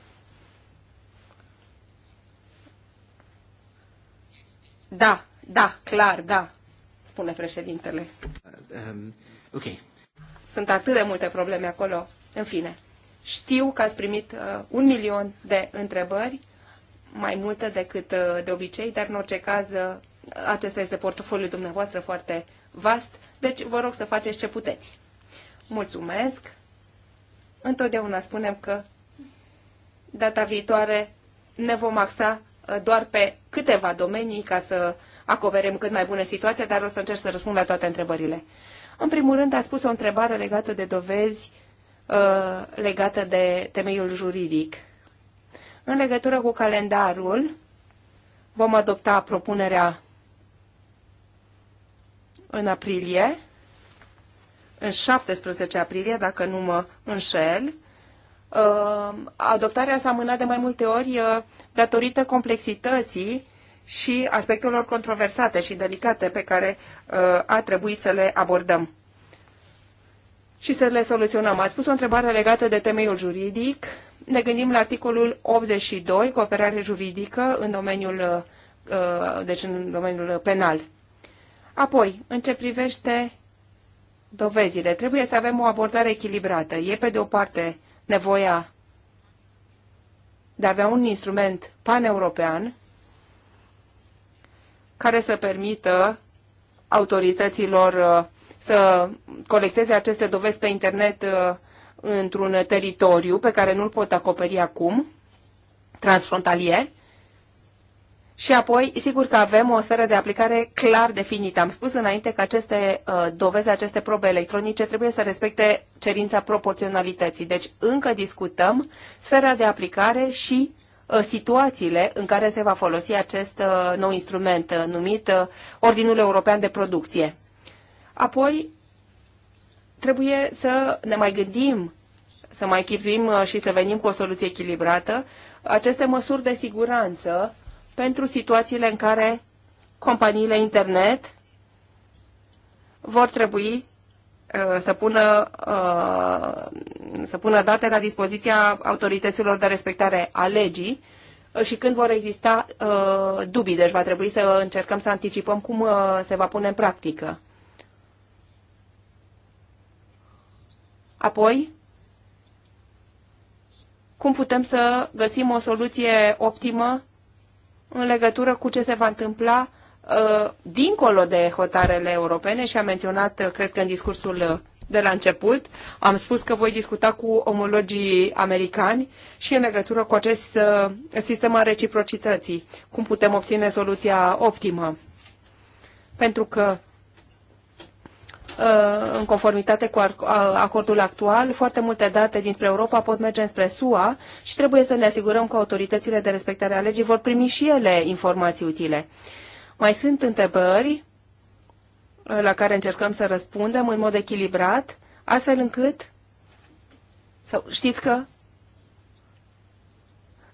Da, da, clar, da, spune președintele. Um, ok, sunt atât de multe probleme acolo. În fine, știu că ați primit uh, un milion de întrebări, mai multe decât uh, de obicei, dar în orice caz uh, acesta este portofoliul dumneavoastră foarte vast, deci vă rog să faceți ce puteți. Mulțumesc! Întotdeauna spunem că data viitoare ne vom axa uh, doar pe câteva domenii ca să acoperim cât mai bună situația, dar o să încerc să răspund la toate întrebările. În primul rând, a spus o întrebare legată de dovezi, uh, legată de temeiul juridic. În legătură cu calendarul, vom adopta propunerea în aprilie, în 17 aprilie, dacă nu mă înșel. Uh, adoptarea s-a mânat de mai multe ori uh, datorită complexității și aspectelor controversate și delicate pe care uh, a trebuit să le abordăm și să le soluționăm. Ați spus o întrebare legată de temeiul juridic. Ne gândim la articolul 82, cooperare juridică în domeniul, uh, uh, deci în domeniul penal. Apoi, în ce privește dovezile, trebuie să avem o abordare echilibrată. E, pe de o parte, nevoia de a avea un instrument paneuropean care să permită autorităților uh, să colecteze aceste dovezi pe internet uh, într-un teritoriu pe care nu-l pot acoperi acum, transfrontalier, și apoi, sigur că avem o sferă de aplicare clar definită. Am spus înainte că aceste doveze, uh, dovezi, aceste probe electronice trebuie să respecte cerința proporționalității. Deci încă discutăm sfera de aplicare și Uh, situațiile în care se va folosi acest uh, nou instrument uh, numit Ordinul European de Producție. Apoi, trebuie să ne mai gândim, să mai chipzuim și să venim cu o soluție echilibrată, aceste măsuri de siguranță pentru situațiile în care companiile internet vor trebui Uh, să pună, uh, să pună date la dispoziția autorităților de respectare a legii uh, și când vor exista dubii. Deci va trebui să încercăm să anticipăm cum se va pune în practică. Apoi, cum putem să găsim o soluție optimă în legătură cu ce se va întâmpla Uh, dincolo de hotarele europene și am menționat, uh, cred că în discursul uh, de la început, am spus că voi discuta cu omologii americani și în legătură cu acest sistem al reciprocității, cum putem obține soluția optimă. Pentru că în conformitate cu acordul actual, foarte multe date dinspre Europa pot merge înspre SUA și trebuie să ne asigurăm că autoritățile de respectare a legii vor primi și ele informații utile. Mai sunt întrebări la care încercăm să răspundem în mod echilibrat, astfel încât sau știți că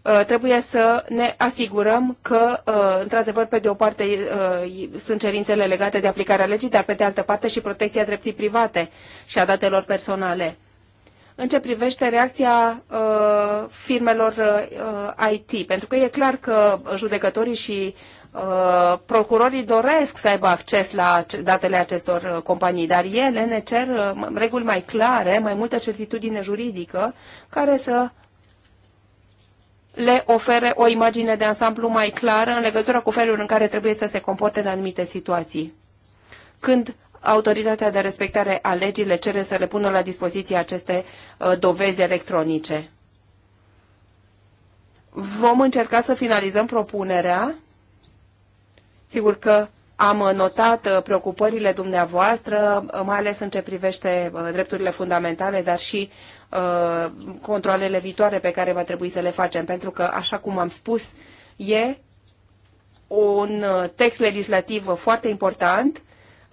uh, trebuie să ne asigurăm că, uh, într-adevăr, pe de o parte uh, sunt cerințele legate de aplicarea legii, dar pe de altă parte și protecția dreptii private și a datelor personale. În ce privește reacția firmelor IT, pentru că e clar că judecătorii și Uh, procurorii doresc să aibă acces la datele acestor uh, companii, dar ele ne cer uh, reguli mai clare, mai multă certitudine juridică, care să le ofere o imagine de ansamblu mai clară în legătură cu felul în care trebuie să se comporte în anumite situații. Când autoritatea de respectare a legii le cere să le pună la dispoziție aceste dovezi electronice. Vom încerca să finalizăm propunerea Sigur că am notat uh, preocupările dumneavoastră, uh, mai ales în ce privește uh, drepturile fundamentale, dar și controlele viitoare pe care va trebui să le facem, pentru că, așa cum am spus, e un text legislativ foarte important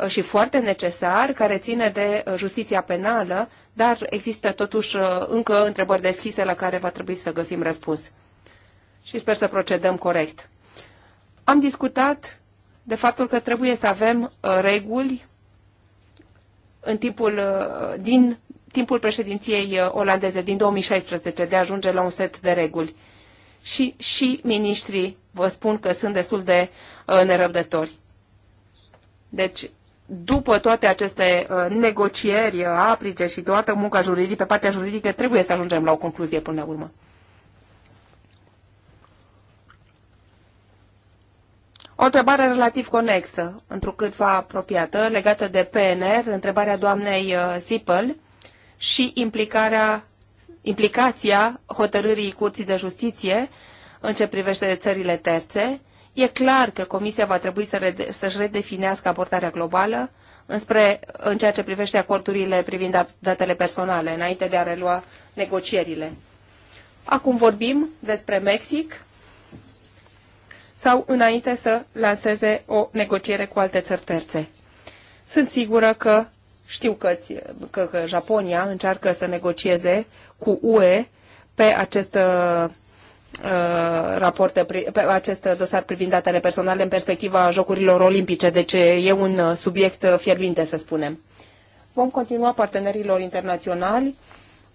și foarte necesar, care ține de justiția penală, dar există totuși încă întrebări deschise la care va trebui să găsim răspuns. Și sper să procedăm corect. Am discutat de faptul că trebuie să avem uh, reguli în timpul, uh, din timpul președinției uh, olandeze din 2016 de a ajunge la un set de reguli. Și, și ministrii vă spun că sunt destul de nerăbdători. Deci, după toate aceste negocieri aprice și toată munca juridică, pe partea juridică, trebuie să ajungem la o concluzie până la urmă. O întrebare relativ conexă, întrucât va apropiată, legată de PNR, întrebarea doamnei uh, Sipel și implicarea, implicația hotărârii Curții de Justiție în ce privește țările terțe. E clar că Comisia va trebui să rede, să-și redefinească abordarea globală înspre, în ceea ce privește acordurile privind datele personale, înainte de a relua negocierile. Acum vorbim despre Mexic sau înainte să lanseze o negociere cu alte țări terțe. Sunt sigură că știu că, că, că Japonia încearcă să negocieze cu UE pe acest uh, uh raport, pe acest dosar privind datele personale în perspectiva Jocurilor Olimpice, deci e un subiect fierbinte, să spunem. Vom continua partenerilor internaționali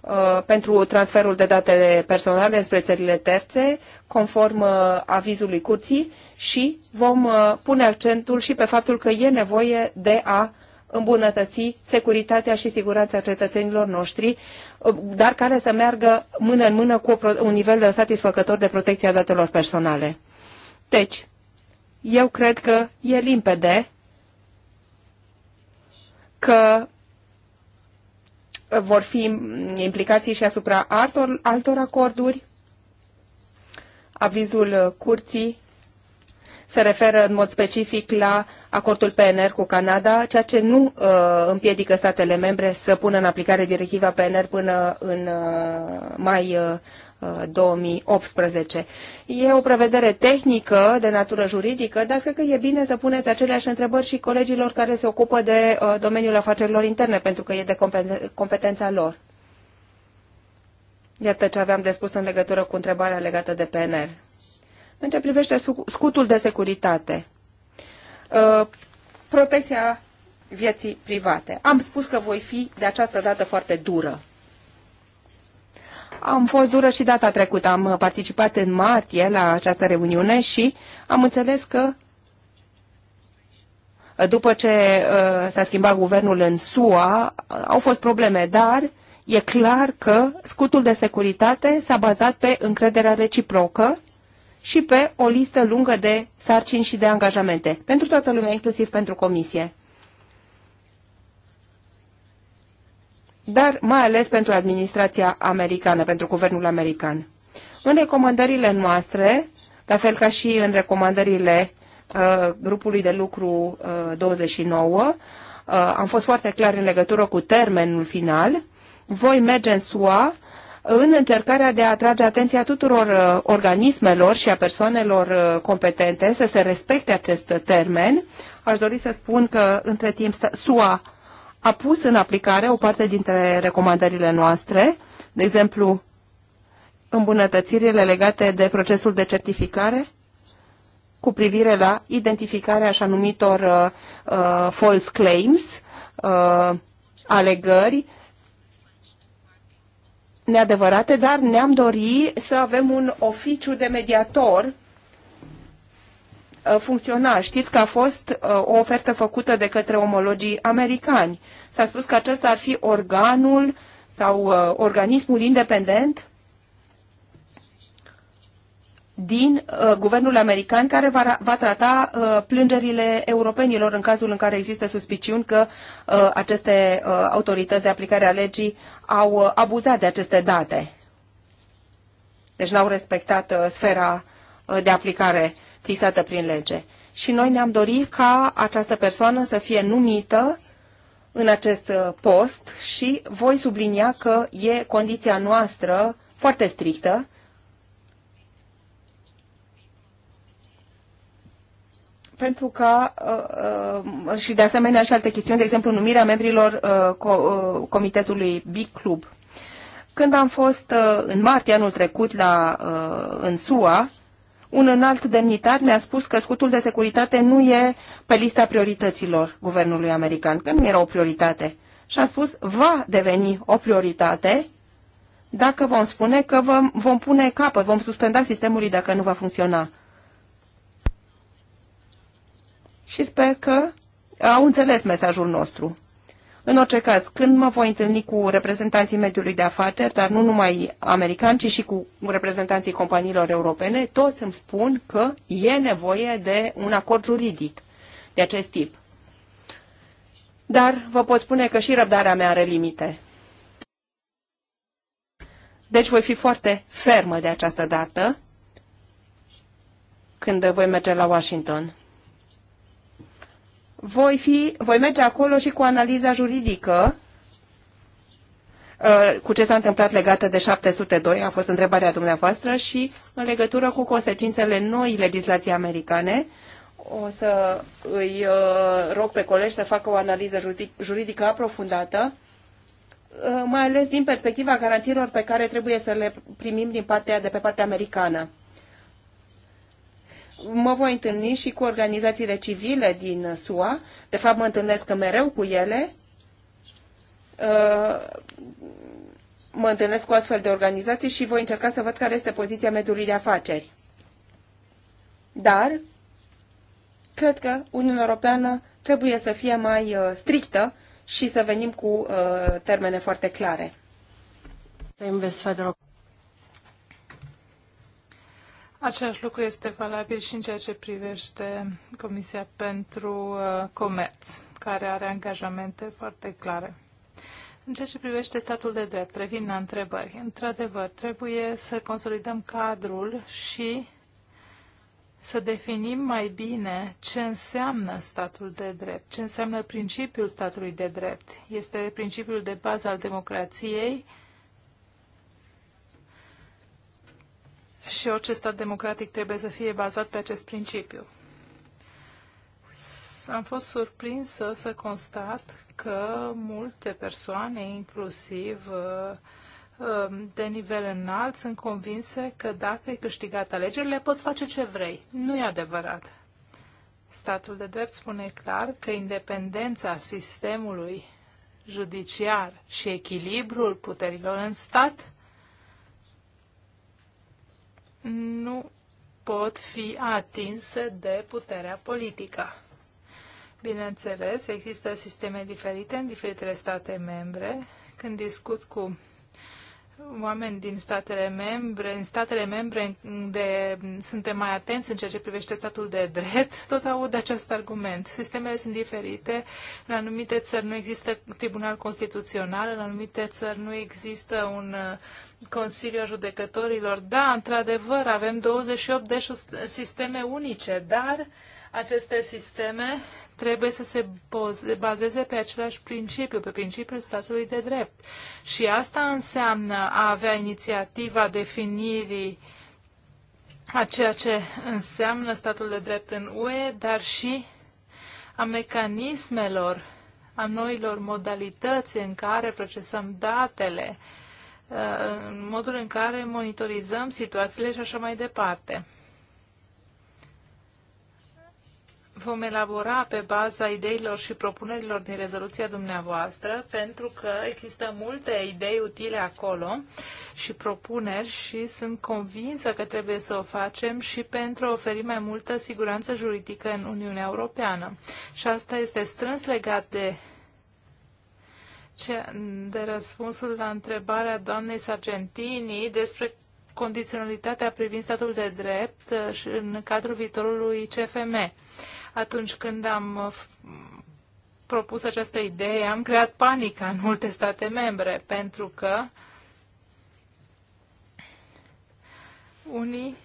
Uh, pentru transferul de date personale înspre țările terțe, conform uh, avizului curții, și vom uh, pune accentul și pe faptul că e nevoie de a îmbunătăți securitatea și siguranța cetățenilor noștri, dar care să meargă mână în mână cu un nivel satisfăcător de protecție a datelor personale. Deci, eu cred că e limpede că vor fi implicații și asupra altor, altor acorduri. Avizul curții se referă în mod specific la acordul PNR cu Canada, ceea ce nu uh, împiedică statele membre să pună în aplicare directiva PNR până în uh, mai uh, 2018. E o prevedere tehnică de natură juridică, dar cred că e bine să puneți aceleași întrebări și colegilor care se ocupă de uh, domeniul afacerilor interne, pentru că e de competența lor. Iată ce aveam de spus în legătură cu întrebarea legată de PNR. În ce privește scutul de securitate, uh, protecția vieții private. Am spus că voi fi de această dată foarte dură. Am fost dură și data trecută. Am participat în martie la această reuniune și am înțeles că după ce uh, s-a schimbat guvernul în SUA, au fost probleme, dar e clar că scutul de securitate s-a bazat pe încrederea reciprocă și pe o listă lungă de sarcini și de angajamente pentru toată lumea, inclusiv pentru comisie. dar mai ales pentru administrația americană, pentru guvernul american. În recomandările noastre, la fel ca și în recomandările uh, grupului de lucru uh, 29, uh, am fost foarte clar în legătură cu termenul final. Voi merge în SUA în încercarea de a atrage atenția tuturor uh, organismelor și a persoanelor uh, competente să se respecte acest termen. Aș dori să spun că între timp SUA a pus în aplicare o parte dintre recomandările noastre, de exemplu, îmbunătățirile legate de procesul de certificare cu privire la identificarea așa numitor uh, uh false claims, uh, alegări neadevărate, dar ne-am dorit să avem un oficiu de mediator Uh, funcționa. Știți că a fost uh, o ofertă făcută de către omologii americani. S-a spus că acesta ar fi organul sau uh, organismul independent din guvernul american care va, va trata uh, plângerile europenilor în cazul în care există suspiciuni că uh, aceste uh, autorități de aplicare a legii au uh, abuzat de aceste date. Deci n-au respectat uh, sfera uh, de aplicare fixată prin lege. Și noi ne-am dorit ca această persoană să fie numită în acest uh, post și voi sublinia că e condiția noastră foarte strictă pentru că uh, uh, și de asemenea și alte chestiuni, de exemplu numirea membrilor comitetului Big Club. Când am fost în martie anul trecut la, în SUA, un înalt demnitar mi-a spus că scutul de securitate nu e pe lista priorităților guvernului american, că nu era o prioritate. Și a spus, va deveni o prioritate dacă vom spune că vom, vom pune capăt, vom suspenda sistemului dacă nu va funcționa. Și sper că au înțeles mesajul nostru. În orice caz, când mă voi întâlni cu reprezentanții mediului de afaceri, dar nu numai americani, ci și cu reprezentanții companiilor europene, toți îmi spun că e nevoie de un acord juridic de acest tip. Dar vă pot spune că și răbdarea mea are limite. Deci voi fi foarte fermă de această dată când voi merge la Washington voi, fi, voi merge acolo și cu analiza juridică uh, cu ce s-a întâmplat legată de 702, a fost întrebarea dumneavoastră, și în legătură cu consecințele noi legislații americane, o să îi uh, rog pe colegi să facă o analiză juridică aprofundată, uh, mai ales din perspectiva garanțiilor pe care trebuie să le primim din partea de pe partea americană mă voi întâlni și cu organizațiile civile din SUA. De fapt, mă întâlnesc mereu cu ele. Uh, mă întâlnesc cu astfel de organizații și voi încerca să văd care este poziția mediului de afaceri. Dar, cred că Uniunea Europeană trebuie să fie mai uh, strictă și să venim cu uh, termene foarte clare. Același lucru este valabil și în ceea ce privește Comisia pentru uh, Comerț, care are angajamente foarte clare. În ceea ce privește statul de drept, revin la întrebări. Într-adevăr, trebuie să consolidăm cadrul și să definim mai bine ce înseamnă statul de drept, ce înseamnă principiul statului de drept. Este principiul de bază al democrației și orice stat democratic trebuie să fie bazat pe acest principiu. Am fost surprinsă să constat că multe persoane, inclusiv uh, uh, de nivel înalt, sunt convinse că dacă ai câștigat alegerile, poți face ce vrei. Nu e adevărat. Statul de drept spune clar că independența sistemului judiciar și echilibrul puterilor în stat nu pot fi atinse de puterea politică. Bineînțeles, există sisteme diferite în diferitele state membre. Când discut cu oameni din statele membre, în statele membre unde suntem mai atenți în ceea ce privește statul de drept, tot aud acest argument. Sistemele sunt diferite. În anumite țări nu există tribunal constituțional, în anumite țări nu există un uh, Consiliul Judecătorilor. Da, într-adevăr, avem 28 de sisteme unice, dar uh, aceste sisteme trebuie să se bazeze pe același principiu, pe principiul statului de drept. Și asta înseamnă a avea inițiativa definirii a ceea ce înseamnă statul de drept în UE, dar și a mecanismelor, a noilor modalități în care procesăm datele, uh, în modul în care monitorizăm situațiile și așa mai departe. vom elabora pe baza ideilor și propunerilor din rezoluția dumneavoastră, pentru că există multe idei utile acolo și propuneri și sunt convinsă că trebuie să o facem și pentru a oferi mai multă siguranță juridică în Uniunea Europeană. Și asta este strâns legat de de răspunsul la întrebarea doamnei Sargentini despre condiționalitatea privind statul de drept uh, în cadrul viitorului CFM atunci când am uh, propus această idee, am creat panică în multe state membre, pentru că unii,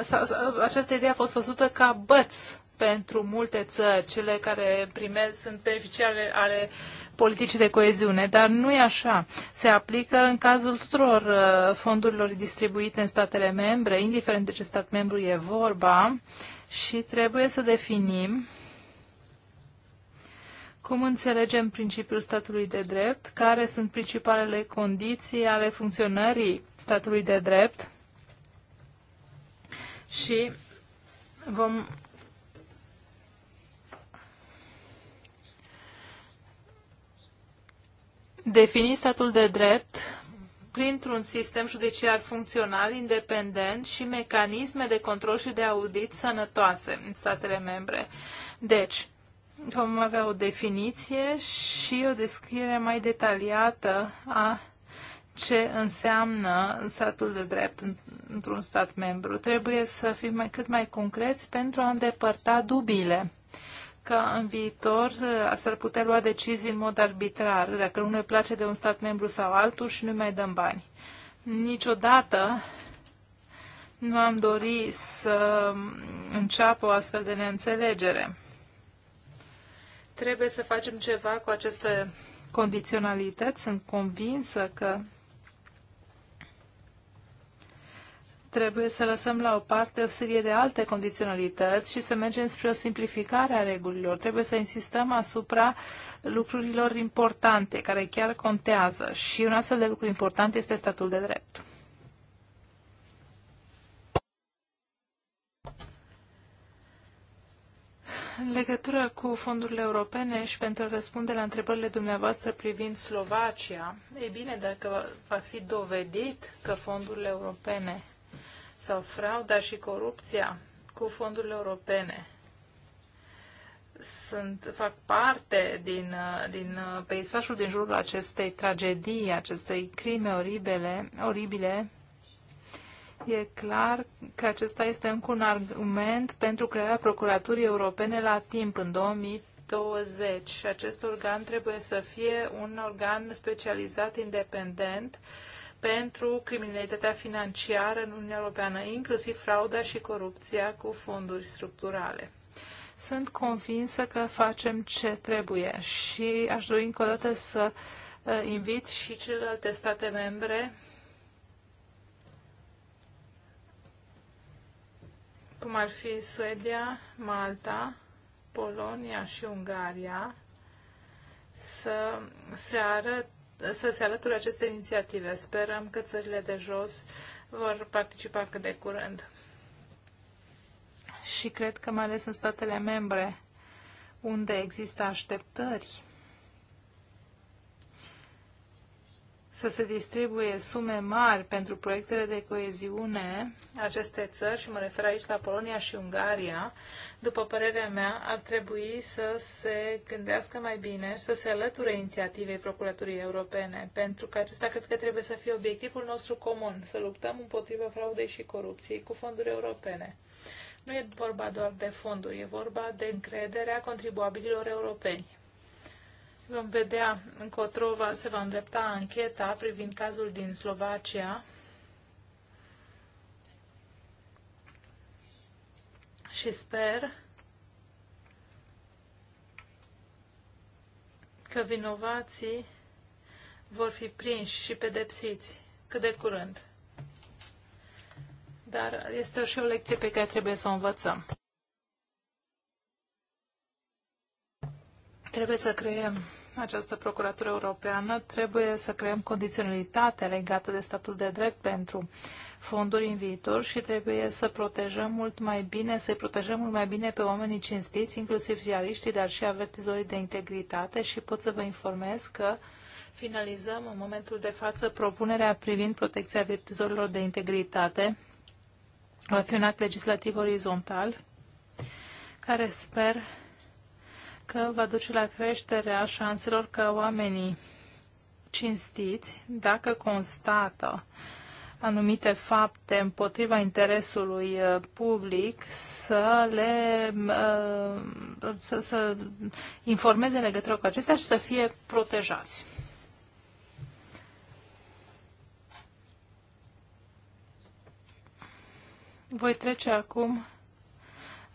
uh, această idee a fost văzută ca băț pentru multe țări, cele care primez sunt beneficiare ale politicii de coeziune, dar nu e așa. Se aplică în cazul tuturor uh, fondurilor distribuite în statele membre, indiferent de ce stat membru e vorba, și trebuie să definim cum înțelegem principiul statului de drept, care sunt principalele condiții ale funcționării statului de drept și vom defini statul de drept printr-un sistem judiciar funcțional, independent și mecanisme de control și de audit sănătoase în statele membre. Deci, vom avea o definiție și o descriere mai detaliată a ce înseamnă statul de drept într-un stat membru. Trebuie să fim mai, cât mai concreți pentru a îndepărta dubiile că în viitor uh, s-ar putea lua decizii în mod arbitrar, dacă nu ne place de un stat membru sau altul și nu mai dăm bani. Niciodată nu am dorit să înceapă o astfel de neînțelegere. Trebuie să facem ceva cu aceste condiționalități. Sunt convinsă că trebuie să lăsăm la o parte o serie de alte condiționalități și să mergem spre o simplificare a regulilor. Trebuie să insistăm asupra lucrurilor importante, care chiar contează. Și un astfel de lucru important este statul de drept. În legătură cu fondurile europene și pentru a răspunde la întrebările dumneavoastră privind Slovacia, e bine dacă va fi dovedit că fondurile europene sau frauda și corupția cu fondurile europene sunt, fac parte din, uh, din uh, peisajul din jurul acestei tragedii, acestei crime oribile, oribile, e clar că acesta este încă un argument pentru crearea Procuraturii Europene la timp, în 2020. Și acest organ trebuie să fie un organ specializat, independent, uh, pentru criminalitatea financiară în Uniunea Europeană, inclusiv frauda și corupția cu fonduri structurale. Sunt convinsă că facem ce trebuie și aș dori încă o dată să eh, invit și celelalte state membre cum ar fi Suedia, Malta, Polonia și Ungaria, să se arăt să se alăture aceste inițiative. Sperăm că țările de jos vor participa cât de curând. Și cred că mai ales în statele membre, unde există așteptări să se distribuie sume mari pentru proiectele de coeziune aceste țări, și mă refer aici la Polonia și Ungaria, după părerea mea, ar trebui să se gândească mai bine și să se alăture inițiativei Procuraturii Europene, pentru că acesta cred că trebuie să fie obiectivul nostru comun, să luptăm împotriva fraudei și corupției cu fonduri europene. Nu e vorba doar de fonduri, e vorba de încrederea contribuabililor europeni. Vom vedea încotro se va îndrepta ancheta privind cazul din Slovacia. Și sper că vinovații vor fi prinși și pedepsiți cât de curând. Dar este și o lecție pe care trebuie să o învățăm. Trebuie să creăm această procuratură europeană, trebuie să creăm condiționalitate legată de statul de drept pentru fonduri în viitor și trebuie să protejăm mult mai bine, să protejăm mult mai bine pe oamenii cinstiți, inclusiv ziariștii, dar și avertizorii de integritate și pot să vă informez că finalizăm în momentul de față propunerea privind protecția avertizorilor de integritate. Va fi un act legislativ orizontal care sper că va duce la creșterea șanselor că oamenii cinstiți, dacă constată anumite fapte împotriva interesului uh, public, să le uh, să, să informeze legătură cu acestea și să fie protejați. Voi trece acum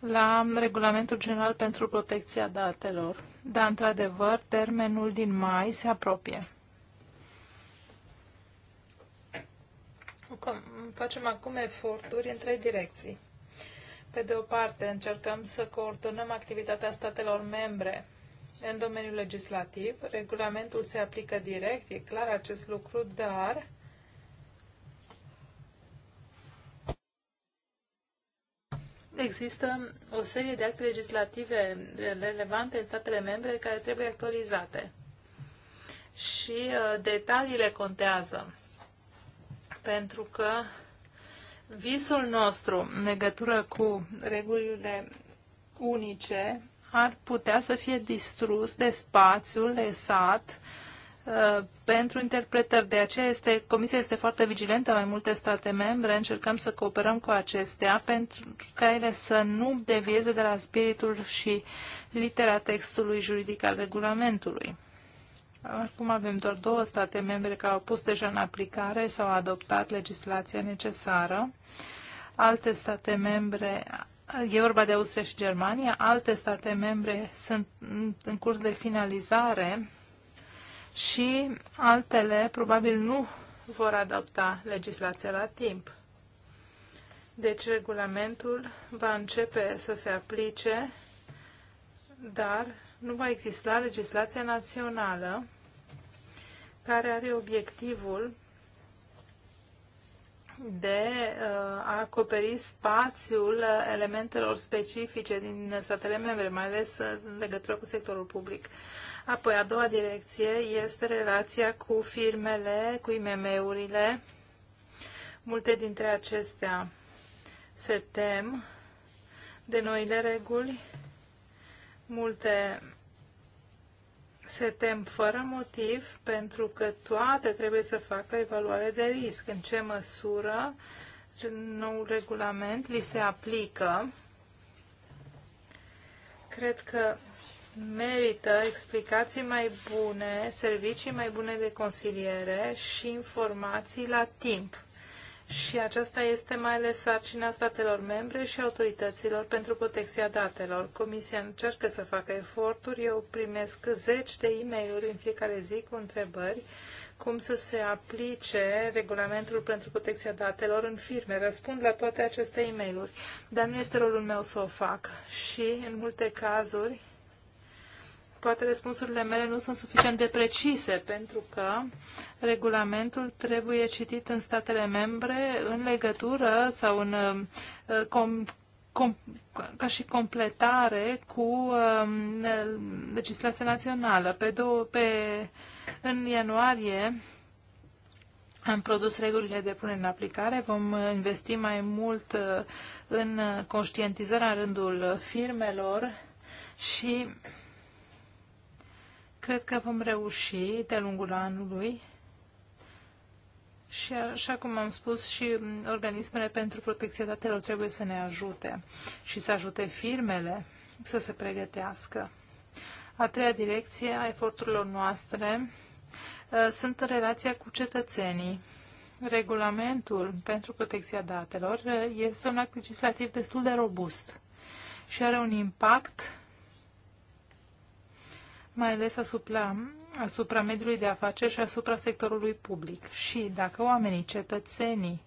la Regulamentul General pentru Protecția Datelor. Dar, într-adevăr, termenul din mai se apropie. Facem acum eforturi în trei direcții. Pe de o parte, încercăm să coordonăm activitatea statelor membre în domeniul legislativ. Regulamentul se aplică direct, e clar acest lucru, dar există o serie de acte legislative relevante în statele membre care trebuie actualizate. Și uh, detaliile contează, pentru că visul nostru în legătură cu regulile unice ar putea să fie distrus de spațiul lăsat uh, Uh, pentru interpretări. De aceea este, Comisia este foarte vigilentă mai multe state membre. Încercăm să cooperăm cu acestea pentru ca ele să nu devieze de la spiritul și litera textului juridic al regulamentului. Acum avem doar două state membre care au pus deja în aplicare sau au adoptat legislația necesară. Alte state membre, e vorba de Austria și Germania, alte state membre sunt în curs de finalizare și altele probabil nu vor adapta legislația la timp. Deci regulamentul va începe să se aplice, dar nu va exista legislație națională care are obiectivul de uh, a acoperi spațiul elementelor specifice din statele membre, mai ales uh, în legătură cu sectorul public. Apoi, a doua direcție este relația cu firmele, cu IMM-urile. Multe dintre acestea se tem de noile reguli, multe se tem fără motiv pentru că toate trebuie să facă evaluare de risc. În ce măsură nou regulament li se aplică? Cred că merită explicații mai bune, servicii mai bune de consiliere și informații la timp. Și aceasta este mai ales sarcina statelor membre și autorităților pentru protecția datelor. Comisia încearcă să facă eforturi. Eu primesc zeci de e mail în fiecare zi cu întrebări cum să se aplice regulamentul pentru protecția datelor în firme. Răspund la toate aceste e mail -uri. dar nu este rolul meu să o fac. Și, în multe cazuri, poate răspunsurile mele nu sunt suficient de precise, pentru că regulamentul trebuie citit în statele membre în legătură sau în uh, com, com, ca și completare cu um, legislația națională. Pe, două, pe în ianuarie am produs regulile de punere în aplicare, vom investi mai mult uh, în conștientizarea rândul firmelor și Cred că vom reuși de lungul anului și așa cum am spus, și organismele pentru protecția datelor trebuie să ne ajute și să ajute firmele să se pregătească. A treia direcție a eforturilor noastre uh, sunt în relația cu cetățenii. Regulamentul pentru protecția datelor uh, este un act legislativ destul de robust și are un impact mai ales asupra, asupra mediului de afaceri și asupra sectorului public. Și dacă oamenii, cetățenii,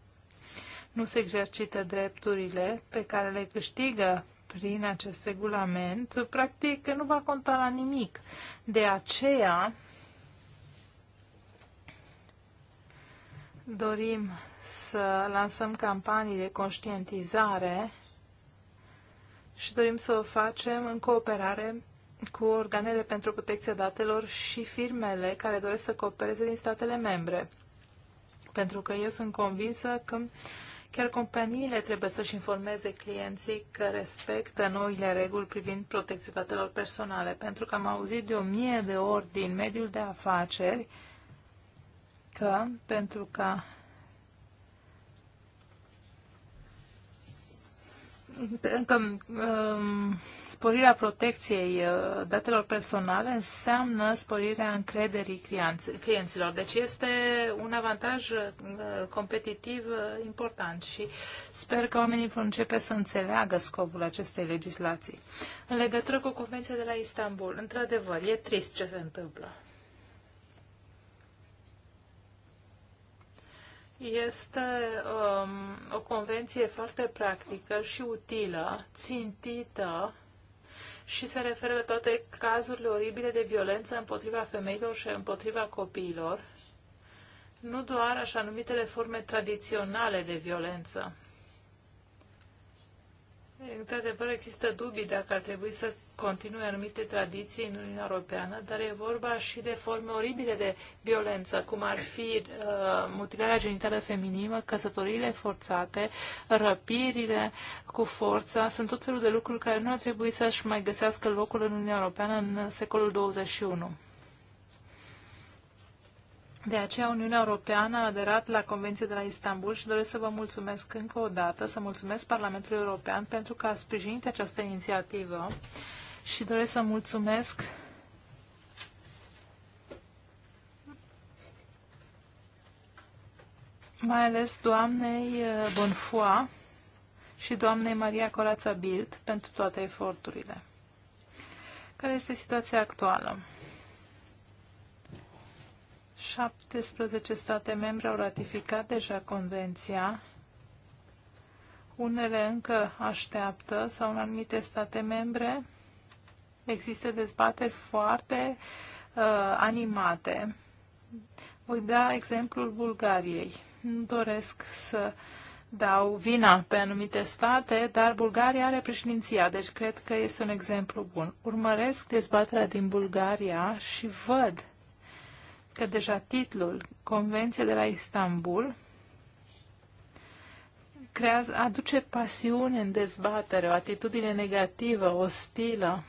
nu se exercită drepturile pe care le câștigă prin acest regulament, practic nu va conta la nimic. De aceea dorim să lansăm campanii de conștientizare și dorim să o facem în cooperare cu organele pentru protecția datelor și firmele care doresc să coopereze din statele membre. Pentru că eu sunt convinsă că chiar companiile trebuie să-și informeze clienții că respectă noile reguli privind protecția datelor personale. Pentru că am auzit de o mie de ori din mediul de afaceri că pentru că Încă um, sporirea protecției uh, datelor personale înseamnă sporirea încrederii clienților. Deci este un avantaj uh, competitiv uh, important și sper că oamenii vor începe să înțeleagă scopul acestei legislații. În legătură cu Convenția de la Istanbul, într-adevăr, e trist ce se întâmplă. Este um, o convenție foarte practică și utilă, țintită și se referă la toate cazurile oribile de violență împotriva femeilor și împotriva copiilor, nu doar așa numitele forme tradiționale de violență, Într-adevăr, există dubii dacă ar trebui să continue anumite tradiții în Uniunea Europeană, dar e vorba și de forme oribile de violență, cum ar fi uh, mutilarea genitală feminină, căsătoriile forțate, răpirile cu forța. Sunt tot felul de lucruri care nu ar trebui să-și mai găsească locul în Uniunea Europeană în secolul 21. De aceea Uniunea Europeană a aderat la Convenția de la Istanbul și doresc să vă mulțumesc încă o dată, să mulțumesc Parlamentului European pentru că a sprijinit această inițiativă și doresc să mulțumesc mai ales doamnei uh, Bonfoa și doamnei Maria Corața Bild pentru toate eforturile. Care este situația actuală? 17 state membre au ratificat deja convenția. Unele încă așteaptă sau în anumite state membre există dezbateri foarte uh, animate. Voi da exemplul Bulgariei. Nu doresc să dau vina pe anumite state, dar Bulgaria are președinția, deci cred că este un exemplu bun. Urmăresc dezbaterea din Bulgaria și văd că deja titlul Convenție de la Istanbul creează, aduce pasiune în dezbatere, o atitudine negativă, ostilă.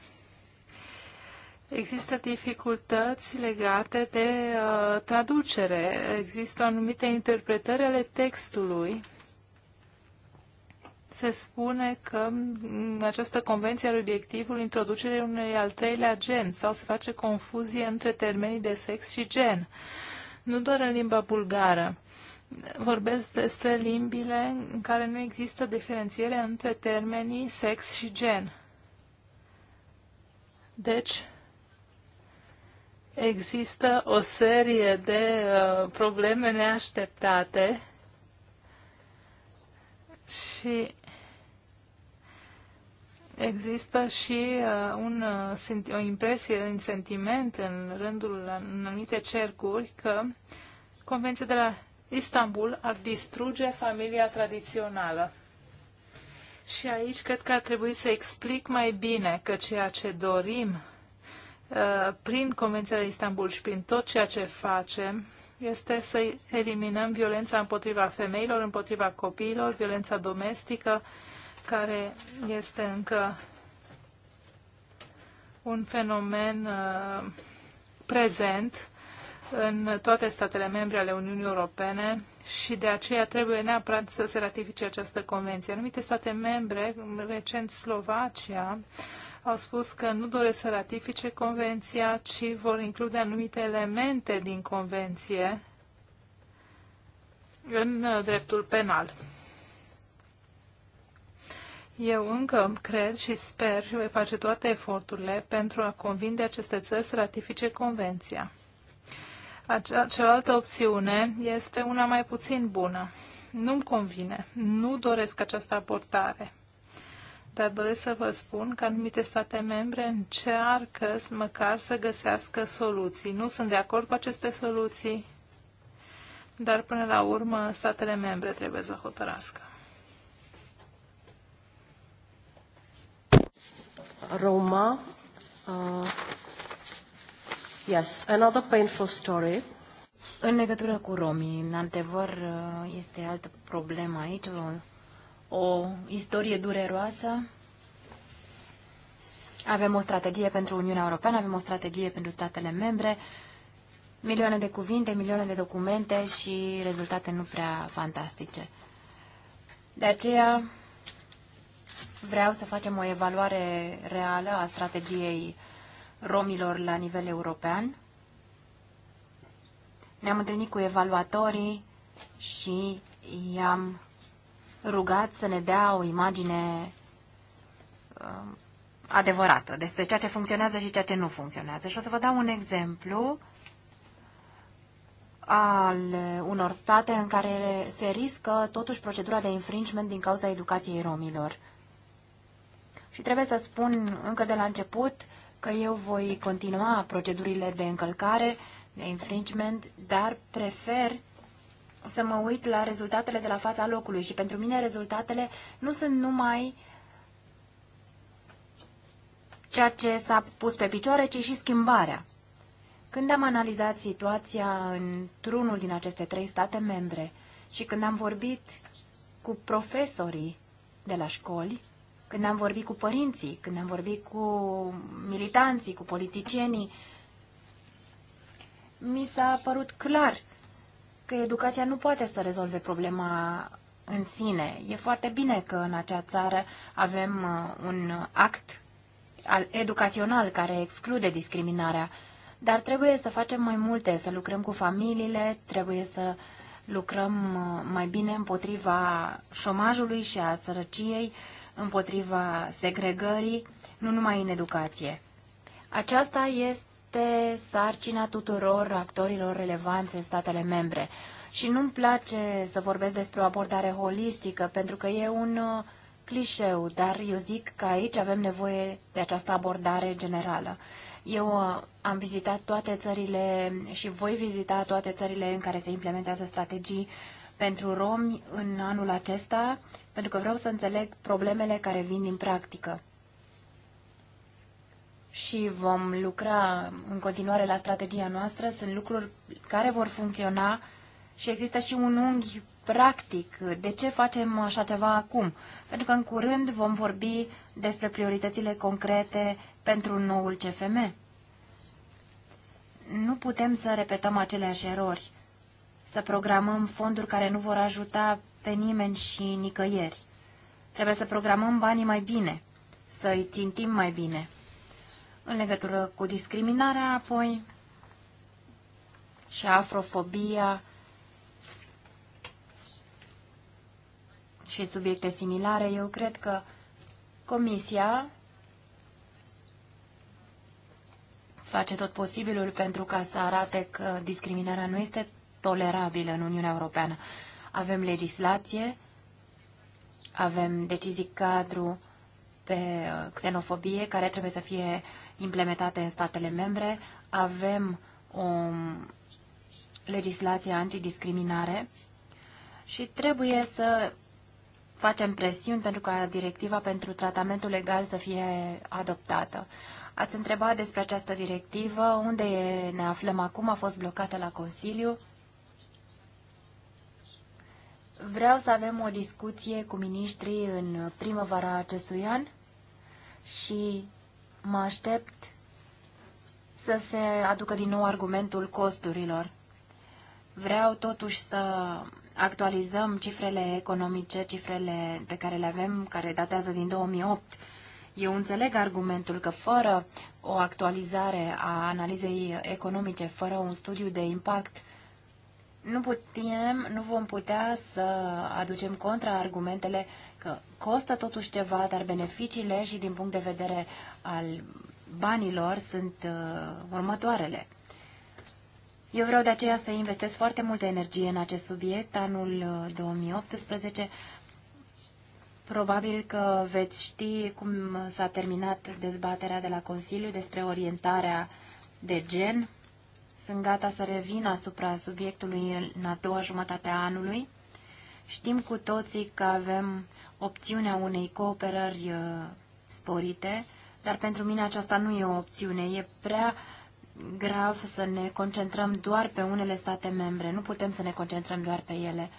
Există dificultăți legate de uh, traducere, există anumite interpretări ale textului se spune că această convenție are obiectivul introducerea unui al treilea gen sau se face confuzie între termenii de sex și gen. Nu doar în limba bulgară. Vorbesc despre limbile în care nu există diferențiere între termenii sex și gen. Deci, există o serie de uh, probleme neașteptate și există și uh, un, uh, o impresie, un sentiment în rândul în anumite cercuri că Convenția de la Istanbul ar distruge familia tradițională. Și aici cred că ar trebui să explic mai bine că ceea ce dorim uh, prin Convenția de Istanbul și prin tot ceea ce facem este să eliminăm violența împotriva femeilor, împotriva copiilor, violența domestică, uh, care este încă un fenomen uh, prezent în toate statele membre ale Uniunii Europene și de aceea trebuie neapărat să se ratifice această convenție. Anumite state membre, recent Slovacia, au spus că nu doresc să ratifice convenția, ci vor include anumite elemente din convenție în uh, dreptul penal. Eu încă cred și sper și voi face toate eforturile pentru a convinge aceste țări să ratifice convenția. Acea, cealaltă opțiune este una mai puțin bună. Nu-mi convine. Nu doresc această aportare. Dar doresc să vă spun că anumite state membre încearcă măcar să găsească soluții. Nu sunt de acord cu aceste soluții, dar până la urmă statele membre trebuie să hotărască. Roma. Uh, yes, another painful story. În legătură cu romii, în antevăr uh, este altă problemă aici, o, o istorie dureroasă. Avem o strategie pentru Uniunea Europeană, avem o strategie pentru statele membre, milioane de cuvinte, milioane de documente și rezultate nu prea fantastice. De aceea vreau să facem o evaluare reală a strategiei romilor la nivel european. Ne-am întâlnit cu evaluatorii și i-am rugat să ne dea o imagine um, adevărată despre ceea ce funcționează și ceea ce nu funcționează. Și o să vă dau un exemplu al unor state în care se riscă totuși procedura de infringement din cauza educației romilor. Și trebuie să spun încă de la început că eu voi continua procedurile de încălcare, de infringement, dar prefer să mă uit la rezultatele de la fața locului și pentru mine rezultatele nu sunt numai ceea ce s-a pus pe picioare, ci și schimbarea. Când am analizat situația într-unul din aceste trei state membre și când am vorbit cu profesorii de la școli, când am vorbit cu părinții, când am vorbit cu militanții, cu politicienii, mi s-a părut clar că educația nu poate să rezolve problema în sine. E foarte bine că în acea țară avem uh, un act educațional care exclude discriminarea, dar trebuie să facem mai multe, să lucrăm cu familiile, trebuie să lucrăm uh, mai bine împotriva șomajului și a sărăciei, împotriva segregării, nu numai în educație. Aceasta este sarcina tuturor actorilor relevanți în statele membre. Și nu-mi place să vorbesc despre o abordare holistică, pentru că e un uh, clișeu, dar eu zic că aici avem nevoie de această abordare generală. Eu uh, am vizitat toate țările și voi vizita toate țările în care se implementează strategii uh, pentru romi în anul acesta, pentru că vreau să înțeleg problemele care vin din practică. Și vom lucra în continuare la strategia noastră. Sunt lucruri care vor funcționa și există și un unghi practic. De ce facem așa ceva acum? Pentru că în curând vom vorbi despre prioritățile concrete pentru noul CFM. Nu putem să repetăm aceleași erori să programăm fonduri care nu vor ajuta pe nimeni și nicăieri. Trebuie să programăm banii mai bine, să îi țintim mai bine. În legătură cu discriminarea, apoi, și afrofobia și subiecte similare, eu cred că Comisia face tot posibilul pentru ca să arate că discriminarea nu este tolerabilă în Uniunea Europeană. Avem legislație, avem decizii cadru pe uh, xenofobie care trebuie să fie implementate în statele membre, avem o um, legislație antidiscriminare și trebuie să facem presiuni pentru ca directiva pentru tratamentul legal să fie adoptată. Ați întrebat despre această directivă, unde ne aflăm acum, a fost blocată la Consiliu. Vreau să avem o discuție cu miniștrii în primăvara acestui an și mă aștept să se aducă din nou argumentul costurilor. Vreau totuși să actualizăm cifrele economice, cifrele pe care le avem, care datează din 2008. Eu înțeleg argumentul că fără o actualizare a analizei economice, fără un studiu de impact, nu putem, nu vom putea să aducem contraargumentele că costă totuși ceva, dar beneficiile și din punct de vedere al banilor sunt uh, următoarele. Eu vreau de aceea să investesc foarte multă energie în acest subiect. Anul 2018 uh, probabil că veți ști cum s-a terminat dezbaterea de la Consiliu despre orientarea de gen sunt gata să revin asupra subiectului în a doua jumătate a anului. Știm cu toții că avem opțiunea unei cooperări uh, sporite, dar pentru mine aceasta nu e o opțiune. E prea grav să ne concentrăm doar pe unele state membre. Nu putem să ne concentrăm doar pe ele.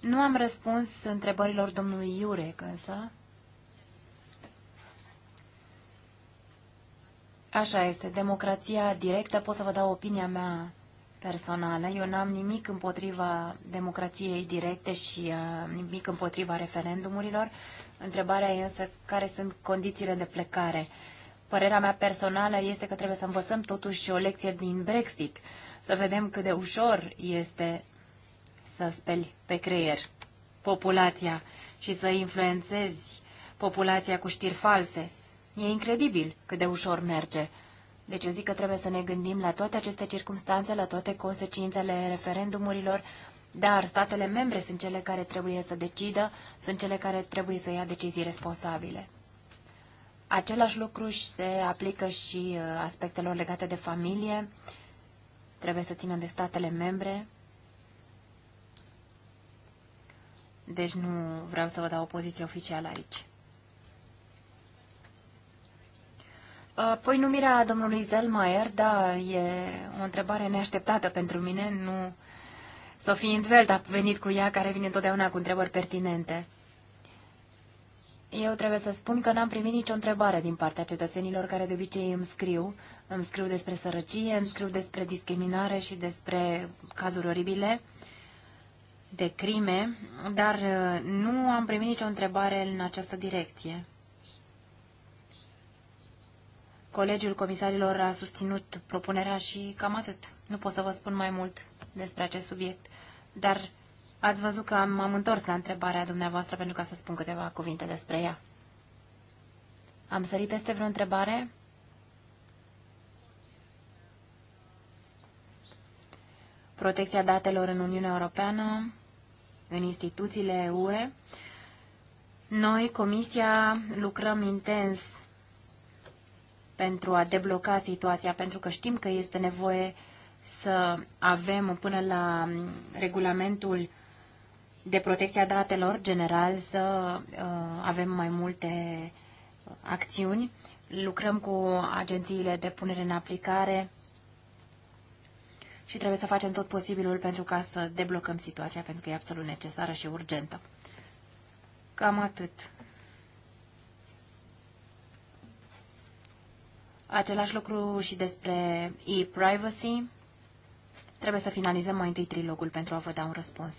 Nu am răspuns întrebărilor domnului Iurec, însă. Așa este, democrația directă, pot să vă dau opinia mea personală. Eu n-am nimic împotriva democrației directe și uh, nimic împotriva referendumurilor. Întrebarea e însă care sunt condițiile de plecare. Părerea mea personală este că trebuie să învățăm totuși o lecție din Brexit, să vedem cât de ușor este să speli pe creier populația și să influențezi populația cu știri false. E incredibil cât de ușor merge. Deci eu zic că trebuie să ne gândim la toate aceste circunstanțe, la toate consecințele referendumurilor, dar statele membre sunt cele care trebuie să decidă, sunt cele care trebuie să ia decizii responsabile. Același lucru se aplică și uh, aspectelor legate de familie. Trebuie să țină de statele membre. Deci nu vreau să vă dau o poziție oficială aici. Păi numirea domnului Zelmaier, da, e o întrebare neașteptată pentru mine, nu... Sofie Intveld a venit cu ea, care vine întotdeauna cu întrebări pertinente. Eu trebuie să spun că n-am primit nicio întrebare din partea cetățenilor care de obicei îmi scriu. Îmi scriu despre sărăcie, îmi scriu despre discriminare și despre cazuri oribile de crime, dar uh, nu am primit nicio întrebare în această direcție. Colegiul comisarilor a susținut propunerea și cam atât. Nu pot să vă spun mai mult despre acest subiect, dar ați văzut că am am întors la întrebarea dumneavoastră pentru ca să spun câteva cuvinte despre ea. Am sărit peste vreo întrebare? Protecția datelor în Uniunea Europeană, în instituțiile UE. Noi, Comisia, lucrăm intens pentru a debloca situația, pentru că știm că este nevoie să avem până la regulamentul de protecția datelor general să uh, avem mai multe uh, acțiuni. Lucrăm cu agențiile de punere în aplicare și trebuie să facem tot posibilul pentru ca să deblocăm situația, pentru că e absolut necesară și urgentă. Cam atât Același lucru și despre e-privacy. Trebuie să finalizăm mai întâi trilogul pentru a vă da un răspuns.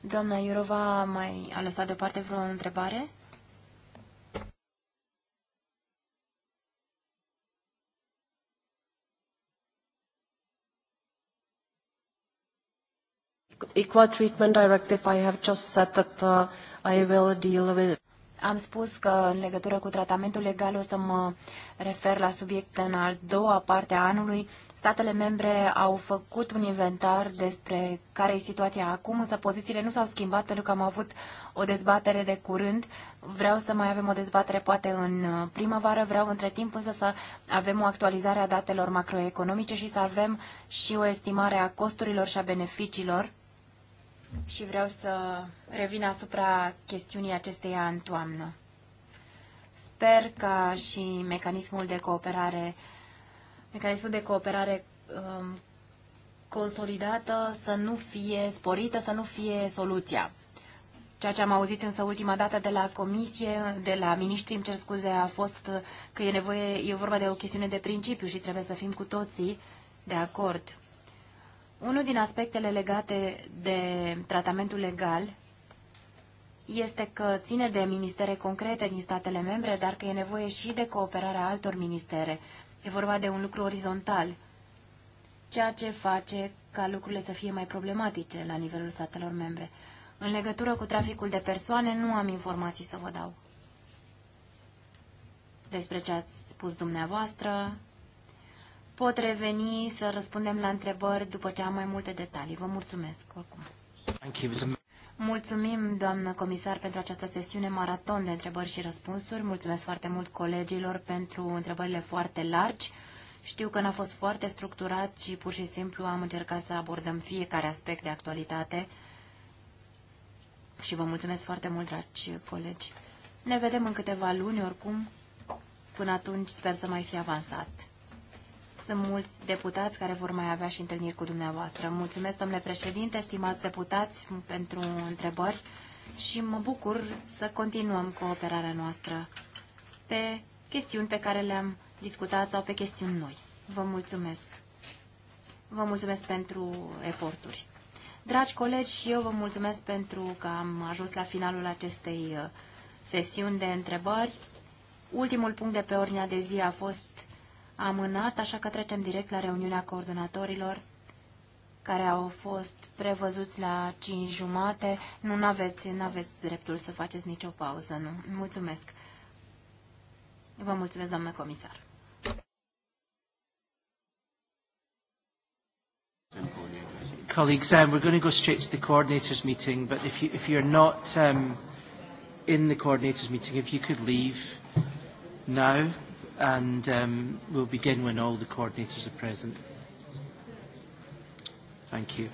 Doamna Iurova mai a lăsat deoparte vreo întrebare? Equal Treatment Directive, I have just said that uh, I will deal with am spus că în legătură cu tratamentul legal o să mă refer la subiecte în al doua parte a anului. Statele membre au făcut un inventar despre care e situația acum, însă pozițiile nu s-au schimbat pentru că am avut o dezbatere de curând. Vreau să mai avem o dezbatere poate în uh, primăvară, vreau între timp însă să avem o actualizare a datelor macroeconomice și să avem și o estimare a costurilor și a beneficiilor și vreau să revin asupra chestiunii acesteia în toamnă. Sper ca și mecanismul de cooperare, mecanismul de cooperare um, consolidată să nu fie sporită, să nu fie soluția. Ceea ce am auzit însă ultima dată de la comisie, de la miniștri, îmi cer scuze, a fost că e nevoie, e vorba de o chestiune de principiu și trebuie să fim cu toții de acord. Unul din aspectele legate de tratamentul legal este că ține de ministere concrete din statele membre, dar că e nevoie și de cooperarea altor ministere. E vorba de un lucru orizontal, ceea ce face ca lucrurile să fie mai problematice la nivelul statelor membre. În legătură cu traficul de persoane, nu am informații să vă dau despre ce ați spus dumneavoastră, pot reveni să răspundem la întrebări după ce am mai multe detalii. Vă mulțumesc oricum. Mulțumim, doamnă comisar, pentru această sesiune maraton de întrebări și răspunsuri. Mulțumesc foarte mult colegilor pentru întrebările foarte largi. Știu că n-a fost foarte structurat și pur și simplu am încercat să abordăm fiecare aspect de actualitate. Și vă mulțumesc foarte mult, dragi colegi. Ne vedem în câteva luni, oricum. Până atunci sper să mai fi avansat sunt mulți deputați care vor mai avea și întâlniri cu dumneavoastră. Mulțumesc, domnule președinte, stimați deputați, pentru întrebări și mă bucur să continuăm cooperarea noastră pe chestiuni pe care le-am discutat sau pe chestiuni noi. Vă mulțumesc. Vă mulțumesc pentru eforturi. Dragi colegi, și eu vă mulțumesc pentru că am ajuns la finalul acestei uh, sesiuni de întrebări. Ultimul punct de pe ordinea de zi a fost amânat, așa că trecem direct la reuniunea coordonatorilor care au fost prevăzuți la 5 jumate. Nu aveți, aveți dreptul să faceți nicio pauză, nu. Mulțumesc. Vă mulțumesc, doamnă comisar. Colleagues, um, we're going to go straight to the coordinators meeting, but if, you, if you're not um, in the coordinators meeting, if you could leave now and um, we'll begin when all the coordinators are present. Thank you.